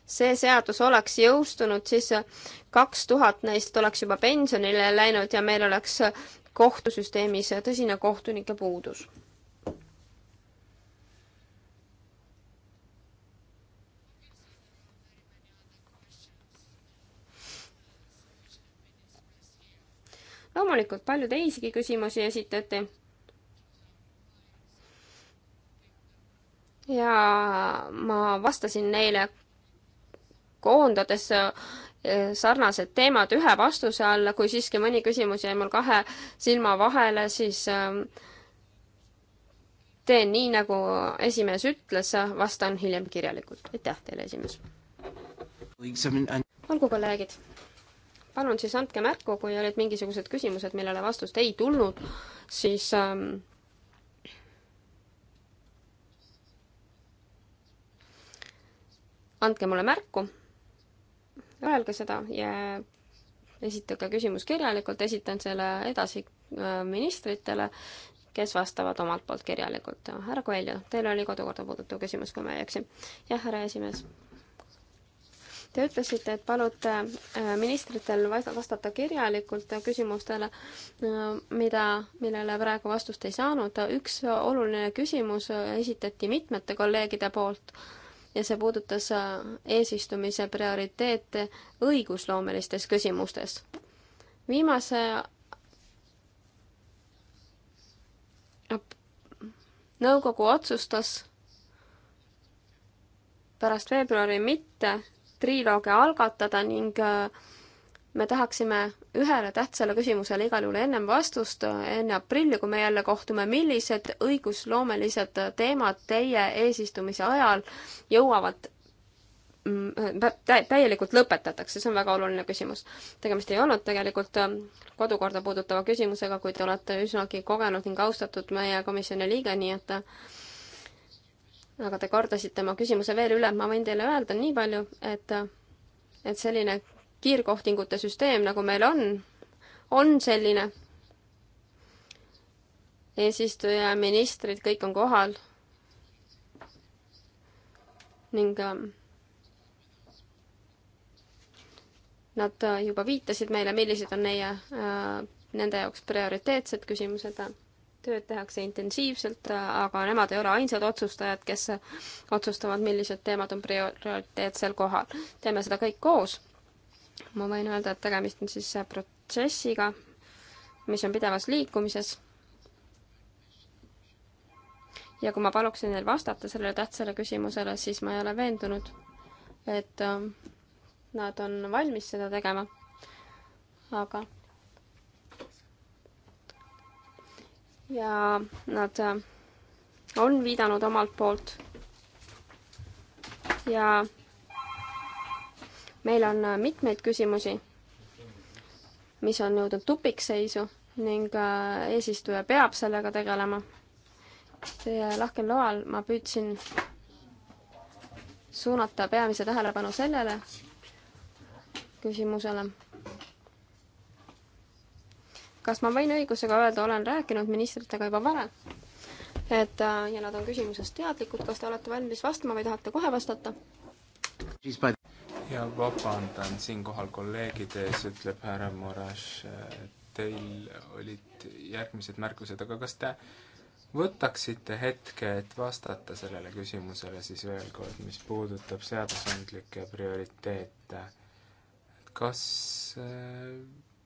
see seadus oleks jõustunud, siis kaks tuhat neist oleks juba pensionile läinud ja meil oleks kohtusüsteemis tõsine kohtunike puudus. loomulikult palju teisigi küsimusi esitati. ja ma vastasin neile koondades eh, sarnased teemad ühe vastuse alla, kui siiski mõni küsimus jäi mul kahe silma vahele, siis ähm, teen nii, nagu esimees ütles, vastan hiljem kirjalikult. aitäh teile, esimees! olgu, kolleegid! palun siis andke märku, kui olid mingisugused küsimused, millele vastust ei tulnud, siis ähm, andke mulle märku öelge seda ja esitage küsimus kirjalikult, esitan selle edasi äh, ministritele, kes vastavad omalt poolt kirjalikult. härra Koeljo, teil oli kodukorda puudutav küsimus, kui ma ei eksi. jah, härra esimees. Te ütlesite, et palute äh, ministritel vastata kirjalikult küsimustele, äh, mida, millele praegu vastust ei saanud. üks oluline küsimus esitati mitmete kolleegide poolt ja see puudutas äh, eesistumise prioriteete õigusloomelistes küsimustes. viimase nõukogu otsustas pärast veebruari mitte triloogia algatada ning äh, me tahaksime ühele tähtsale küsimusele igal juhul ennem vastust, enne aprilli, kui me jälle kohtume, millised õigusloomelised teemad teie eesistumise ajal jõuavad mm, täielikult lõpetatakse, see on väga oluline küsimus. tegemist ei olnud tegelikult ähm, kodukorda puudutava küsimusega, kuid te olete üsnagi kogenud ning austatud meie komisjoni liige, nii et äh, aga te kordasite oma küsimuse veel üle, ma võin teile öelda nii palju, et äh, et selline kiirkohtingute süsteem, nagu meil on, on selline. eesistuja, ministrid, kõik on kohal. ning ähm, nad äh, juba viitasid meile, millised on neie, äh, nende jaoks prioriteetsed küsimused. tööd tehakse intensiivselt, äh, aga nemad ei ole ainsad otsustajad, kes otsustavad, millised teemad on prioriteetsel kohal. teeme seda kõik koos ma võin öelda, et tegemist on siis protsessiga, mis on pidevas liikumises. ja kui ma paluksin neil vastata sellele tähtsale küsimusele, siis ma ei ole veendunud, et äh, nad on valmis seda tegema. aga ja nad äh, on viidanud omalt poolt ja meil on äh, mitmeid küsimusi, mis on jõudnud tupikseisu ning äh, eesistuja peab sellega tegelema. Teie lahkel loal ma püüdsin suunata peamise tähelepanu sellele küsimusele. kas ma võin õigusega öelda, olen rääkinud ministritega juba varem, et äh, ja nad on küsimusest teadlikud, kas te olete valmis vastama või tahate kohe vastata? ja vabandan siinkohal kolleegide ees, ütleb härra Moraš, teil olid järgmised märkused, aga kas te võtaksite hetke, et vastata sellele küsimusele siis veel kord, mis puudutab seadusandlikke prioriteete. kas äh,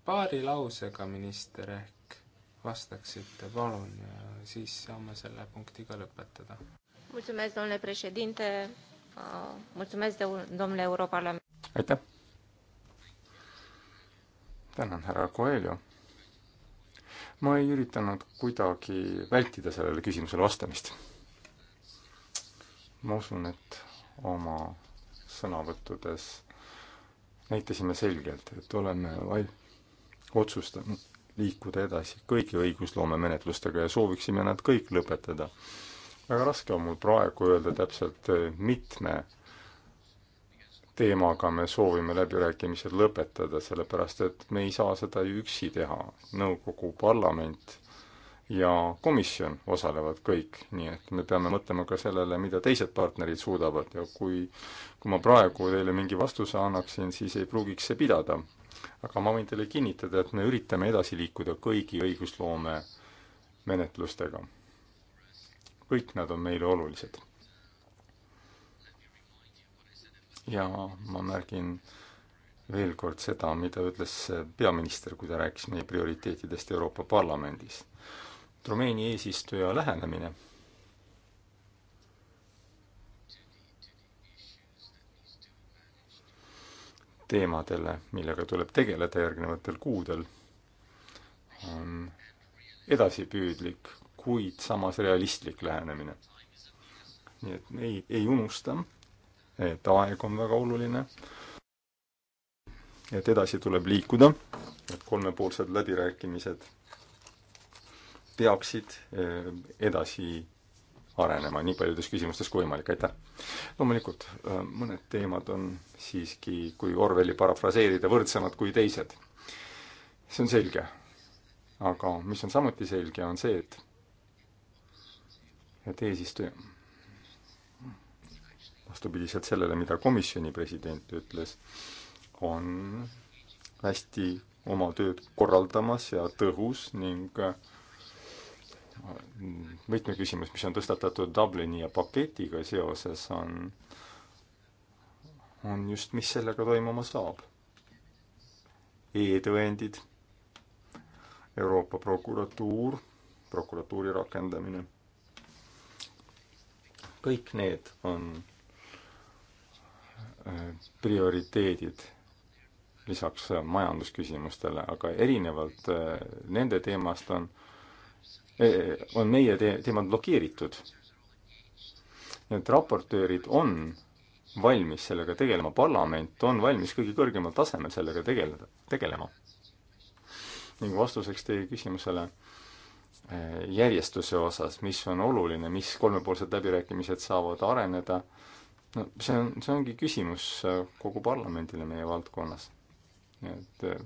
paari lausega, minister, ehk vastaksite, palun, ja siis saame selle punkti ka lõpetada. mulțumesc, domnule președinte, Ah, mulțumesc, domnule Europarlament. Aitäh! tänan, härra Coelho. ma ei üritanud kuidagi vältida sellele küsimusele vastamist. ma usun, et oma sõnavõttudes näitasime selgelt, et oleme val-, otsustanud liikuda edasi kõigi õigusloomemenetlustega ja sooviksime nad kõik lõpetada väga raske on mul praegu öelda täpselt, eh, mitme teemaga me soovime läbirääkimised lõpetada, sellepärast et me ei saa seda ju üksi teha. nõukogu, parlament ja komisjon osalevad kõik, nii et me peame mõtlema ka sellele, mida teised partnerid suudavad ja kui, kui ma praegu teile mingi vastuse annaksin, siis ei pruugiks see pidada. aga ma võin teile kinnitada, et me üritame edasi liikuda kõigi õigusloome menetlustega kõik nad on meile olulised. ja ma märgin veel kord seda, mida ütles peaminister, kui ta rääkis meie prioriteetidest Euroopa Parlamendis. Rumeenia eesistuja lähenemine teemadele, millega tuleb tegeleda järgnevatel kuudel, on edasipüüdlik kuid samas realistlik lähenemine. nii et ei, ei unusta, et aeg on väga oluline, et edasi tuleb liikuda, et kolmepoolsed läbirääkimised peaksid eh, edasi arenema nii paljudes küsimustes kui võimalik, aitäh! loomulikult eh, mõned teemad on siiski, kui Orwelli parafraseerida, võrdsemad kui teised. see on selge. aga mis on samuti selge, on see, et et eesistuja, vastupidiselt sellele, mida komisjoni president ütles, on hästi oma tööd korraldamas ja tõhus ning äh, võtmeküsimus, mis on tõstatatud Dublini ja paketiga seoses, on, on just, mis sellega toimuma saab e. e-tõendid, Euroopa prokuratuur, prokuratuuri rakendamine kõik need on äh, prioriteedid lisaks äh, majandusküsimustele, aga erinevalt äh, nende teemast on, on meie te-, teemad blokeeritud. nii et raportöörid on valmis sellega tegelema, parlament on valmis kõige kõrgemal tasemel sellega tegeleda, tegelema. ning vastuseks teie küsimusele äh, järjestuse osas, mis on oluline, mis kolmepoolsed läbirääkimised saavad areneda, no see on, see ongi küsimus äh, kogu parlamendile meie valdkonnas. et äh,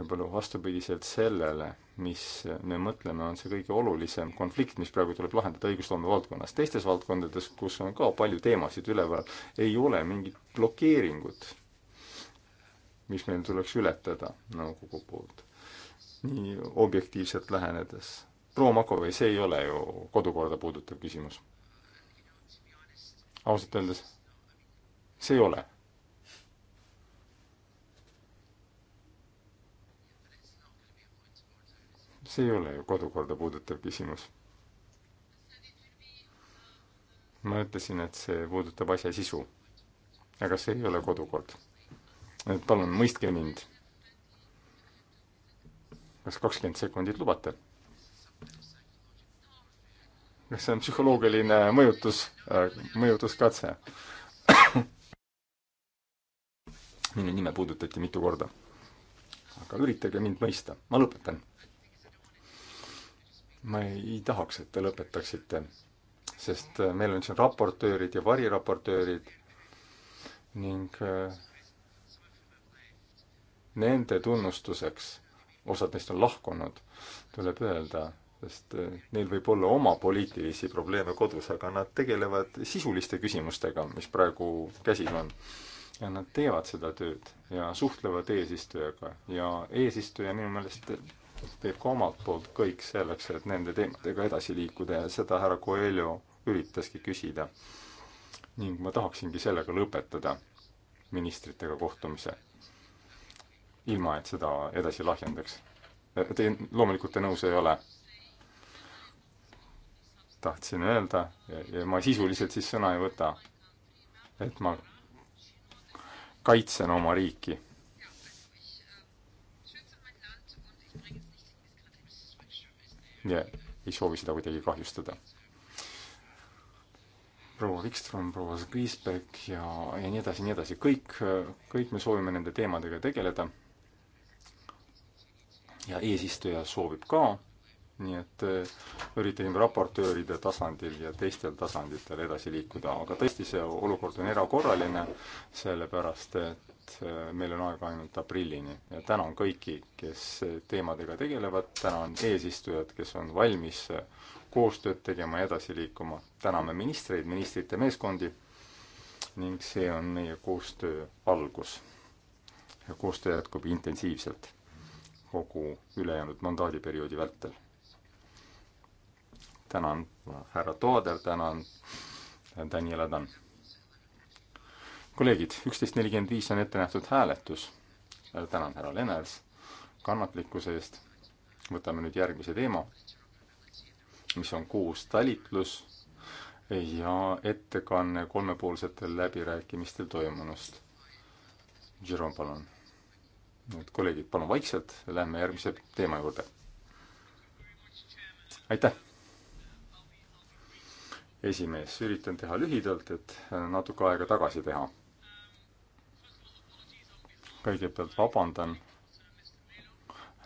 võib-olla vastupidiselt sellele, mis me mõtleme, on see kõige olulisem konflikt, mis praegu tuleb lahendada õigusloome valdkonnas. teistes valdkondades, kus on ka palju teemasid üleval, ei ole mingit blokeeringut, mis meil tuleks ületada nõukogu no, poolt nii objektiivselt lähenedes. proua Makovei, see ei ole ju kodukorda puudutav küsimus. ausalt öeldes, see ei ole. see ei ole ju kodukorda puudutav küsimus. ma ütlesin, et see puudutab asja sisu. aga see ei ole kodukord. et palun mõistke mind kas kakskümmend sekundit lubate? kas see on psühholoogiline mõjutus, äh, mõjutuskatse? minu nime puudutati mitu korda. aga üritage mind mõista, ma lõpetan. ma ei tahaks, et te lõpetaksite, sest äh, meil on siin raportöörid ja variraportöörid ning äh, nende tunnustuseks osad neist on lahkunud, tuleb öelda, sest eh, neil võib olla oma poliitilisi probleeme kodus, aga nad tegelevad sisuliste küsimustega, mis praegu käsil on. ja nad teevad seda tööd ja suhtlevad eesistujaga ja eesistuja minu meelest teeb ka omalt poolt kõik selleks, et nende teemadega edasi liikuda ja seda härra Coelho üritaski küsida. ning ma tahaksingi sellega lõpetada ministritega kohtumise ilma et seda edasi lahjendaks. Te loomulikult te nõus ei ole? tahtsin öelda ja, ja ma sisuliselt siis sõna ei võta. et ma kaitsen oma riiki. ja ei soovi seda kuidagi kahjustada proua Wikström, proua Kriisbeck ja, ja nii edasi, nii edasi, kõik, kõik me soovime nende teemadega tegeleda ja eesistuja soovib ka, nii et äh, üritame raportööride tasandil ja teistel tasanditel edasi liikuda, aga tõesti, see olukord on erakorraline, sellepärast et äh, meil on aega ainult aprillini ja tänan kõiki, kes teemadega tegelevad, tänan eesistujad, kes on valmis äh, koostööd tegema ja edasi liikuma, täname ministreid, ministrite meeskondi ning see on meie koostöö algus. ja koostöö jätkub intensiivselt kogu ülejäänud mandaadiperioodi vältel. tänan härra Tooder, tänan Daniela Tamm. kolleegid, üksteist nelikümmend viis on ette nähtud hääletus. tänan härra Lenners kannatlikkuse eest. võtame nüüd järgmise teema, mis on koos talitlus ja ettekanne kolmepoolsetel läbirääkimistel toimunust. Jerome, palun nüüd kolleegid, palun vaikselt, lähme järgmise teema juurde. aitäh! esimees, üritan teha lühidalt, et natuke aega tagasi teha. kõigepealt vabandan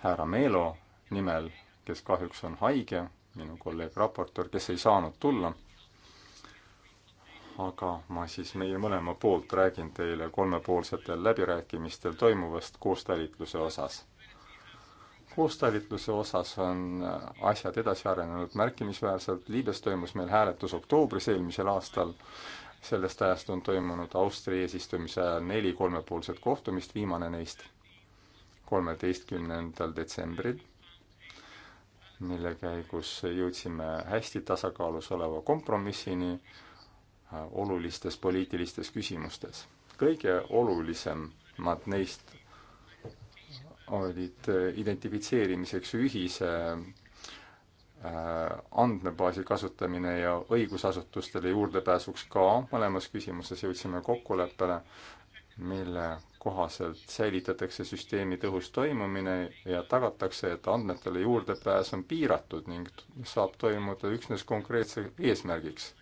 härra Meelo nimel, kes kahjuks on haige, minu kolleeg raportöör, kes ei saanud tulla aga ma siis meie mõlema poolt räägin teile kolmepoolsetel läbirääkimistel toimuvast koostalitluse osas. koostalitluse osas on asjad edasi arenenud märkimisväärselt, Liibüas toimus meil hääletus oktoobris eelmisel aastal, sellest ajast on toimunud Austria eesistumise ajal neli kolmepoolset kohtumist, viimane neist kolmeteistkümnendal detsembril, mille käigus jõudsime hästi tasakaalus oleva kompromissini, olulistes poliitilistes küsimustes. kõige olulisemad neist olid äh, identifitseerimiseks ühise äh, andmebaasi kasutamine ja õigusasutustele juurdepääsuks ka, mõlemas küsimuses jõudsime kokkuleppele, mille kohaselt säilitatakse süsteemi tõhus toimumine ja tagatakse, et andmetele juurdepääs on piiratud ning saab toimuda üksnes konkreetse eesmärgiks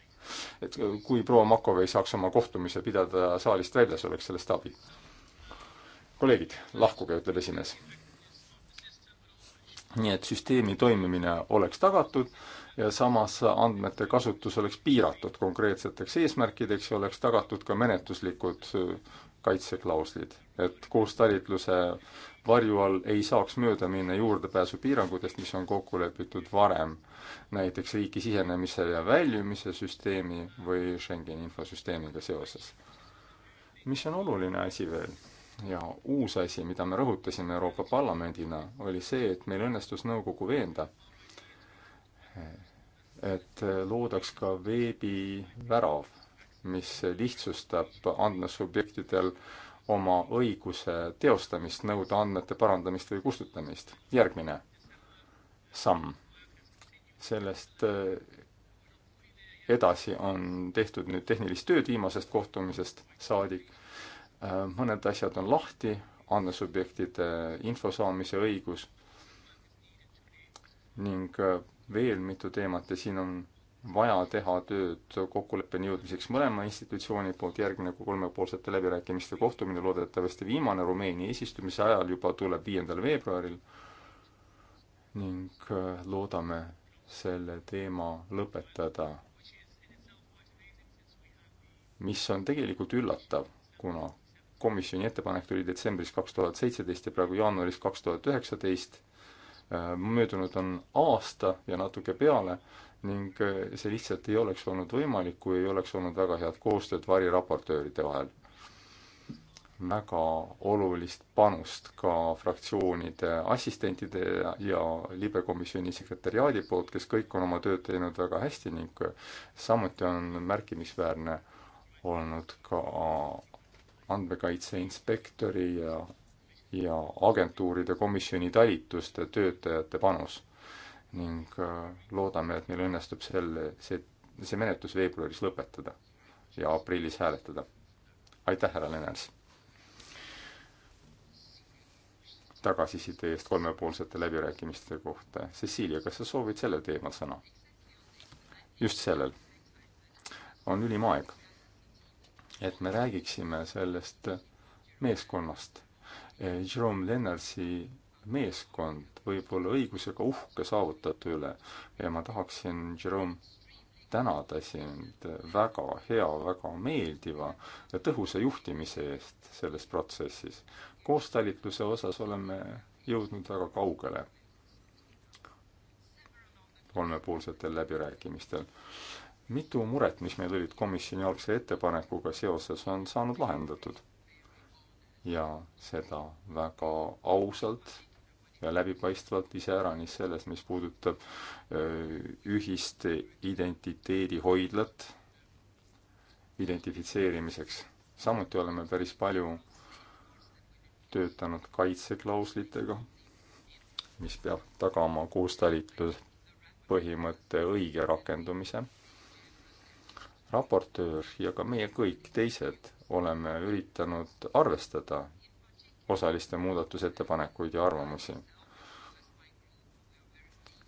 et kui proua Makovei saaks oma kohtumise pidada saalist väljas, oleks sellest abi. kolleegid, lahkuge, ütleb esimees. nii et süsteemi toimimine oleks tagatud ja samas andmete kasutus oleks piiratud konkreetseteks eesmärkideks ja oleks tagatud ka menetluslikud kaitseklauslid et koostalitluse varju all ei saaks mööda minna juurdepääsupiirangutest, mis on kokku lepitud varem, näiteks riiki sisenemise ja väljumise süsteemi või Schengeni infosüsteemiga seoses. mis on oluline asi veel ja uus asi, mida me rõhutasime Euroopa Parlamendina, oli see, et meil õnnestus nõukogu veenda, et loodaks ka veebivärav, mis lihtsustab andmesubjektidel äh, oma õiguse teostamist nõuda andmete parandamist või kustutamist. järgmine samm. sellest äh, edasi on tehtud nüüd tehnilist tööd viimasest kohtumisest saadik, äh, mõned asjad on lahti, andmesubjektide info saamise õigus ning äh, veel mitu teemat ja siin on vaja teha tööd kokkuleppeni jõudmiseks mõlema institutsiooni poolt, järgmine kolmepoolsete läbirääkimiste kohtumine, loodetavasti viimane Rumeenia eesistumise ajal juba tuleb viiendal veebruaril ning äh, loodame selle teema lõpetada, mis on tegelikult üllatav, kuna komisjoni ettepanek tuli detsembris kaks tuhat seitseteist ja praegu jaanuaris kaks tuhat üheksateist, äh, möödunud on aasta ja natuke peale, ning eh, see lihtsalt ei oleks olnud võimalik, kui ei oleks olnud väga head koostööd variraportööride vahel. väga olulist panust ka fraktsioonide assistentide ja, ja libekomisjoni sekretäriaadi poolt, kes kõik on oma tööd teinud väga hästi ning eh, samuti on märkimisväärne olnud ka andmekaitse inspektori ja, ja agentuuride komisjoni talituste töötajate panus ning äh, loodame, et meil õnnestub selle, see, see menetlus veebruaris lõpetada ja aprillis hääletada. aitäh, härra Lenners! tagasiside eest kolmepoolsete läbirääkimiste kohta. Cecilia, kas sa soovid sellel teemal sõna? just sellel. on ülim aeg, et me räägiksime sellest meeskonnast. Eh, Jerome Lennartsi meeskond võib-olla õigusega uhke saavutatu üle ja ma tahaksin, Jerome, tänada sind väga hea, väga meeldiva ja tõhusa juhtimise eest selles protsessis. koostalitluse osas oleme jõudnud väga kaugele kolmepoolsetel läbirääkimistel. mitu muret, mis meil olid komisjoni algse ettepanekuga seoses, on saanud lahendatud. ja seda väga ausalt ja läbipaistvalt iseäranis selles, mis puudutab ühist identiteedihoidlat identifitseerimiseks. samuti oleme päris palju töötanud kaitseklauslitega, mis peab tagama koostalitluspõhimõtte õige rakendumise. raportöör ja ka meie kõik teised oleme üritanud arvestada osaliste muudatusettepanekuid ja arvamusi.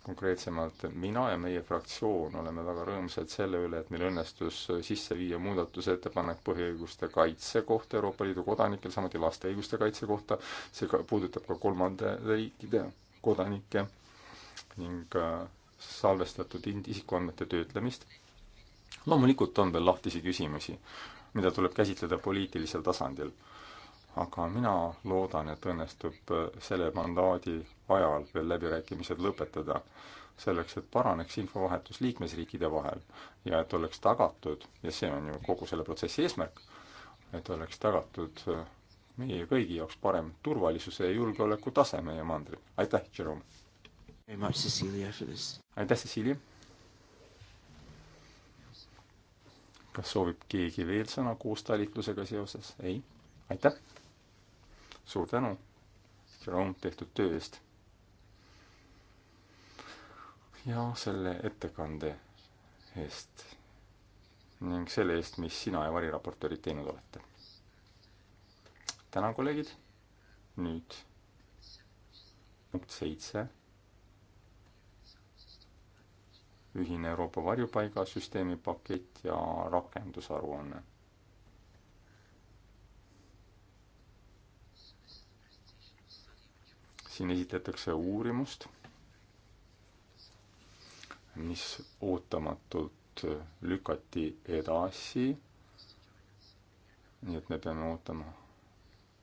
konkreetsemalt mina ja meie fraktsioon oleme väga rõõmsad selle üle, et meil õnnestus sisse viia muudatusettepanek põhiõiguste kaitse kohta Euroopa Liidu kodanikel, samuti laste õiguste kaitse kohta, see ka puudutab ka kolmandate riikide kodanikke ning äh, salvestatud isikuandmete töötlemist. loomulikult on veel lahtisi küsimusi, mida tuleb käsitleda poliitilisel tasandil aga mina loodan, et õnnestub äh, selle mandaadi ajal veel läbirääkimised lõpetada, selleks et paraneks infovahetus liikmesriikide vahel ja et oleks tagatud, ja see on ju kogu selle protsessi eesmärk, et oleks tagatud äh, meie kõigi jaoks parem turvalisuse ja julgeoleku tase meie mandril. aitäh, Jerome! aitäh, Cecilia! kas soovib keegi veel sõna koostalitlusega seoses? ei? aitäh! suur tänu Jerome tehtud töö eest. ja selle ettekande eest ning selle eest, mis sina ja variraportöörid teinud olete. tänan, kolleegid. nüüd punkt seitse. ühine Euroopa varjupaigasüsteemi pakett ja rakendusaruanne siin esitletakse uurimust, mis ootamatult lükati edasi. nii et me peame ootama,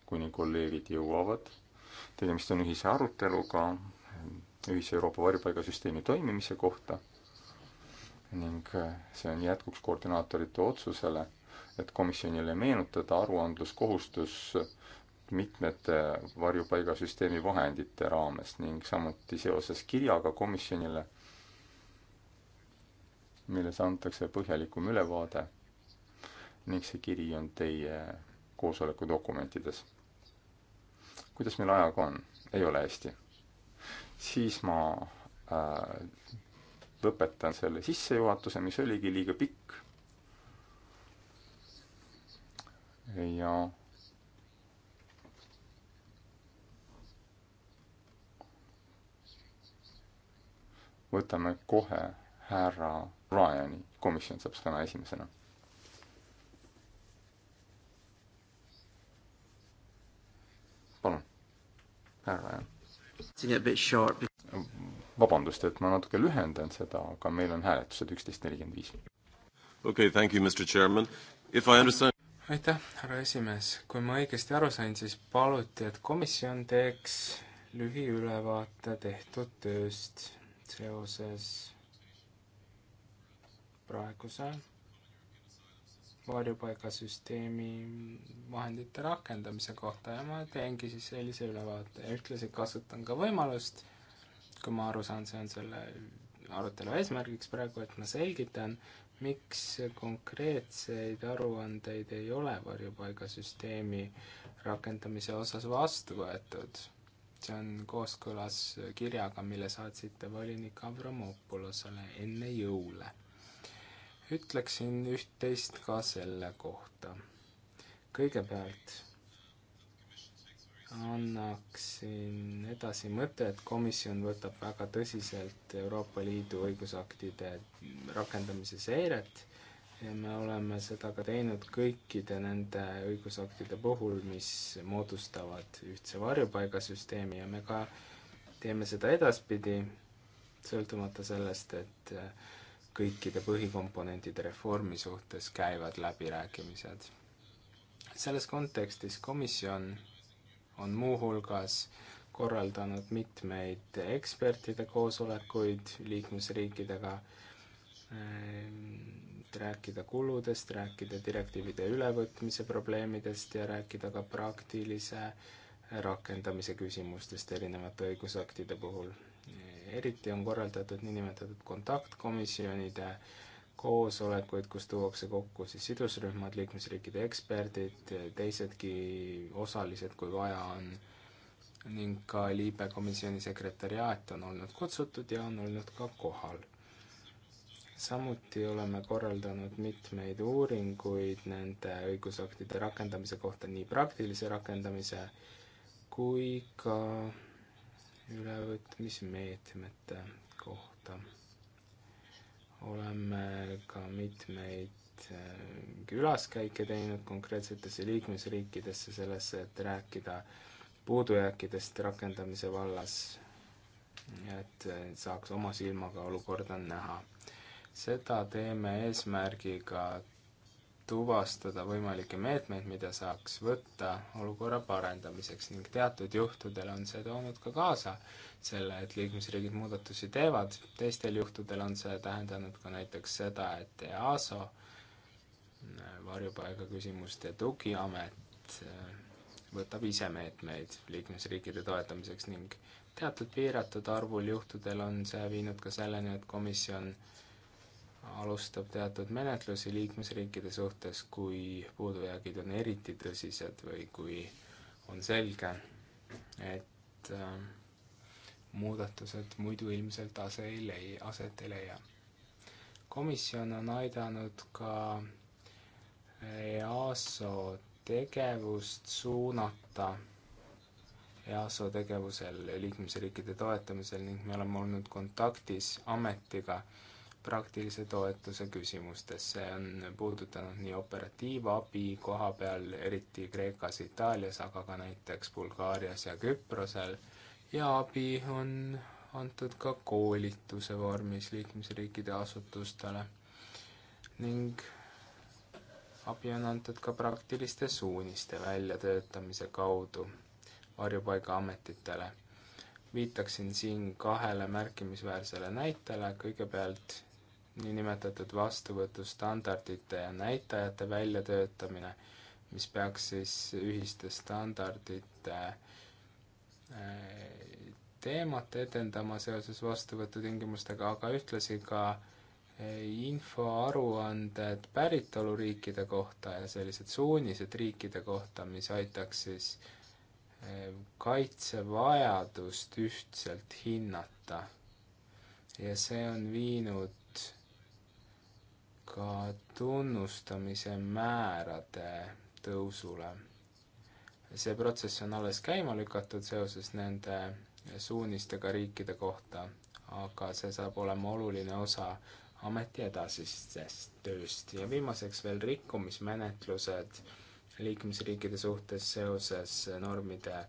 kuni kolleegid jõuavad. tegemist on ühise aruteluga ühise Euroopa varjupaigasüsteemi toimimise kohta ning see on jätkuks koordinaatorite otsusele, et komisjonile meenutada aruandluskohustus mitmete varjupaigasüsteemi vahendite raames ning samuti seoses kirjaga komisjonile, milles antakse põhjalikum ülevaade ning see kiri on teie koosoleku dokumentides. kuidas meil ajaga on? ei ole hästi. siis ma äh, lõpetan selle sissejuhatuse, mis oligi liiga pikk. ja võtame kohe härra Ryani, komisjon saab sõna esimesena. palun, härra Ryan vabandust, et ma natuke lühendan seda, aga meil on hääletused üksteist nelikümmend viis. okei okay,, thank you, Mr Chairman. If I understand aitäh, härra esimees, kui ma õigesti aru sain, siis paluti, et komisjon teeks lühiülevaate tehtud tööst seoses praeguse varjupaigasüsteemi vahendite rakendamise kohta ja ma teengi siis sellise ülevaate ja ühtlasi kasutan ka võimalust, kui ma aru saan, see on selle arutelu eesmärgiks praegu, et ma selgitan, miks konkreetseid aruandeid ei ole varjupaigasüsteemi rakendamise osas vastu võetud see on kooskõlas kirjaga, mille saatsite volinik Avramopolosele enne jõule. ütleksin üht-teist ka selle kohta. kõigepealt annaksin edasi mõtte, et komisjon võtab väga tõsiselt Euroopa Liidu õigusaktide rakendamise seiret ja me oleme seda ka teinud kõikide nende õigusaktide puhul, mis moodustavad ühtse varjupaigasüsteemi ja me ka teeme seda edaspidi, sõltumata sellest, et äh, kõikide põhikomponentide reformi suhtes käivad läbirääkimised. selles kontekstis komisjon on muuhulgas korraldanud mitmeid ekspertide koosolekuid liikmesriikidega, ähm, rääkida kuludest, rääkida direktiivide ülevõtmise probleemidest ja rääkida ka praktilise rakendamise küsimustest erinevate õigusaktide puhul. eriti on korraldatud niinimetatud kontaktkomisjonide koosolekuid, kus tuuakse kokku siis sidusrühmad, liikmesriikide eksperdid, teisedki osalised, kui vaja on, ning ka liibekomisjoni sekretäriaat on olnud kutsutud ja on olnud ka kohal samuti oleme korraldanud mitmeid uuringuid nende õigusaktide rakendamise kohta, nii praktilise rakendamise kui ka ülevõtmismeetmete kohta. oleme ka mitmeid äh, külaskäike teinud konkreetsetesse liikmesriikidesse sellesse, et rääkida puudujääkidest rakendamise vallas, et äh, saaks oma silmaga olukorda näha seda teeme eesmärgiga tuvastada võimalikke meetmeid, mida saaks võtta olukorra parendamiseks ning teatud juhtudel on see toonud ka kaasa selle, et liikmesriigid muudatusi teevad, teistel juhtudel on see tähendanud ka näiteks seda, et EASO, äh, varjupaigaküsimuste tugiamet, äh, võtab ise meetmeid liikmesriikide toetamiseks ning teatud piiratud arvul juhtudel on see viinud ka selleni, et komisjon äh, alustab teatud menetlusi liikmesriikide suhtes, kui puudujäägid on eriti tõsised või kui on selge, et ähm, muudatused muidu ilmselt ase ei lei-, aset ei leia. komisjon on aidanud ka EASO tegevust suunata EASO tegevusel liikmesriikide toetamisel ning me oleme olnud kontaktis ametiga äh, praktilise toetuse küsimustes, see on puudutanud nii operatiivabi koha peal, eriti Kreekas, Itaalias, aga ka näiteks Bulgaarias ja Küprosel, ja abi on antud ka koolituse vormis liikmesriikide asutustele ning abi on antud ka praktiliste suuniste väljatöötamise kaudu varjupaigaametitele viitaksin siin kahele märkimisväärsele näitele, kõigepealt niinimetatud vastuvõtustandardite ja näitajate väljatöötamine, mis peaks siis ühiste standardite äh, teemat edendama seoses vastuvõtutingimustega, aga ühtlasi ka äh, infoaruanded päritoluriikide kohta ja sellised suunised riikide kohta, mis aitaks siis äh, kaitsevajadust ühtselt hinnata. ja see on viinud ka tunnustamise määrade tõusule. see protsess on alles käima lükatud seoses nende suunistega riikide kohta, aga see saab olema oluline osa ameti edasisest tööst ja viimaseks veel rikkumismenetlused liikmesriikide suhtes seoses normide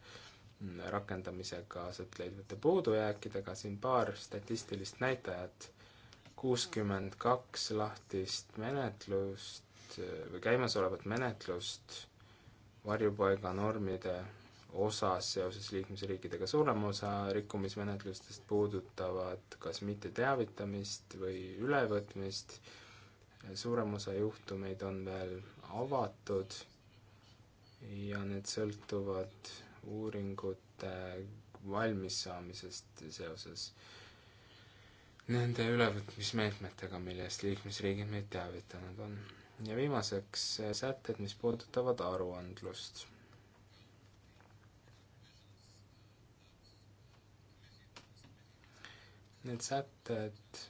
rakendamisega aset leidvate puudujääkidega, siin paar statistilist näitajat kuuskümmend kaks lahtist menetlust eh, või käimasolevat menetlust varjupaiganormide osas seoses liikmesriikidega. suurem osa rikkumismenetlustest puudutavad kas mitteteavitamist või ülevõtmist, suurem osa juhtumeid on veel avatud ja need sõltuvad uuringute valmissaamisest seoses nende ülevõtmismeetmetega, millest liikmesriigid meid teavitanud on. ja viimaseks eh, sätted, mis puudutavad aruandlust. Need sätted,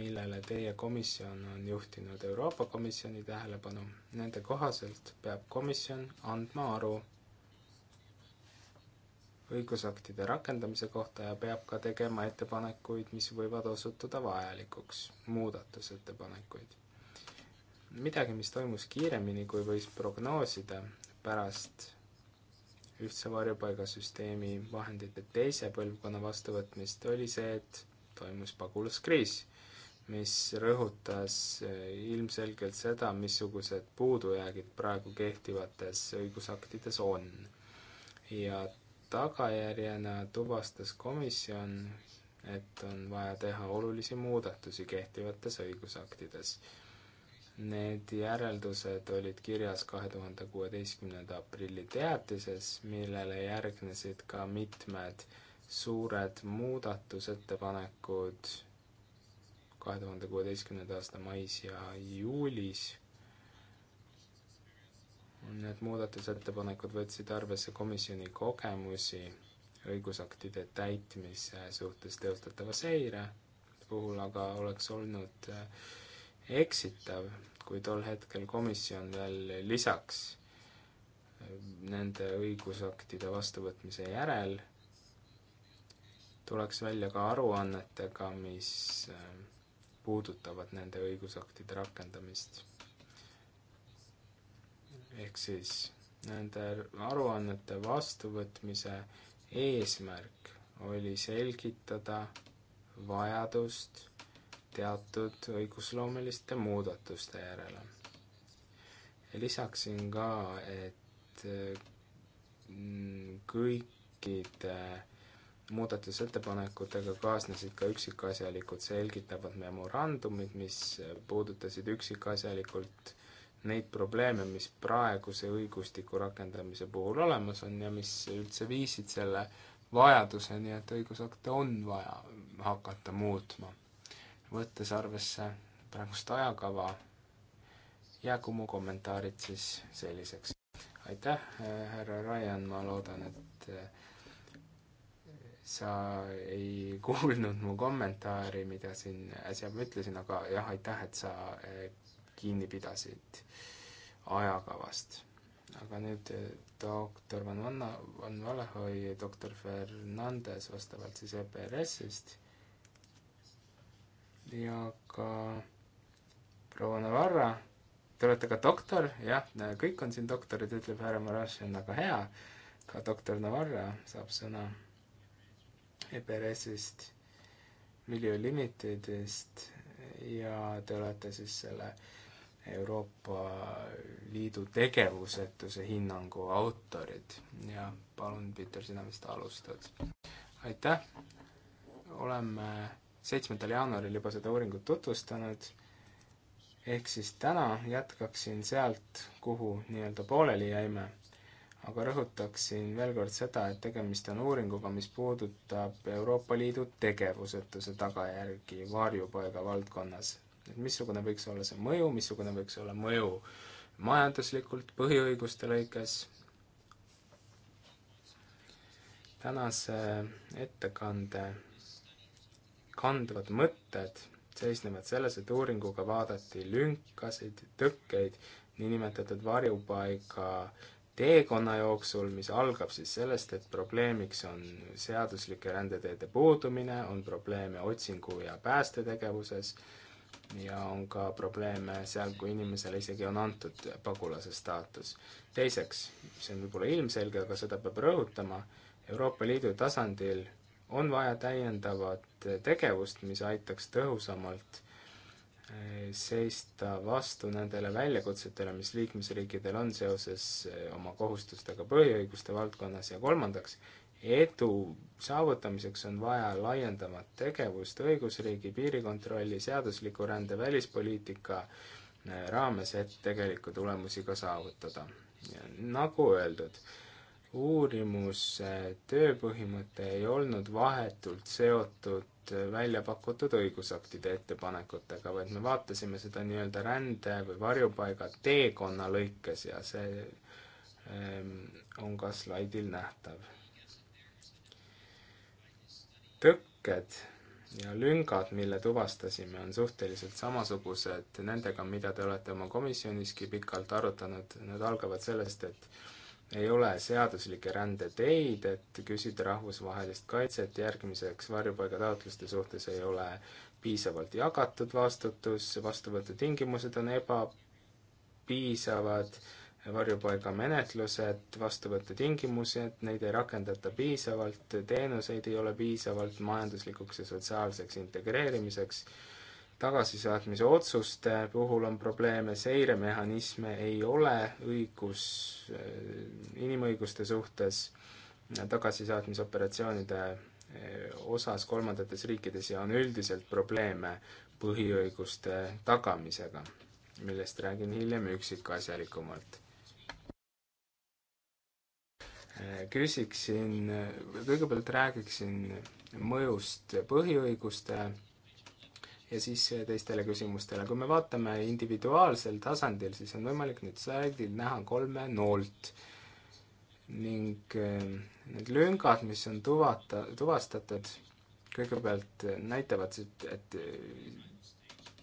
millele teie komisjon on juhtinud Euroopa Komisjoni tähelepanu, nende kohaselt peab komisjon andma aru õigusaktide rakendamise kohta ja peab ka tegema ettepanekuid, mis võivad osutuda vajalikuks, muudatusettepanekuid. midagi, mis toimus kiiremini, kui võis prognoosida pärast ühtse varjupaigasüsteemi vahendite teise põlvkonna vastuvõtmist, oli see, et toimus pagulaskriis, mis rõhutas eh, ilmselgelt seda, missugused puudujäägid praegu kehtivates õigusaktides on ja tagajärjena tuvastas komisjon, et on vaja teha olulisi muudatusi kehtivates õigusaktides. Need järeldused olid kirjas kahe tuhande kuueteistkümnenda aprilli teatises, millele järgnesid ka mitmed suured muudatusettepanekud kahe tuhande kuueteistkümnenda aasta mais ja juulis Need muudatusettepanekud võtsid arvesse komisjoni kogemusi õigusaktide täitmise suhtes teostatava seire puhul, aga oleks olnud äh, eksitav, kui tol hetkel komisjon veel lisaks äh, nende õigusaktide vastuvõtmise järel tuleks välja ka aruannetega, mis äh, puudutavad nende õigusaktide rakendamist ehk siis nende aruannete vastuvõtmise eesmärk oli selgitada vajadust teatud õigusloomeliste muudatuste järele. lisaksin ka, et mm, kõikide muudatusettepanekutega kaasnesid ka üksikasjalikud selgitavad memorandumid, mis puudutasid üksikasjalikult neid probleeme, mis praeguse õigustiku rakendamise puhul olemas on ja mis üldse viisid selle vajaduseni, et õigusakte on vaja hakata muutma. võttes arvesse praegust ajakava, jäägu mu kommentaarid siis selliseks. aitäh, härra Ryan, ma loodan, et sa ei kuulnud mu kommentaari, mida siin äsja ma ütlesin, aga jah, aitäh, et sa kinni pidasid ajakavast. aga nüüd eh, doktor Van Vanna, Van Valehoi ja doktor Fernandes vastavalt siis EPRS-ist ja ka proua Navarra, te olete ka doktor, jah, kõik on siin doktorid, ütleb härra Marashin, aga hea, ka doktor Navarra saab sõna EPRS-ist, Miljo Limitedist ja te olete siis selle äh, Euroopa Liidu tegevusetuse hinnangu autorid ja palun, Peeter, sina vist alustad. aitäh, oleme seitsmendal jaanuaril juba seda uuringut tutvustanud, ehk siis täna jätkaksin sealt, kuhu nii-öelda pooleli jäime, aga rõhutaksin veel kord seda, et tegemist on uuringuga, mis puudutab Euroopa Liidu tegevusetuse tagajärgi varjupaiga valdkonnas et missugune võiks olla see mõju, missugune võiks olla mõju majanduslikult, põhiõiguste lõikes. tänase ettekande kandvad mõtted seisnevad selles, et uuringuga vaadati lünkasid, tõkkeid niinimetatud varjupaiga teekonna jooksul, mis algab siis sellest, et probleemiks on seaduslike rändeteede puudumine, on probleeme otsingu- ja päästetegevuses ja on ka probleeme seal, kui inimesele isegi on antud pagulase staatus. teiseks, see on võib-olla ilmselge, aga seda peab rõhutama, Euroopa Liidu tasandil on vaja täiendavat tegevust, mis aitaks tõhusamalt eh, seista vastu nendele väljakutsetele, mis liikmesriikidel on seoses eh, oma kohustustega põhiõiguste valdkonnas ja kolmandaks, edu saavutamiseks on vaja laiendamat tegevust õigusriigi, piirikontrolli, seadusliku rände, välispoliitika eh, raames, et tegelikku tulemusi ka saavutada. nagu öeldud, uurimuse tööpõhimõte ei olnud vahetult seotud eh, välja pakutud õigusaktide ettepanekutega, vaid me vaatasime seda nii-öelda rände või varjupaiga teekonna lõikes ja see ehm, on ka slaidil nähtav tõkked ja lüngad, mille tuvastasime, on suhteliselt samasugused nendega, mida te olete oma komisjoniski pikalt arutanud, need algavad sellest, et ei ole seaduslikke rändeteid, et küsida rahvusvahelist kaitset, järgmiseks varjupaigataotluste suhtes ei ole piisavalt jagatud vastutus, vastuvõtutingimused on ebapiisavad varjupaigamenetlused, vastuvõtu tingimused, neid ei rakendata piisavalt, teenuseid ei ole piisavalt majanduslikuks ja sotsiaalseks integreerimiseks, tagasisaatmise otsuste puhul on probleeme, seiremehhanisme ei ole õigus äh, inimõiguste suhtes, tagasisaatmisoperatsioonide äh, osas kolmandates riikides ja on üldiselt probleeme põhiõiguste tagamisega millest räägin hiljem üksikasjalikumalt küsiksin, kõigepealt räägiksin mõjust põhiõiguste ja siis teistele küsimustele. kui me vaatame individuaalsel tasandil, siis on võimalik nüüd slaidil näha kolme noolt ning äh, need lüngad, mis on tuvata, tuvastatud, kõigepealt näitavad, et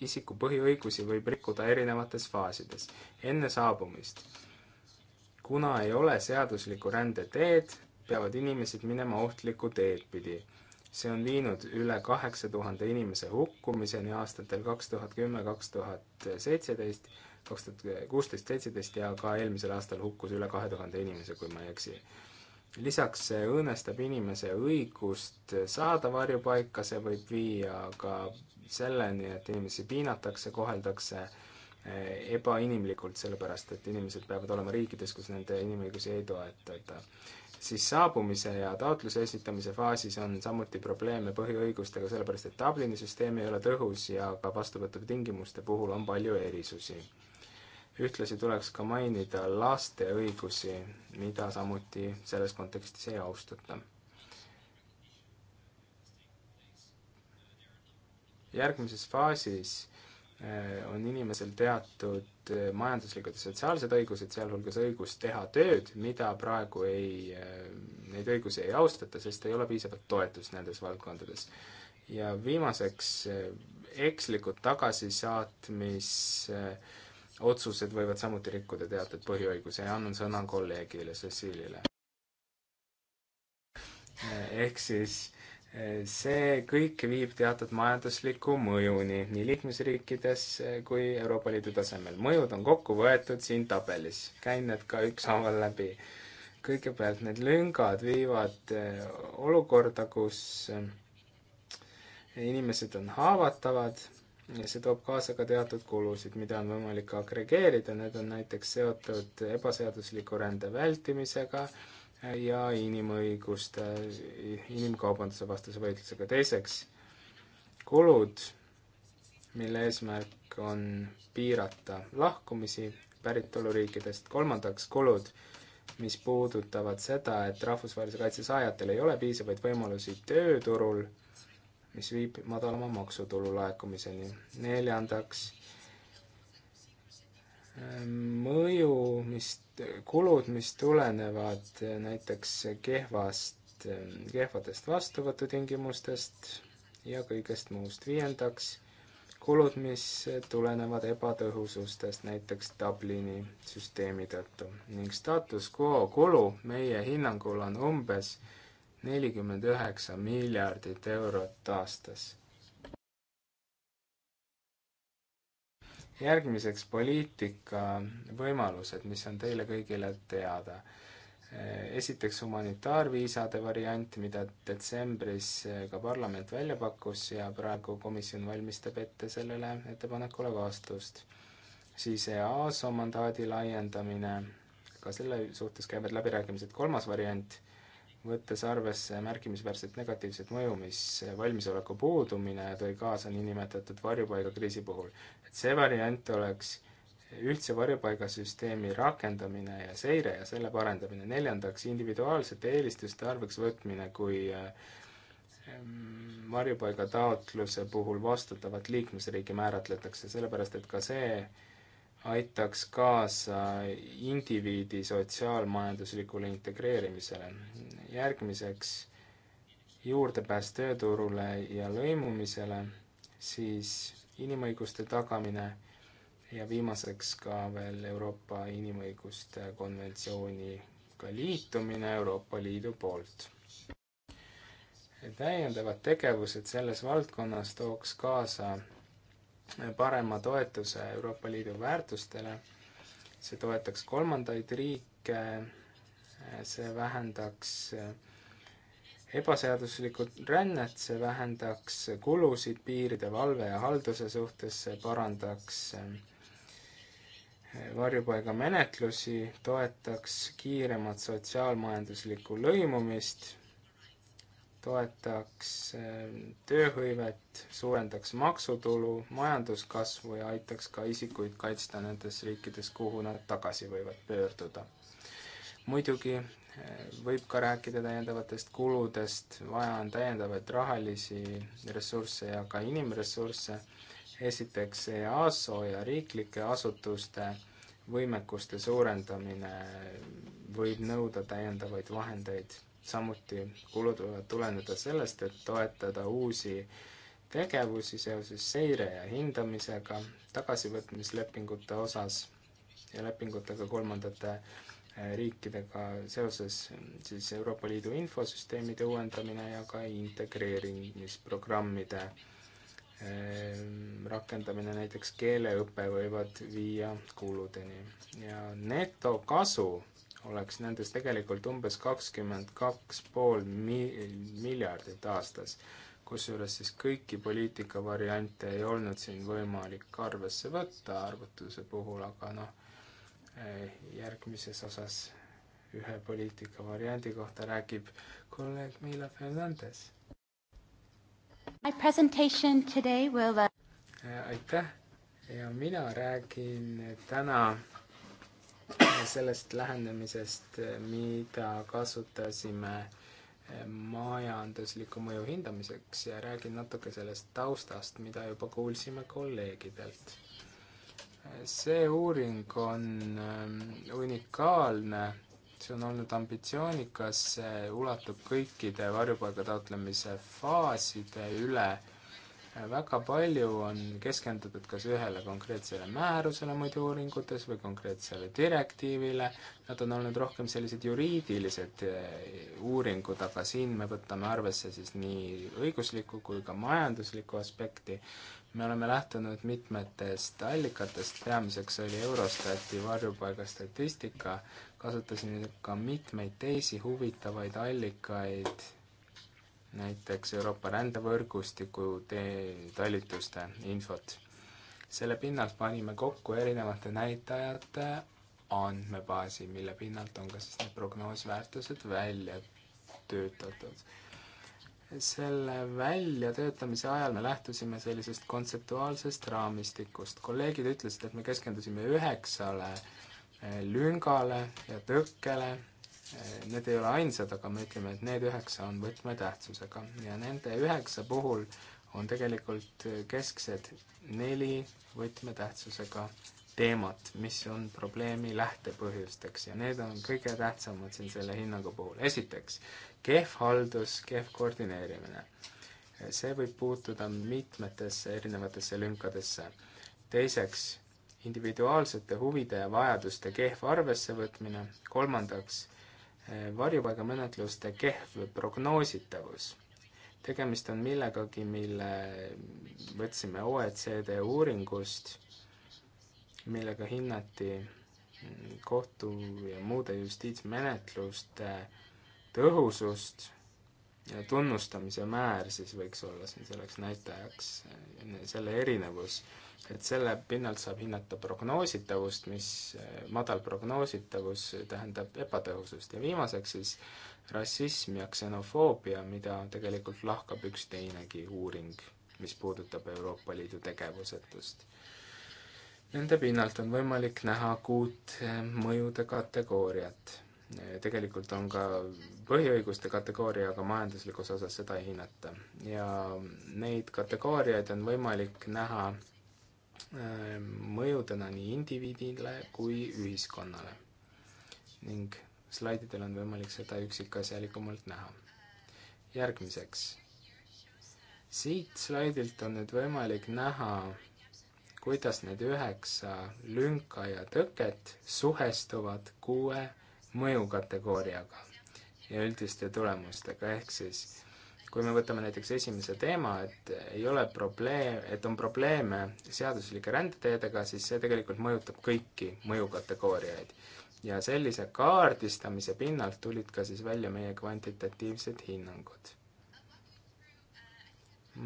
isiku põhiõigusi võib rikkuda erinevates faasides enne saabumist kuna ei ole seaduslikku rändeteed, peavad inimesed minema ohtlikku teed pidi. see on viinud üle kaheksa tuhande inimese hukkumiseni aastatel kaks tuhat kümme, kaks tuhat seitseteist, kaks tuhat kuusteist, seitseteist ja ka eelmisel aastal hukkus üle kahe tuhande inimese, kui ma ei eksi. lisaks see õõnestab inimese õigust saada varjupaika, see võib viia ka selleni, et inimesi piinatakse, koheldakse äh, Eh, ebainimlikult, sellepärast et inimesed peavad olema riikides, kus nende inimõigusi ei toetata. siis saabumise ja taotluse esitamise faasis on samuti probleeme põhiõigustega, sellepärast et Dublini süsteem ei ole tõhus ja ka vastuvõtutingimuste puhul on palju erisusi. ühtlasi tuleks ka mainida laste õigusi, mida samuti selles kontekstis ei austata. järgmises faasis Äh, on inimesel teatud äh, majanduslikud ja sotsiaalsed õigused, sealhulgas õigus teha tööd, mida praegu ei, äh, neid õigusi ei austata, sest ei ole piisavalt toetust nendes valdkondades. ja viimaseks, ekslikud tagasisaatmise otsused võivad samuti rikkuda teatud põhiõigusi ja annan sõna kolleegile Cecilile. ehk siis see kõik viib teatud majandusliku mõjuni nii liikmesriikides eh, kui Euroopa Liidu tasemel. mõjud on kokku võetud siin tabelis, käin need ka ükshaaval läbi. kõigepealt need lüngad viivad eh, olukorda, kus eh, inimesed on haavatavad ja see toob kaasa ka teatud kulusid, mida on võimalik agregeerida, need on näiteks seotud ebaseadusliku rände vältimisega ja inimõiguste, inimkaubanduse vastase võitlusega. teiseks, kulud, mille eesmärk on piirata lahkumisi päritoluriikidest. kolmandaks, kulud, mis puudutavad seda, et rahvusvahelise kaitse saajatel ei ole piisavaid võimalusi tööturul, mis viib madalama maksutulu laekumiseni. neljandaks, mõju, mis Äh, kulud, mis tulenevad äh, näiteks kehvast, äh, kehvadest vastuvõtutingimustest ja kõigest muust. viiendaks, kulud, mis tulenevad ebatõhusustest, näiteks Dublini süsteemi tõttu. ning status quo kulu meie hinnangul on umbes nelikümmend üheksa miljardit eurot aastas järgmiseks poliitika võimalused, mis on teile kõigile teada. esiteks humanitaarviisade variant, mida detsembris ka parlament välja pakkus ja praegu komisjon valmistab ette sellele ettepanekule vastust. siis EASO mandaadi laiendamine, ka selle suhtes käivad läbirääkimised, kolmas variant võttes arvesse märkimisväärset negatiivset mõju, mis valmisoleku puudumine tõi kaasa niinimetatud varjupaigakriisi puhul. et see variant oleks ühtse varjupaigasüsteemi rakendamine ja seire ja selle parendamine, neljandaks, individuaalsete eelistuste arveks võtmine, kui ehm, varjupaigataotluse puhul vastutavat liikmesriiki määratletakse, sellepärast et ka see aitaks kaasa indiviidi sotsiaalmajanduslikule integreerimisele. järgmiseks juurdepääs tööturule ja lõimumisele, siis inimõiguste tagamine ja viimaseks ka veel Euroopa Inimõiguste Konventsiooniga liitumine Euroopa Liidu poolt. täiendavad tegevused selles valdkonnas tooks kaasa parema toetuse Euroopa Liidu väärtustele, see toetaks kolmandaid riike, see vähendaks ebaseaduslikku rännet, see vähendaks kulusid piiride valve ja halduse suhtes, see parandaks varjupaigamenetlusi, toetaks kiiremat sotsiaalmajanduslikku lõimumist toetaks äh, tööhõivet, suurendaks maksutulu, majanduskasvu ja aitaks ka isikuid kaitsta nendes riikides, kuhu nad tagasi võivad pöörduda. muidugi äh, võib ka rääkida täiendavatest kuludest, vaja on täiendavaid rahalisi ressursse ja ka inimressursse, esiteks EASO ja riiklike asutuste võimekuste suurendamine võib nõuda täiendavaid vahendeid samuti kulud võivad tuleneda sellest, et toetada uusi tegevusi seoses seire ja hindamisega, tagasivõtmislepingute osas ja lepingutega kolmandate eh, riikidega seoses siis Euroopa Liidu infosüsteemide uuendamine ja ka integreerimisprogrammide eh, rakendamine, näiteks keeleõpe, võivad viia kuludeni. ja netokasu oleks nendes tegelikult umbes kakskümmend kaks pool miljardit aastas, kusjuures siis kõiki poliitikavariante ei olnud siin võimalik arvesse võtta arvutuse puhul, aga noh, eh, järgmises osas ühe poliitikavariandi kohta räägib kolleeg Mila Fernandes. My presentation today will uh, eh, aitäh ja mina räägin täna sellest lähenemisest, eh, mida kasutasime eh, majandusliku mõju hindamiseks ja räägin natuke sellest taustast, mida juba kuulsime kolleegidelt. Eh, see uuring on unikaalne, see on olnud ambitsioonikas, see ulatub kõikide varjupaiga taotlemise faaside üle väga palju on keskendutud kas ühele konkreetsele määrusele muidu uuringutes või konkreetsele direktiivile, nad on olnud rohkem sellised juriidilised eh, uuringud, aga siin me võtame arvesse siis nii õiguslikku kui ka majanduslikku aspekti. me oleme lähtunud mitmetest allikatest, peamiseks oli Eurostati varjupaigastatistika, kasutasime ka mitmeid teisi huvitavaid allikaid näiteks Euroopa rändevõrgustiku teetalituste infot. selle pinnalt panime kokku erinevate näitajate andmebaasi, mille pinnalt on ka siis need prognoosväärtused välja töötatud. selle väljatöötamise ajal me lähtusime sellisest kontseptuaalsest raamistikust. kolleegid ütlesid, et me keskendusime üheksale lüngale ja tõkkele Eh, need ei ole ainsad, aga me ütleme, et need üheksa on võtmetähtsusega ja nende üheksa puhul on tegelikult eh, kesksed neli võtmetähtsusega teemat, mis on probleemi lähtepõhjusteks ja need on kõige tähtsamad siin selle hinnangu puhul. esiteks, kehv haldus, kehv koordineerimine. Eh, see võib puutuda mitmetesse erinevatesse lünkadesse. teiseks, individuaalsete huvide ja vajaduste kehv arvessevõtmine, kolmandaks, varjupaigamenetluste kehv prognoositavus. tegemist on millegagi, mille võtsime OECD uuringust, millega hinnati kohtu ja muude justiitsmenetluste tõhusust ja tunnustamise määr siis võiks olla siin selleks näitajaks, selle erinevus et selle pinnalt saab hinnata prognoositavust, mis, eh, madal prognoositavus tähendab ebatõhusust ja viimaseks siis rassism ja ksenofoobia, mida tegelikult lahkab üks teinegi uuring, mis puudutab Euroopa Liidu tegevusetust. Nende pinnalt on võimalik näha kuut eh, mõjude kategooriat. Eh, tegelikult on ka põhiõiguste kategooria, aga majanduslikus osas seda ei hinnata. ja neid kategooriaid on võimalik näha Äh, mõjudena nii indiviidile kui ühiskonnale. ning slaididel on võimalik seda üksikasjalikumalt näha. järgmiseks. siit slaidilt on nüüd võimalik näha, kuidas need üheksa lünka ja tõket suhestuvad kuue mõjukategooriaga ja üldiste tulemustega, ehk siis kui me võtame näiteks esimese teema, et ei ole probleem, et on probleeme seaduslike rändeteedega, siis see tegelikult mõjutab kõiki mõjukategooriaid. ja sellise kaardistamise pinnalt tulid ka siis välja meie kvantitatiivsed hinnangud.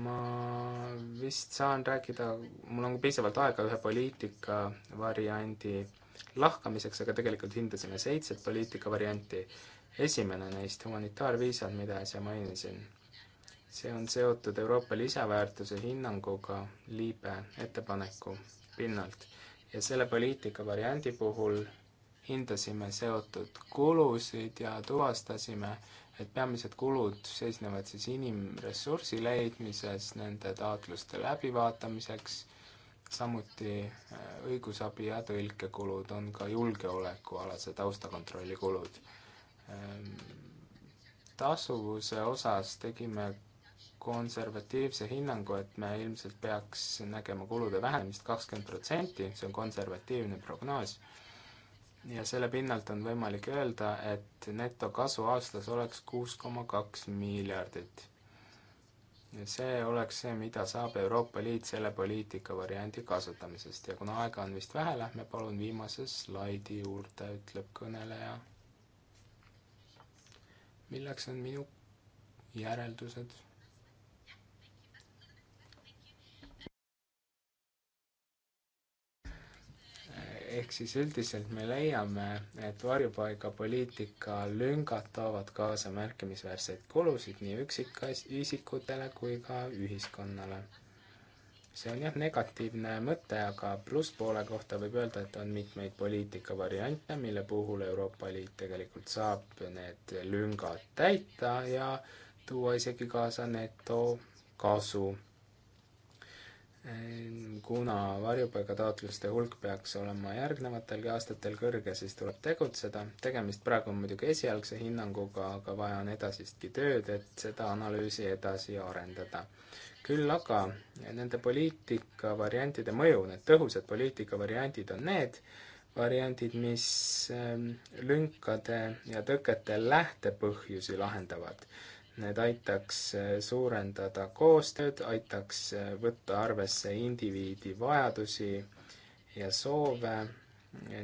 ma vist saan rääkida, mul on piisavalt aega ühe poliitika variandi lahkamiseks, aga tegelikult hindasime seitset poliitika varianti. esimene neist, humanitaarviisad, mida äsja mainisin see on seotud Euroopa lisaväärtuse hinnanguga liibe ettepaneku pinnalt ja selle poliitika variandi puhul hindasime seotud kulusid ja tuvastasime, et peamised kulud seisnevad siis inimressursi leidmises, nende taotluste läbivaatamiseks, samuti äh, õigusabi ja tõlkekulud on ka julgeolekualase taustakontrolli kulud. Ehm, tasuvuse osas tegime konservatiivse hinnangu, et me ilmselt peaks nägema kulude vähenemist kakskümmend protsenti, see on konservatiivne prognoos, ja selle pinnalt on võimalik öelda, et netokasu aastas oleks kuus koma kaks miljardit. ja see oleks see, mida saab Euroopa Liit selle poliitika variandi kasutamisest ja kuna aega on vist vähe, lähme palun viimase slaidi juurde, ütleb kõneleja. milleks on minu järeldused ehk siis üldiselt me leiame, et varjupaigapoliitika lüngad toovad kaasa märkimisväärseid kulusid nii üksikisikutele kui ka ühiskonnale. see on jah, negatiivne mõte, aga plusspoole kohta võib öelda, et on mitmeid poliitikavariante, mille puhul Euroopa Liit tegelikult saab need lüngad täita ja tuua isegi kaasa netokasu Ehm, kuna varjupaigataotluste hulk peaks olema järgnevatelgi aastatel kõrge, siis tuleb tegutseda. tegemist praegu on muidugi esialgse hinnanguga, aga vaja on edasistki tööd, et seda analüüsi edasi arendada. küll aga nende poliitikavariantide mõju, need tõhusad poliitikavariandid on need variandid, mis ehm, lünkade ja tõkete lähtepõhjusi lahendavad Need aitaks äh, suurendada koostööd, aitaks äh, võtta arvesse indiviidi vajadusi ja soove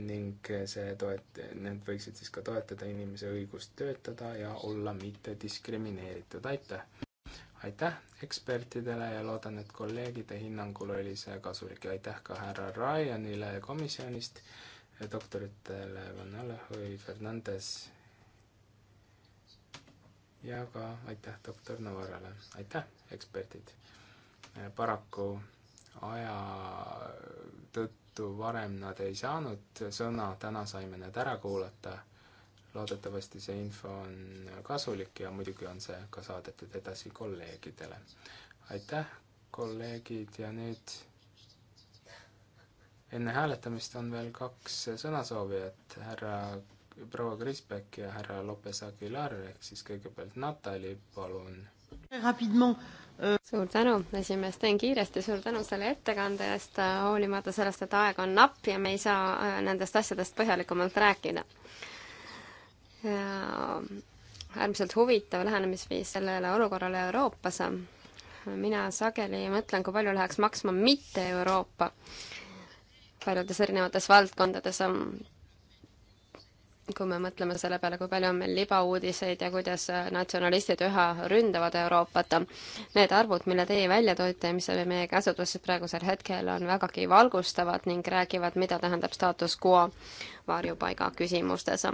ning äh, see toet-, need võiksid siis ka toetada inimese õigust töötada ja olla mitte diskrimineeritud, aitäh! aitäh ekspertidele ja loodan, et kolleegide hinnangul oli see kasulik ja aitäh ka härra Ryanile komisjonist, doktoritele Vanalehoi, Fernandes ja ka aitäh doktor Noorale, aitäh, eksperdid. paraku aja tõttu varem nad ei saanud sõna, täna saime nad ära kuulata. loodetavasti see info on kasulik ja muidugi on see ka saadetud edasi kolleegidele. aitäh, kolleegid, ja nüüd enne hääletamist on veel kaks sõnasoovijat, härra proua Krisbek ja härra Lopes Aguilar, ehk siis kõigepealt Natali, palun. Euh, suur tänu, esimees, teen kiiresti, suur tänu selle ettekande eest, äh, hoolimata sellest, et aeg on napp ja me ei saa äh, nendest asjadest põhjalikumalt rääkida. äärmiselt huvitav lähenemisviis sellele olukorrale Euroopas. mina sageli mõtlen, kui palju läheks maksma mitte Euroopa paljudes erinevates valdkondades kui me mõtleme selle peale, kui palju on meil libauudiseid ja kuidas äh, natsionalistid üha ründavad Euroopat, need arvud, mille teie välja tõite ja mis oli meie käsutuses praegusel hetkel, on vägagi valgustavad ning räägivad, mida tähendab staatus quo varjupaiga küsimustes.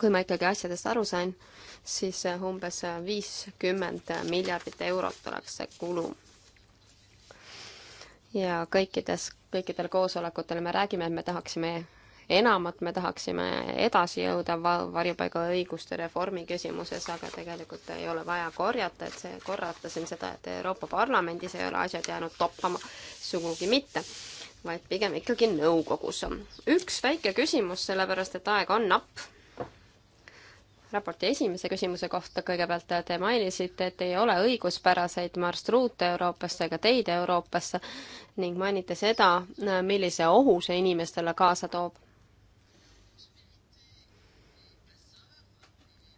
kui ma ikkagi asjadest aru sain, siis äh, umbes äh, viiskümmend miljardit eurot oleks see kulu. ja kõikides, kõikidel koosolekutel me räägime, et me tahaksime enamat me tahaksime edasi jõuda varjupaigaõiguste reformi küsimuses, aga tegelikult ei ole vaja korjata, et see, korrata siin seda, et Euroopa Parlamendis ei ole asjad jäänud toppama, sugugi mitte, vaid pigem ikkagi nõukogus. üks väike küsimus, sellepärast et aeg on napp. raporti esimese küsimuse kohta kõigepealt te mainisite, et ei ole õiguspäraseid marsruute Euroopasse ega teid Euroopasse ning mainite seda, millise ohu see inimestele kaasa toob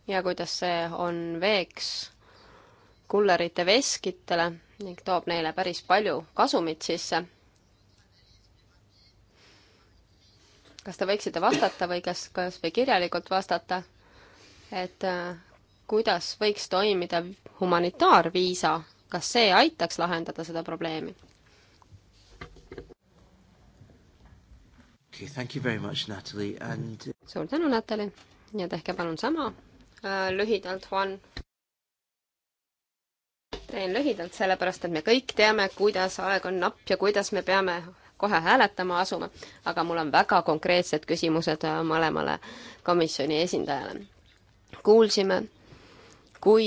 ja kuidas see on veeks kullerite veskitele ning toob neile päris palju kasumit sisse. kas te võiksite vastata või kas, kas või kirjalikult vastata, et äh, kuidas võiks toimida humanitaarviisa, kas see aitaks lahendada seda probleemi? Okay, thank you very much, Natalie, and... suur tänu, Natali ja tehke palun sama Äh, lühidalt, Juan? teen lühidalt, sellepärast et me kõik teame, kuidas aeg on napp ja kuidas me peame kohe hääletama asuma, aga mul on väga konkreetsed küsimused äh, mõlemale komisjoni esindajale. kuulsime, kui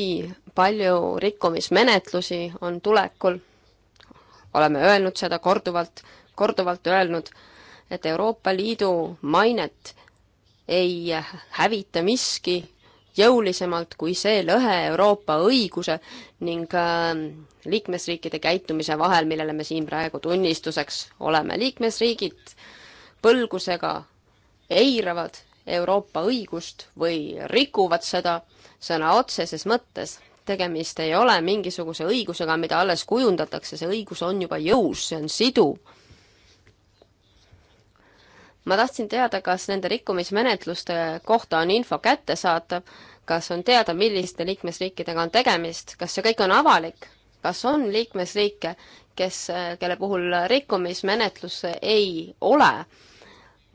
palju rikkumismenetlusi on tulekul, oleme öelnud seda korduvalt, korduvalt öelnud, et Euroopa Liidu mainet ei hävita miski, jõulisemalt kui see lõhe Euroopa õiguse ning ähm, liikmesriikide käitumise vahel, millele me siin praegu tunnistuseks oleme. liikmesriigid põlgusega eiravad Euroopa õigust või rikuvad seda sõna otseses mõttes. tegemist ei ole mingisuguse õigusega, mida alles kujundatakse, see õigus on juba jõus, see on siduv ma tahtsin teada, kas nende rikkumismenetluste kohta on info kättesaatav, kas on teada, milliste liikmesriikidega on tegemist, kas see kõik on avalik, kas on liikmesriike, kes, kelle puhul rikkumismenetlus ei ole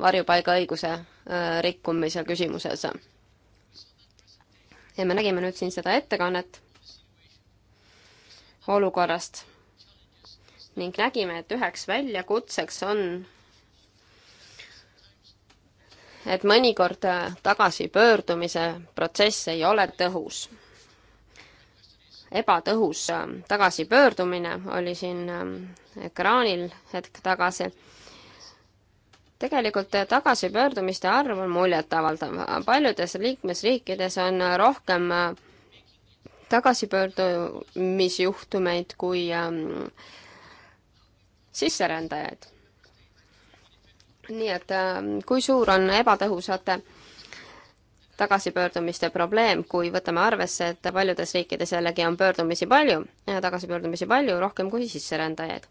varjupaigaõiguse äh, rikkumise küsimuses. ja me nägime nüüd siin seda ettekannet olukorrast ning nägime, et üheks väljakutseks on et mõnikord äh, tagasipöördumise protsess ei ole tõhus. ebatõhus äh, tagasipöördumine oli siin äh, ekraanil hetk tagasi. tegelikult tagasipöördumiste arv on muljetavaldav. paljudes liikmesriikides on rohkem tagasipöördumisjuhtumeid kui ähm, sisserändajaid nii et ähm, kui suur on ebatõhusate tagasipöördumiste probleem, kui võtame arvesse, et paljudes riikides jällegi on pöördumisi palju ja tagasipöördumisi palju, rohkem kui sisserändajaid.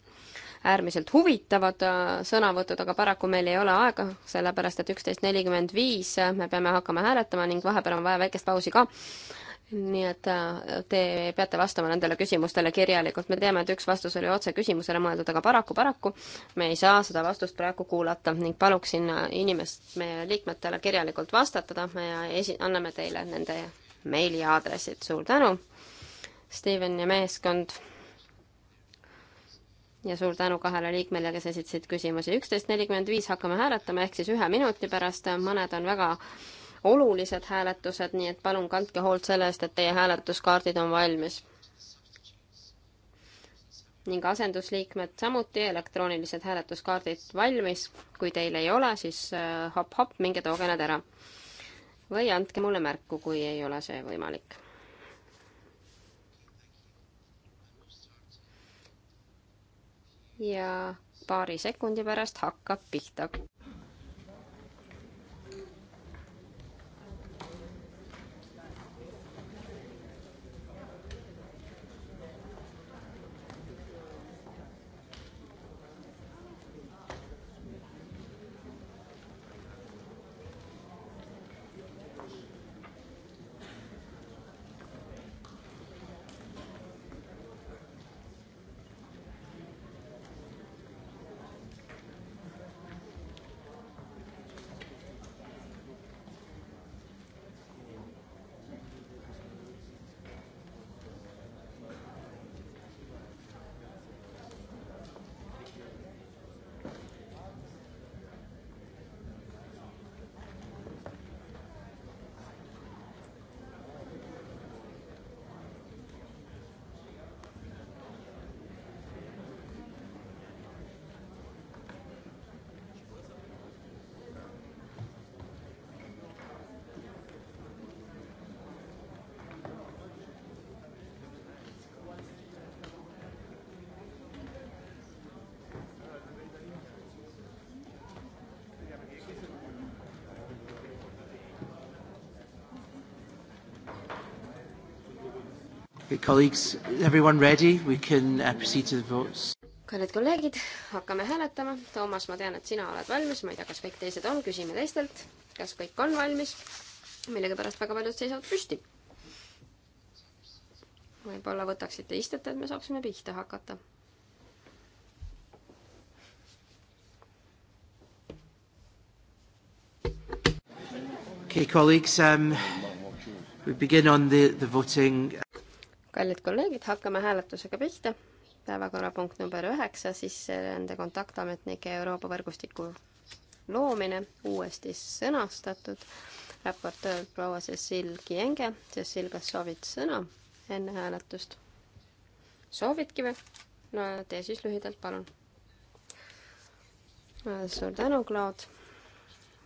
äärmiselt huvitavad äh, sõnavõtud, aga paraku meil ei ole aega, sellepärast et üksteist nelikümmend viis äh, me peame hakkama hääletama ning vahepeal on vaja väikest pausi ka nii et äh, te peate vastama nendele küsimustele kirjalikult, me teame, et üks vastus oli otse küsimusele mõeldud, aga paraku, paraku me ei saa seda vastust praegu kuulata ning paluksin äh, inimest, meie liikmetele kirjalikult vastatada, me esi-, anname teile nende meiliaadressid, suur tänu, Steven ja meeskond, ja suur tänu kahele liikmele, kes esitasid küsimusi, üksteist nelikümmend viis hakkame hääletama, ehk siis ühe minuti pärast, mõned on väga olulised hääletused, nii et palun kandke hoolt selle eest, et teie hääletuskaardid on valmis. ning asendusliikmed samuti elektroonilised hääletuskaardid valmis. kui teil ei ole, siis äh, hopp-hopp, minge tooge nad ära. või andke mulle märku, kui ei ole see võimalik ja paari sekundi pärast hakkab pihta. Colleagues, everyone ready? We can uh, proceed to the votes. kallid kolleegid, hakkame hääletama. Toomas, ma tean, et sina oled valmis, ma ei tea, kas kõik teised on, küsime teistelt, kas kõik on valmis. millegipärast väga paljud seisavad püsti. võib-olla võtaksite istet, et me saaksime pihta hakata. Okay, colleagues, um, we begin on the, the voting kallid kolleegid, hakkame hääletusega pihta. päevakorrapunkt number üheksa, sisserände kontaktametnike Euroopa võrgustiku loomine, uuesti sõnastatud. raportöör proua Cecil Kienge. Cecil, kas soovid sõna enne hääletust? soovidki või? no tee siis lühidalt, palun. suur tänu, Claude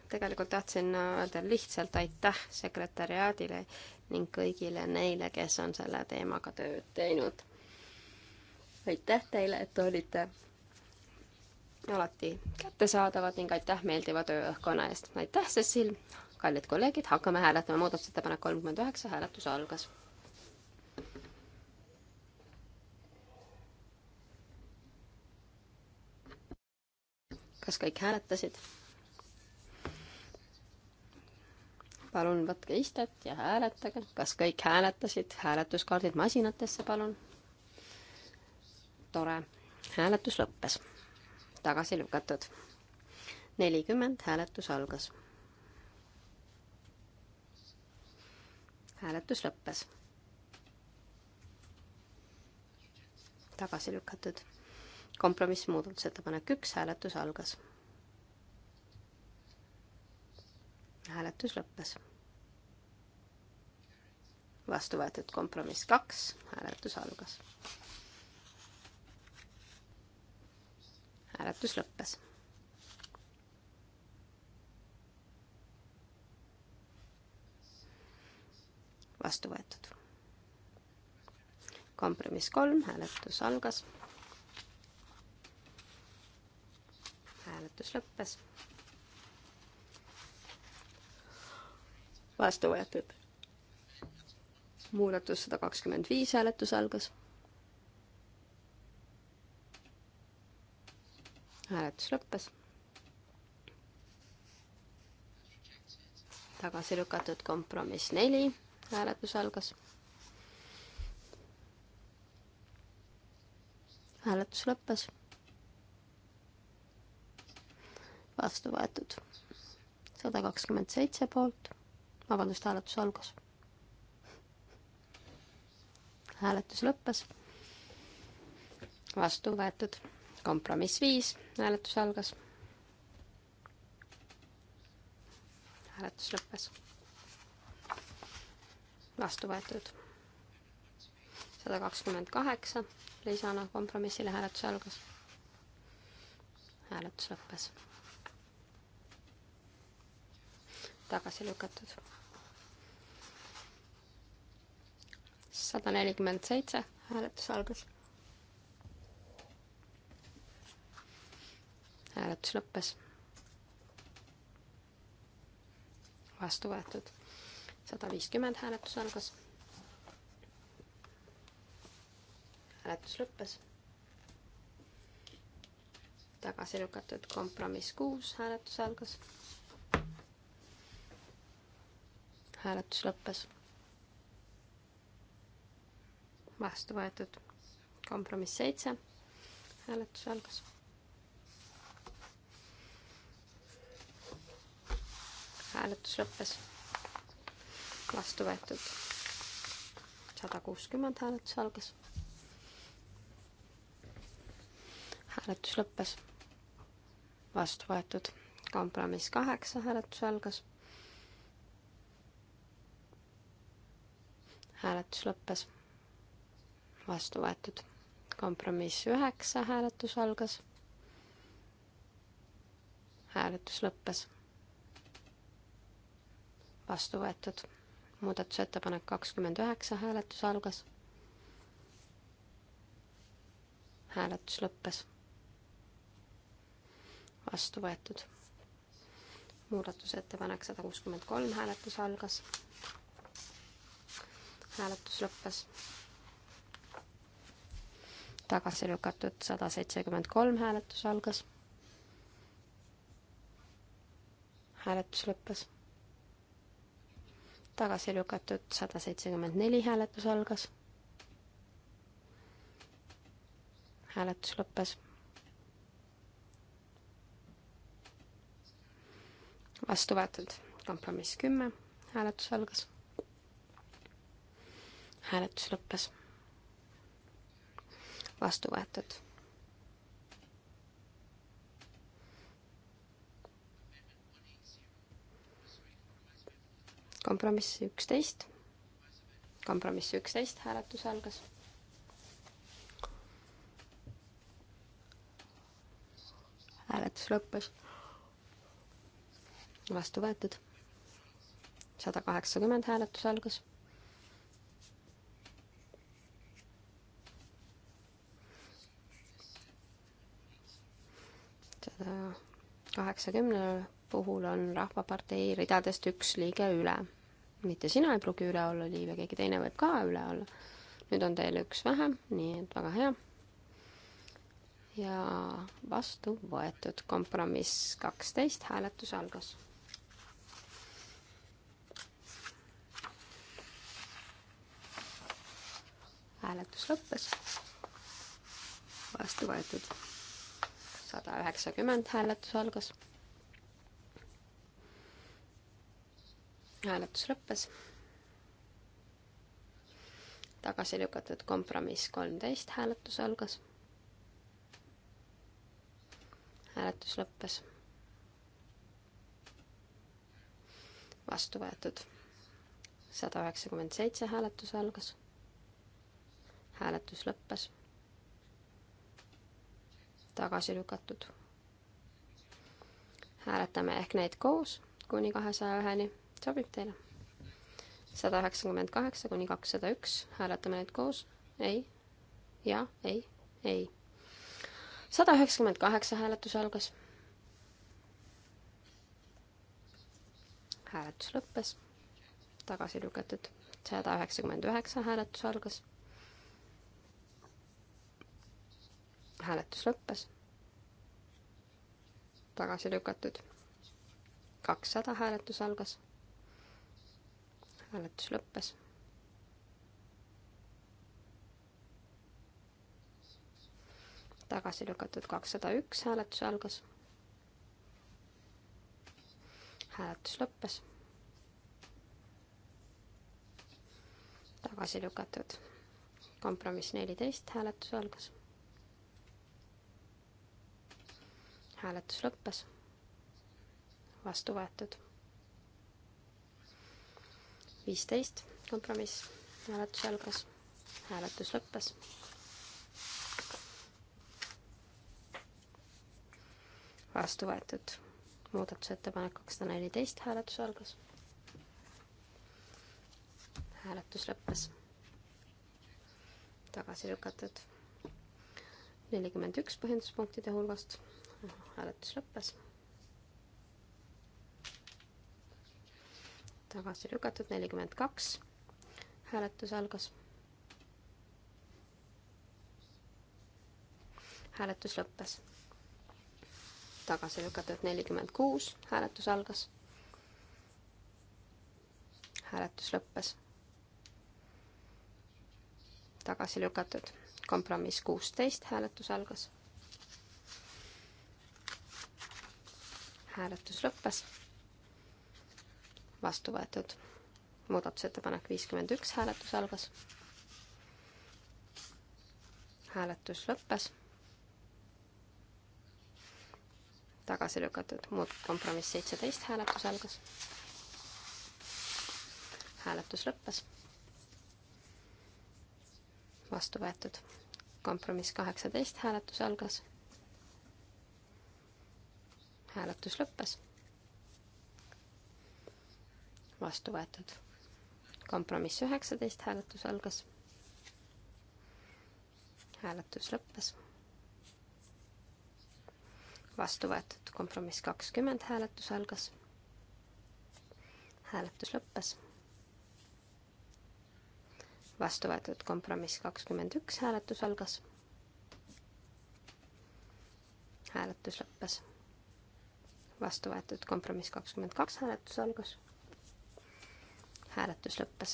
tegelikult tahtsin öelda lihtsalt aitäh sekretäriaadile ning kõigile neile, kes on selle teemaga tööd teinud. aitäh teile, et olite alati kättesaadavad ning aitäh meeldiva tööõhkkonna eest. aitäh, Cecil! kallid kolleegid, hakkame hääletama muudatusettepanek kolmkümmend üheksa, hääletus algas. kas kõik hääletasid? palun võtke istet ja hääletage. kas kõik hääletasid? hääletuskaardid masinatesse, palun. tore. hääletus lõppes. tagasi lükatud. nelikümmend, hääletus algas. hääletus lõppes. tagasi lükatud. kompromiss muudatusettepanek üks, hääletus algas hääletus lõppes. vastu võetud kompromiss kaks, hääletus algas. hääletus lõppes. vastu võetud. kompromiss kolm, hääletus algas. hääletus lõppes vastu võetud. muudatus sada kakskümmend viis hääletus algas. hääletus lõppes. tagasi lükatud kompromiss neli, hääletus algas. hääletus lõppes. vastu võetud sada kakskümmend seitse poolt vabandust, hääletus algas. hääletus lõppes. vastu võetud. kompromiss viis, hääletus algas. hääletus lõppes. vastu võetud. sada kakskümmend kaheksa lisana kompromissile hääletus algas. hääletus lõppes tagasi lükatud. sada nelikümmend seitse hääletus algas. hääletus lõppes. vastu võetud. sada viiskümmend hääletus algas. hääletus lõppes. tagasi lükatud kompromiss kuus hääletus algas hääletus lõppes. vastu võetud kompromiss seitse, hääletus algas. hääletus lõppes. vastu võetud sada kuuskümmend hääletus algas. hääletus lõppes. vastu võetud kompromiss kaheksa hääletus algas hääletus lõppes. vastu võetud. kompromiss üheksa, hääletus algas. hääletus lõppes. vastu võetud. muudatusettepanek kakskümmend üheksa, hääletus algas. hääletus lõppes. vastu võetud muudatusettepanek sada kuuskümmend kolm hääletus algas hääletus lõppes. tagasi lükatud sada seitsekümmend kolm hääletus algas. hääletus lõppes. tagasi lükatud sada seitsekümmend neli hääletus algas. hääletus lõppes vastu võetud. kompromiss kümme, hääletus algas hääletus lõppes. vastu võetud. kompromiss üksteist, kompromiss üksteist, hääletus algas. hääletus lõppes. vastu võetud. sada kaheksakümmend hääletus algas kaheksakümne puhul on Rahvapartei ridadest üks liige üle. mitte sina ei pruugi üle olla, Liiv, ja keegi teine võib ka üle olla. nüüd on teil üks vähem, nii et väga hea. ja vastu võetud kompromiss kaksteist, hääletus algas. hääletus lõppes. vastu võetud sada üheksakümmend hääletus algas. hääletus lõppes. tagasi lükatud kompromiss kolmteist hääletus algas. hääletus lõppes. vastu võetud sada üheksakümmend seitse hääletus algas. hääletus lõppes tagasi lükatud. hääletame ehk neid koos kuni kahesaja üheni, sobib teile? sada üheksakümmend kaheksa kuni kakssada üks, hääletame neid koos, ei, jaa, ei, ei. sada üheksakümmend kaheksa hääletus algas. hääletus lõppes, tagasi lükatud, sada üheksakümmend üheksa hääletus algas hääletus lõppes. tagasi lükatud. kakssada hääletus algas. hääletus lõppes. tagasi lükatud kakssada üks hääletus algas. hääletus lõppes. tagasi lükatud kompromiss neliteist hääletus algas hääletus lõppes. vastu võetud. viisteist kompromiss, hääletus algas, hääletus lõppes. vastu võetud. muudatusettepanek kakssada neliteist, hääletus algas. hääletus lõppes. tagasi lükatud. nelikümmend üks põhjenduspunktide hulgast, hääletus lõppes. tagasi lükatud nelikümmend kaks, hääletus algas. hääletus lõppes. tagasi lükatud nelikümmend kuus, hääletus algas. hääletus lõppes. tagasi lükatud kompromiss kuusteist, hääletus algas hääletus lõppes. vastu võetud muudatusettepanek viiskümmend üks, hääletus algas. hääletus lõppes. tagasi lükatud muud kompromiss seitseteist, hääletus algas. hääletus lõppes. vastu võetud kompromiss kaheksateist, hääletus algas hääletus lõppes. vastu võetud. kompromiss üheksateist, hääletus algas. hääletus lõppes. vastu võetud. kompromiss kakskümmend, hääletus algas. hääletus lõppes. vastu võetud. kompromiss kakskümmend üks, hääletus algas. hääletus lõppes vastu võetud kompromiss kakskümmend kaks hääletus algas. hääletus lõppes.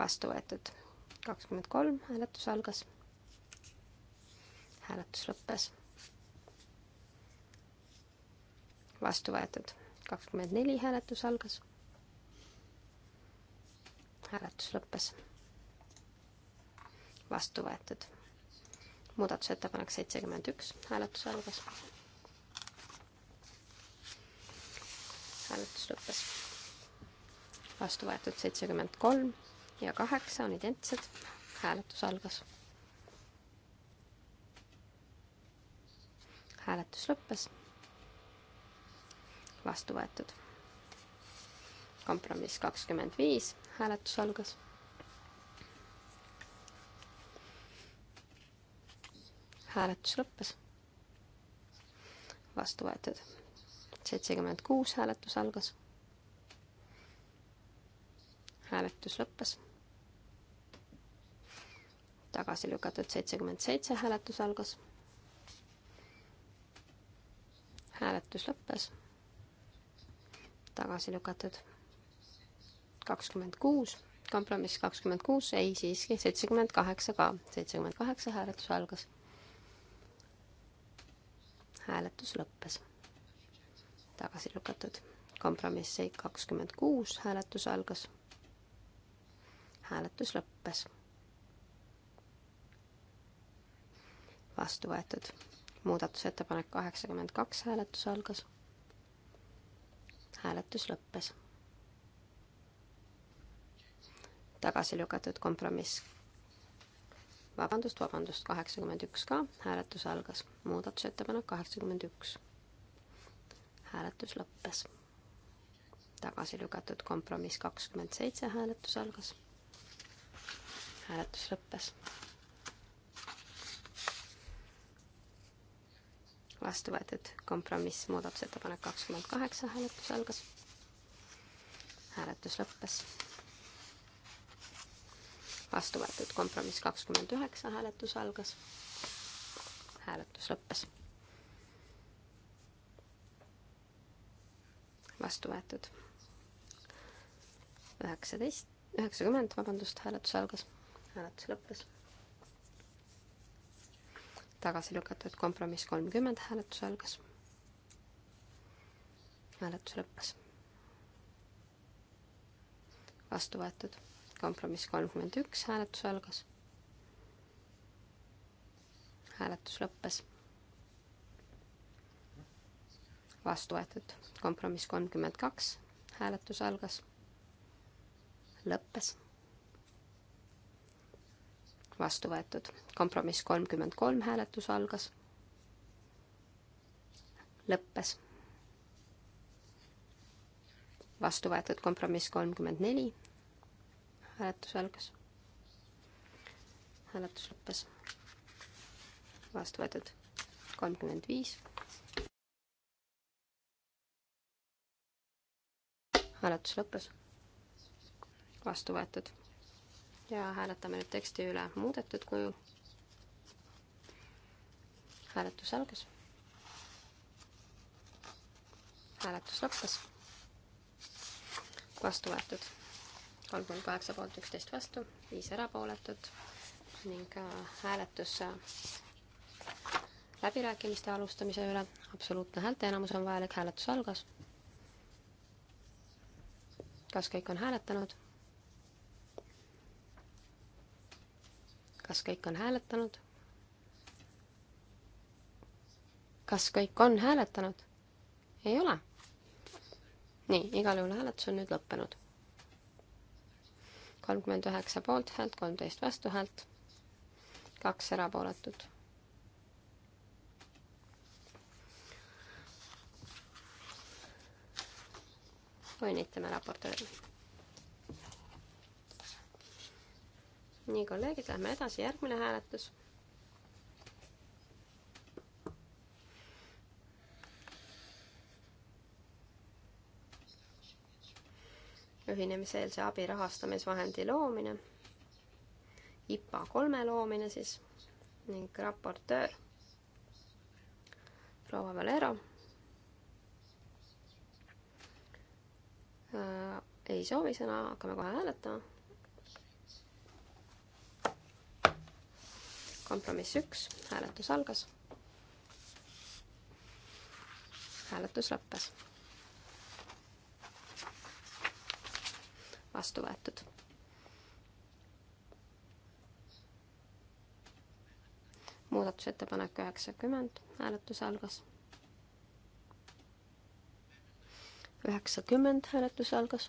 vastu võetud kakskümmend kolm hääletus algas. hääletus lõppes. vastu võetud kakskümmend neli hääletus algas. hääletus lõppes. vastu võetud muudatusettepanek seitsekümmend üks, hääletus algas. hääletus lõppes. vastu võetud seitsekümmend kolm ja kaheksa on identsed, hääletus algas. hääletus lõppes. vastu võetud. kompromiss kakskümmend viis, hääletus algas hääletus lõppes. vastu võetud. seitsekümmend kuus hääletus algas. hääletus lõppes. tagasi lükatud seitsekümmend seitse hääletus algas. hääletus lõppes. tagasi lükatud kakskümmend kuus kompromiss kakskümmend kuus, ei siiski, seitsekümmend kaheksa ka, seitsekümmend kaheksa hääletus algas hääletus lõppes. tagasi lükatud. kompromissi kakskümmend kuus, hääletus algas. hääletus lõppes. vastu võetud. muudatusettepanek kaheksakümmend kaks, hääletus algas. hääletus lõppes. tagasi lükatud kompromiss vabandust, vabandust, kaheksakümmend üks ka, hääletus algas. muudatusettepanek kaheksakümmend üks. hääletus lõppes. tagasi lükatud kompromiss kakskümmend seitse, hääletus algas. hääletus lõppes. vastu võetud kompromiss, muudatusettepanek kakskümmend kaheksa, hääletus algas. hääletus lõppes vastu võetud kompromiss kakskümmend üheksa, hääletus algas. hääletus lõppes. vastu võetud üheksateist, üheksakümmend, vabandust, hääletus algas, hääletus lõppes. tagasi lükatud kompromiss kolmkümmend, hääletus algas. hääletus lõppes. vastu võetud kompromiss kolmkümmend üks, hääletus algas. hääletus lõppes. vastu võetud kompromiss kolmkümmend kaks, hääletus algas. lõppes. vastu võetud kompromiss kolmkümmend kolm, hääletus algas. lõppes vastu võetud kompromiss kolmkümmend neli, hääletus algas. hääletus lõppes. vastu võetud kolmkümmend viis. hääletus lõppes. vastu võetud. ja hääletame nüüd teksti üle muudetud kujul. hääletus algas. hääletus lõppes. vastu võetud kolmkümmend kaheksa poolt, üksteist vastu, viis erapooletut ning äh, hääletus äh, läbirääkimiste alustamise üle. absoluutne häälteenamus on vajalik, hääletus algas. kas kõik on hääletanud? kas kõik on hääletanud? kas kõik on hääletanud? ei ole. nii, igal juhul hääletus on nüüd lõppenud kolmkümmend üheksa poolthäält, kolmteist vastuhäält, kaks erapooletut. õnnitleme raportööri. nii, kolleegid, lähme edasi, järgmine hääletus ühinemiseelse abi rahastamisvahendi loomine, IPA kolme loomine siis ning raportöör proua Valero äh, ei soovi sõna, hakkame kohe hääletama. kompromiss üks, hääletus algas. hääletus lõppes vastu võetud. muudatusettepanek üheksakümmend, hääletus algas. üheksakümmend, hääletus algas.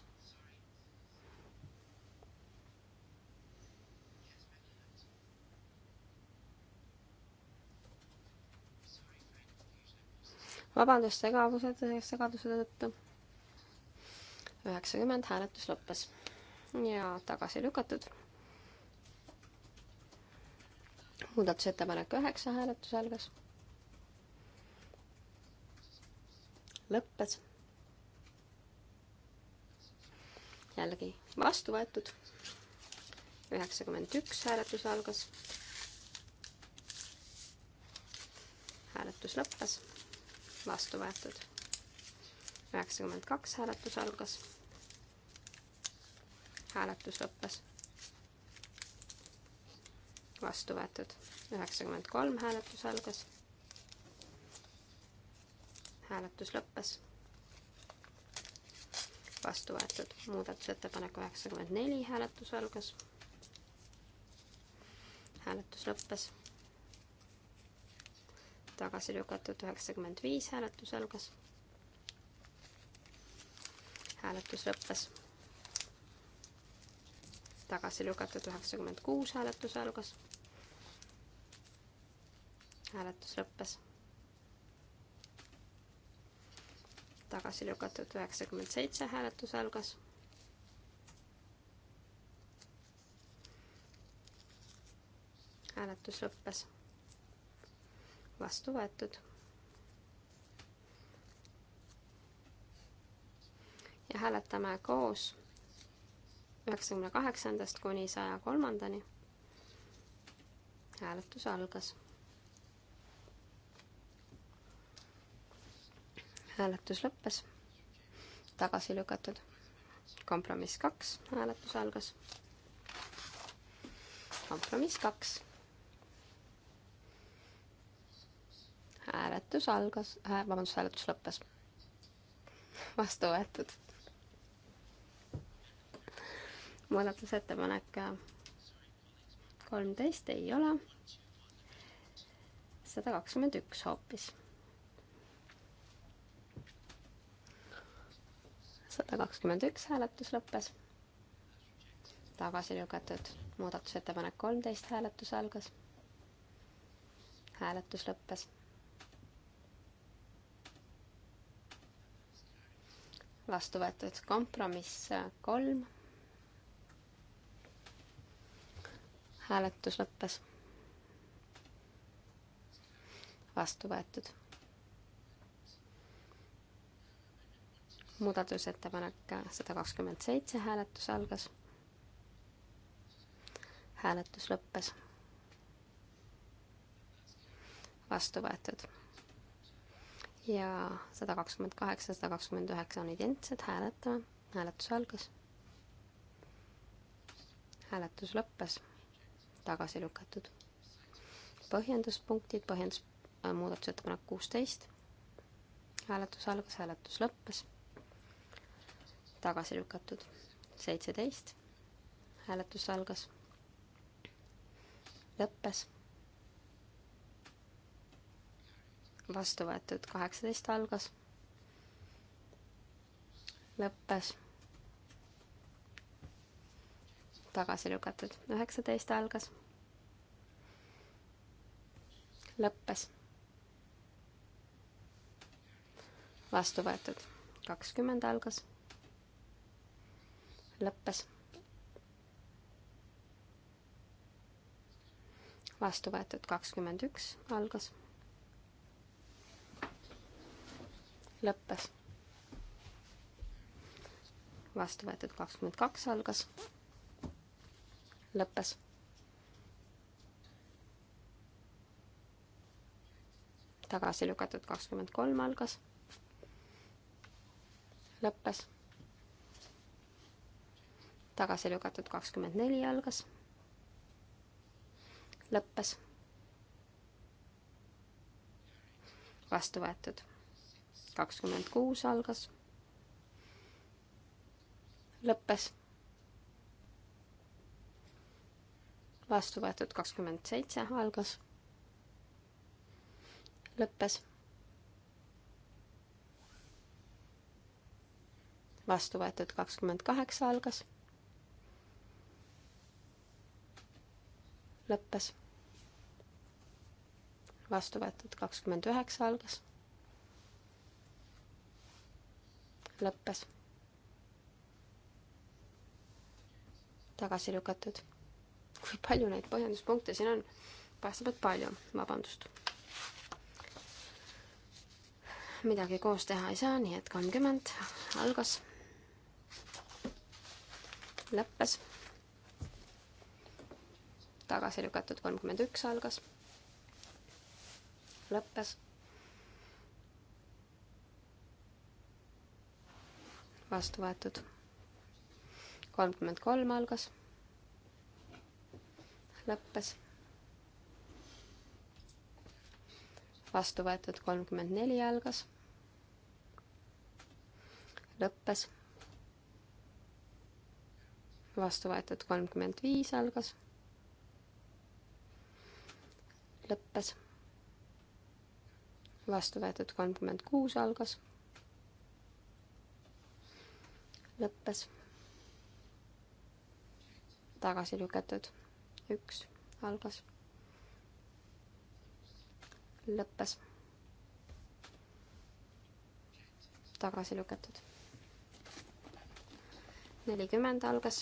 vabandust segaduse, segaduse tõttu üheksakümmend, hääletus lõppes ja tagasi lükatud. muudatusettepanek üheksa, hääletus algas. lõppes. jällegi vastu võetud. üheksakümmend üks, hääletus algas. hääletus lõppes, vastu võetud üheksakümmend kaks hääletus algas. hääletus lõppes. vastu võetud. üheksakümmend kolm hääletus algas. hääletus lõppes. vastu võetud. muudatusettepanek üheksakümmend neli hääletus algas. hääletus lõppes. tagasi lükatud üheksakümmend viis hääletus algas hääletus lõppes. tagasi lükatud üheksakümmend kuus hääletus algas. hääletus lõppes. tagasi lükatud üheksakümmend seitse hääletus algas. hääletus lõppes. vastu võetud ja hääletame koos üheksakümne kaheksandast kuni saja kolmandani. hääletus algas. hääletus lõppes. tagasi lükatud. kompromiss kaks, hääletus algas. kompromiss kaks. hääletus algas äh,, vabandust, hääletus lõppes. vastu võetud muudatusettepanek äh, kolmteist ei ole, sada kakskümmend üks hoopis. sada kakskümmend üks hääletus lõppes, tagasi lükatud muudatusettepanek kolmteist hääletus algas, hääletus lõppes vastu võetud kompromiss kolm hääletus lõppes. vastu võetud. muudatusettepanek sada kakskümmend seitse, hääletus algas. hääletus lõppes. vastu võetud. ja sada kakskümmend kaheksa, sada kakskümmend üheksa on identsed, hääletame, hääletus algas hääletus lõppes tagasi lükatud. põhjenduspunktid, põhjendus, äh, muudatusettepanek kuusteist, hääletus algas, hääletus lõppes, tagasi lükatud. seitseteist, hääletus algas, lõppes, vastu võetud, kaheksateist algas, lõppes tagasi lükatud. üheksateist algas. lõppes. vastu võetud. kakskümmend algas. lõppes. vastu võetud. kakskümmend üks algas. lõppes vastu võetud kakskümmend kaks algas lõppes. tagasi lükatud kakskümmend kolm algas, lõppes. tagasi lükatud kakskümmend neli algas, lõppes. vastu võetud kakskümmend kuus algas lõppes vastu võetud kakskümmend seitse algas, lõppes. vastu võetud kakskümmend kaheksa algas, lõppes. vastu võetud kakskümmend üheksa algas, lõppes. tagasi lükatud kui palju neid põhjenduspunkte siin on? paistab, et palju, vabandust. midagi koos teha ei saa, nii et kolmkümmend algas. lõppes. tagasi lükatud kolmkümmend üks algas. lõppes. vastu võetud kolmkümmend kolm algas lõppes. vastu võetud kolmkümmend neli algas. lõppes. vastu võetud kolmkümmend viis algas. lõppes. vastu võetud kolmkümmend kuus algas lõppes. tagasi lükatud üks algas. lõppes. tagasi lükatud. nelikümmend algas.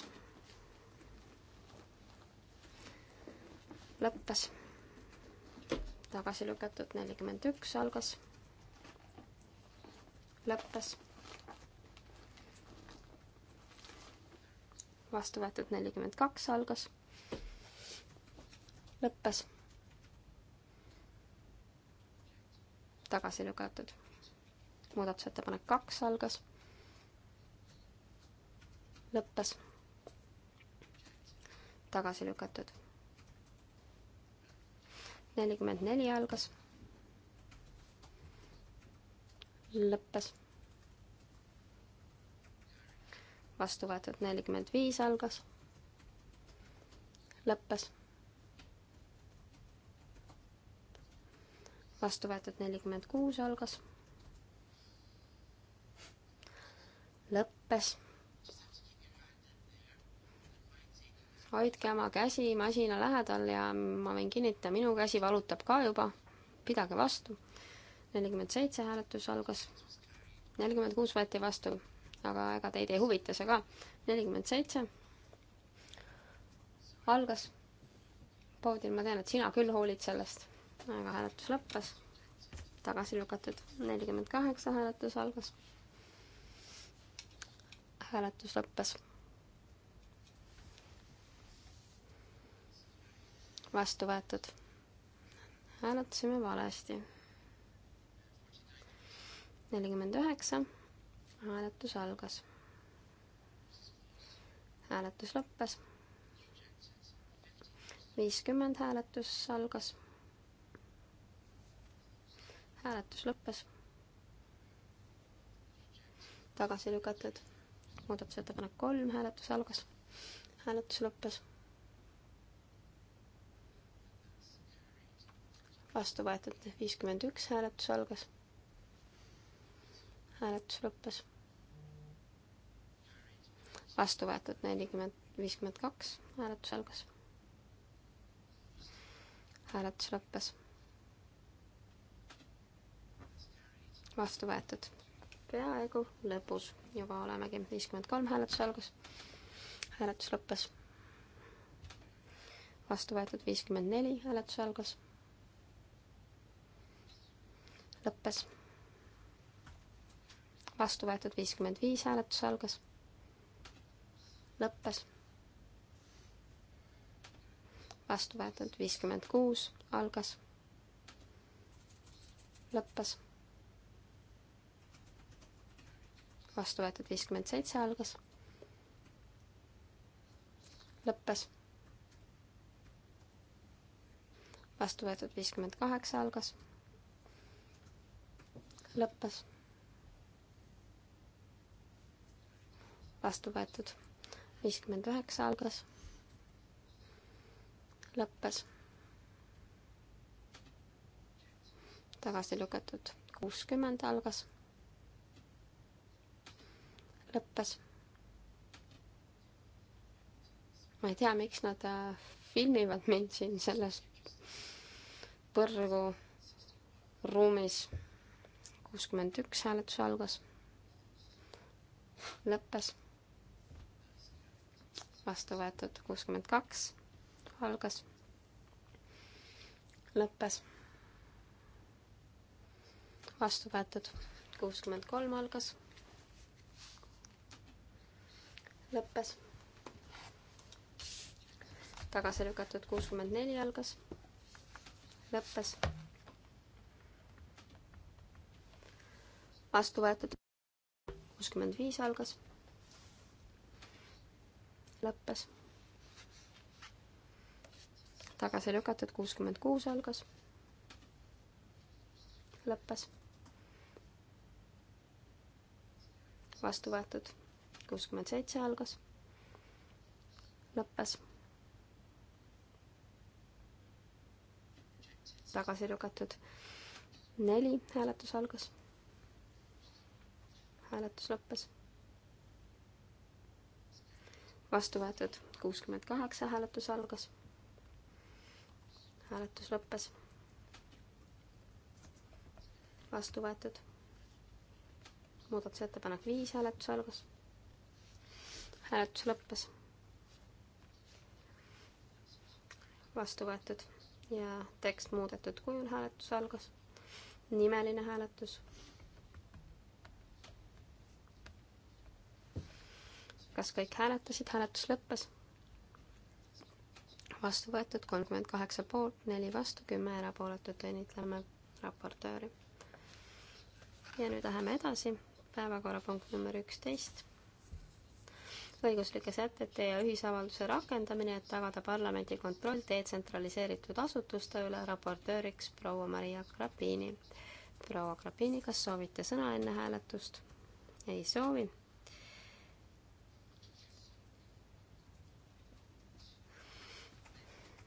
lõppes. tagasi lükatud, nelikümmend üks algas. lõppes. vastu võetud nelikümmend kaks algas lõppes. tagasi lükatud. muudatusettepanek kaks algas. lõppes. tagasi lükatud. nelikümmend neli algas. lõppes. vastu võetud nelikümmend viis algas. lõppes vastu võetud nelikümmend kuus algas, lõppes. hoidke oma käsi masina lähedal ja ma võin kinnitada, minu käsi valutab ka juba, pidage vastu. nelikümmend seitse hääletus algas, nelikümmend kuus võeti vastu, aga ega teid ei huvita see ka, nelikümmend seitse algas. Paudil, ma tean, et sina küll hoolid sellest aga hääletus lõppes. tagasi lükatud. nelikümmend kaheksa hääletus algas. hääletus lõppes. vastu võetud. hääletasime valesti. nelikümmend üheksa, hääletus algas. hääletus lõppes. viiskümmend hääletus algas hääletus lõppes. tagasi lükatud. muudatusettepanek kolm, hääletus algas. hääletus lõppes. vastu võetud viiskümmend üks, hääletus algas. hääletus lõppes vastu võetud nelikümmend, viiskümmend kaks, hääletus algas. hääletus lõppes. vastu võetud. peaaegu lõpus juba olemegi, viiskümmend kolm hääletus algas, hääletus lõppes. vastu võetud viiskümmend neli, hääletus algas, lõppes. vastu võetud viiskümmend viis, hääletus algas, lõppes vastu võetud viiskümmend kuus, algas, lõppes vastu võetud viiskümmend seitse algas, lõppes. vastu võetud viiskümmend kaheksa algas, lõppes. vastu võetud viiskümmend üheksa algas, lõppes. tagasi lükatud kuuskümmend algas lõppes. ma ei tea, miks nad äh, filmivad mind siin selles põrgu ruumis. kuuskümmend üks hääletus algas. lõppes. vastu võetud kuuskümmend kaks algas. lõppes. vastu võetud kuuskümmend kolm algas lõppes. tagasi lükatud kuuskümmend neli algas, lõppes. vastu võetud kuuskümmend viis algas, lõppes. tagasi lükatud kuuskümmend kuus algas, lõppes. vastu võetud kuuskümmend seitse algas, lõppes. tagasi lükatud. neli, hääletus algas. hääletus lõppes. vastu võetud kuuskümmend kaheksa, hääletus algas. hääletus lõppes. vastu võetud muudatusettepanek viis hääletus algas hääletus lõppes. vastu võetud ja tekst muudetud kujul hääletus algas. nimeline hääletus. kas kõik hääletasid, hääletus lõppes? vastu võetud kolmkümmend kaheksa poolt, neli vastu, kümme erapooletut, õnnitleme raportööri. ja nüüd läheme edasi, päevakorrapunkt number üksteist õiguslike sätete ja ühisavalduse rakendamine, et tagada parlamendi kontroll detsentraliseeritud asutuste üle, raportööriks proua Maria Grapini. proua Grapini, kas soovite sõna enne hääletust? ei soovi.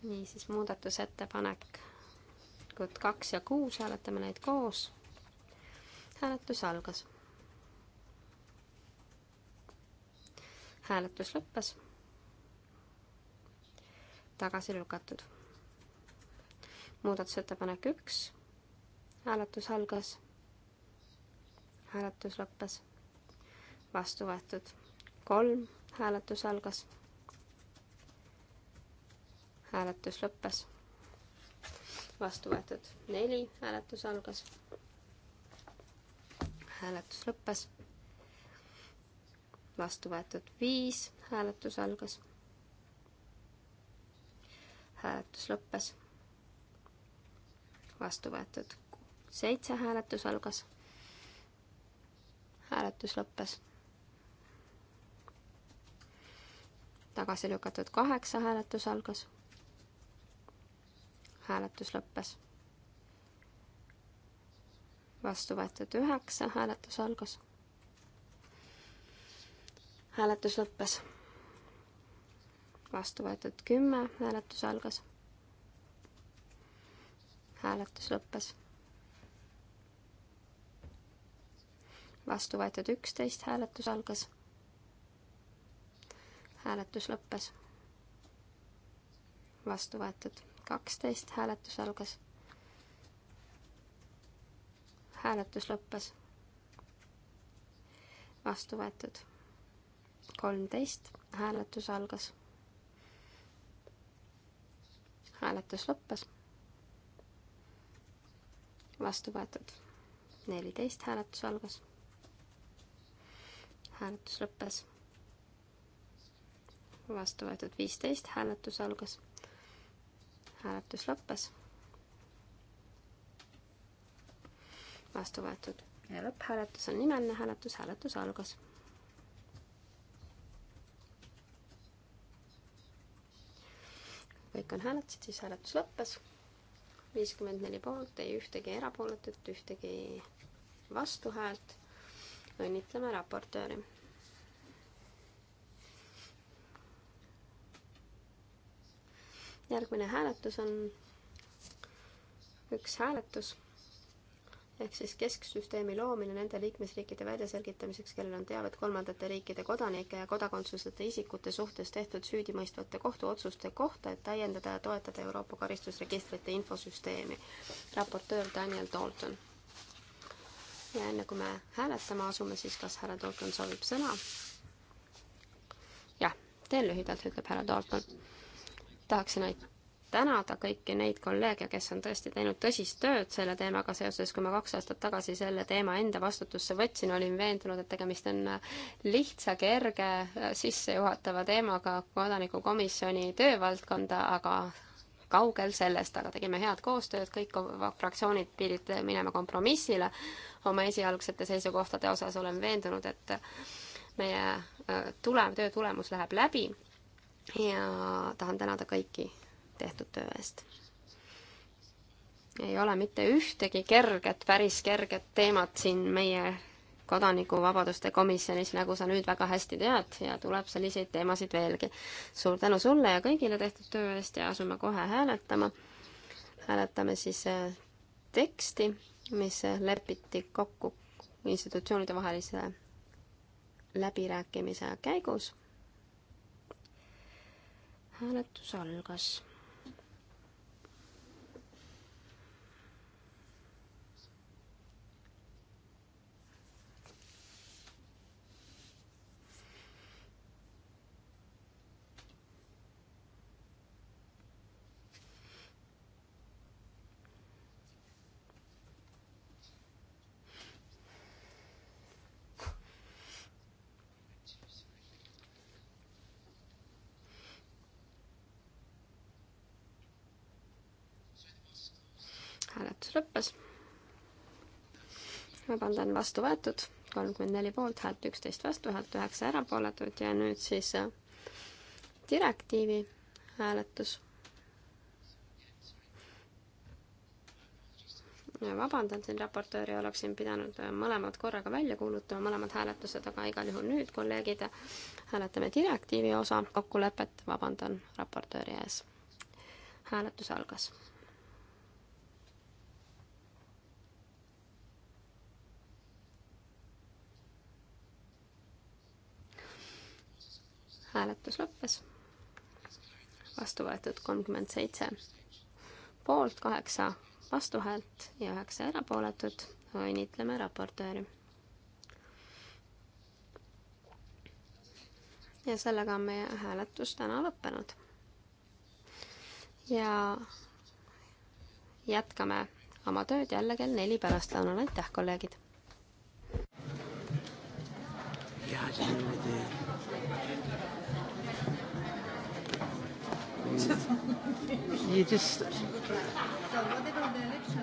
niisiis, muudatusettepanekud kaks ja kuus, hääletame neid koos. hääletus algas hääletus lõppes. tagasi lükatud. muudatusettepanek üks, hääletus algas, hääletus lõppes, vastu võetud. kolm, hääletus algas, hääletus lõppes, vastu võetud. neli, hääletus algas, hääletus lõppes vastu võetud viis, hääletus algas. hääletus lõppes. vastu võetud seitse, hääletus algas. hääletus lõppes. tagasi lükatud kaheksa, hääletus algas. hääletus lõppes. vastu võetud üheksa, hääletus algas hääletus lõppes. vastu võetud kümme, hääletus algas. hääletus lõppes. vastu võetud üksteist, hääletus algas. hääletus lõppes. vastu võetud kaksteist, hääletus algas. hääletus lõppes. vastu võetud kolmteist, hääletus algas. hääletus lõppes. vastu võetud neliteist, hääletus algas. hääletus lõppes. vastu võetud viisteist, hääletus algas. hääletus lõppes. vastu võetud ja lõpphääletus on nimeline hääletus, hääletus algas kõik on hääletasid, siis hääletus lõppes. viiskümmend neli poolt, ei ühtegi erapooletut, ühtegi vastuhäält. õnnitleme raportööri. järgmine hääletus on üks hääletus ehk siis kesksüsteemi loomine nende liikmesriikide väljaselgitamiseks, kellel on teavet kolmandate riikide kodanike ja kodakondsuseta isikute suhtes tehtud süüdimõistvate kohtuotsuste kohta, et täiendada ja toetada Euroopa karistusregistrite infosüsteemi. raportöör Daniel Dalton. ja enne kui me hääletama asume, siis kas härra Dalton soovib sõna? jah, teen lühidalt, ütleb härra Dalton. tahaksin aitäh tänada kõiki neid kolleege, kes on tõesti teinud tõsist tööd selle teemaga seoses, kui ma kaks aastat tagasi selle teema enda vastutusse võtsin, olin veendunud, et tegemist on äh, lihtsa, kerge, äh, sissejuhatava teemaga kodanikukomisjoni töövaldkonda, aga kaugel sellest, aga tegime head koostööd, kõik fraktsioonid pidid minema kompromissile oma esialgsete seisukohtade osas, olen veendunud, et meie äh, tulem, töö tulemus läheb läbi ja tahan tänada kõiki tehtud töö eest. ei ole mitte ühtegi kerget, päris kerget teemat siin meie kodanikuvabaduste komisjonis, nagu sa nüüd väga hästi tead ja tuleb selliseid teemasid veelgi. suur tänu sulle ja kõigile tehtud töö eest ja asume kohe hääletama. hääletame siis äh, teksti, mis lepiti kokku institutsioonide vahelise läbirääkimise käigus. hääletus algas hääletus lõppes. vabandan, vastu võetud, kolmkümmend neli poolt häält, üksteist vastu häält, üheksa erapooletut ja nüüd siis äh, direktiivi hääletus vabandan, siin raportööri oleksin pidanud äh, mõlemad korraga välja kuulutama, mõlemad hääletused, aga igal juhul nüüd, kolleegid, hääletame direktiivi osa kokkulepet, vabandan raportööri ees. hääletus algas hääletus lõppes. vastu võetud kolmkümmend seitse poolt, kaheksa vastuhäält ja üheksa erapooletut. õnnitleme raportööri. ja sellega on meie hääletus täna lõppenud. ja jätkame oma tööd jälle kell neli pärastlõunal, aitäh, kolleegid! ja siis niimoodi you just. So what about the election?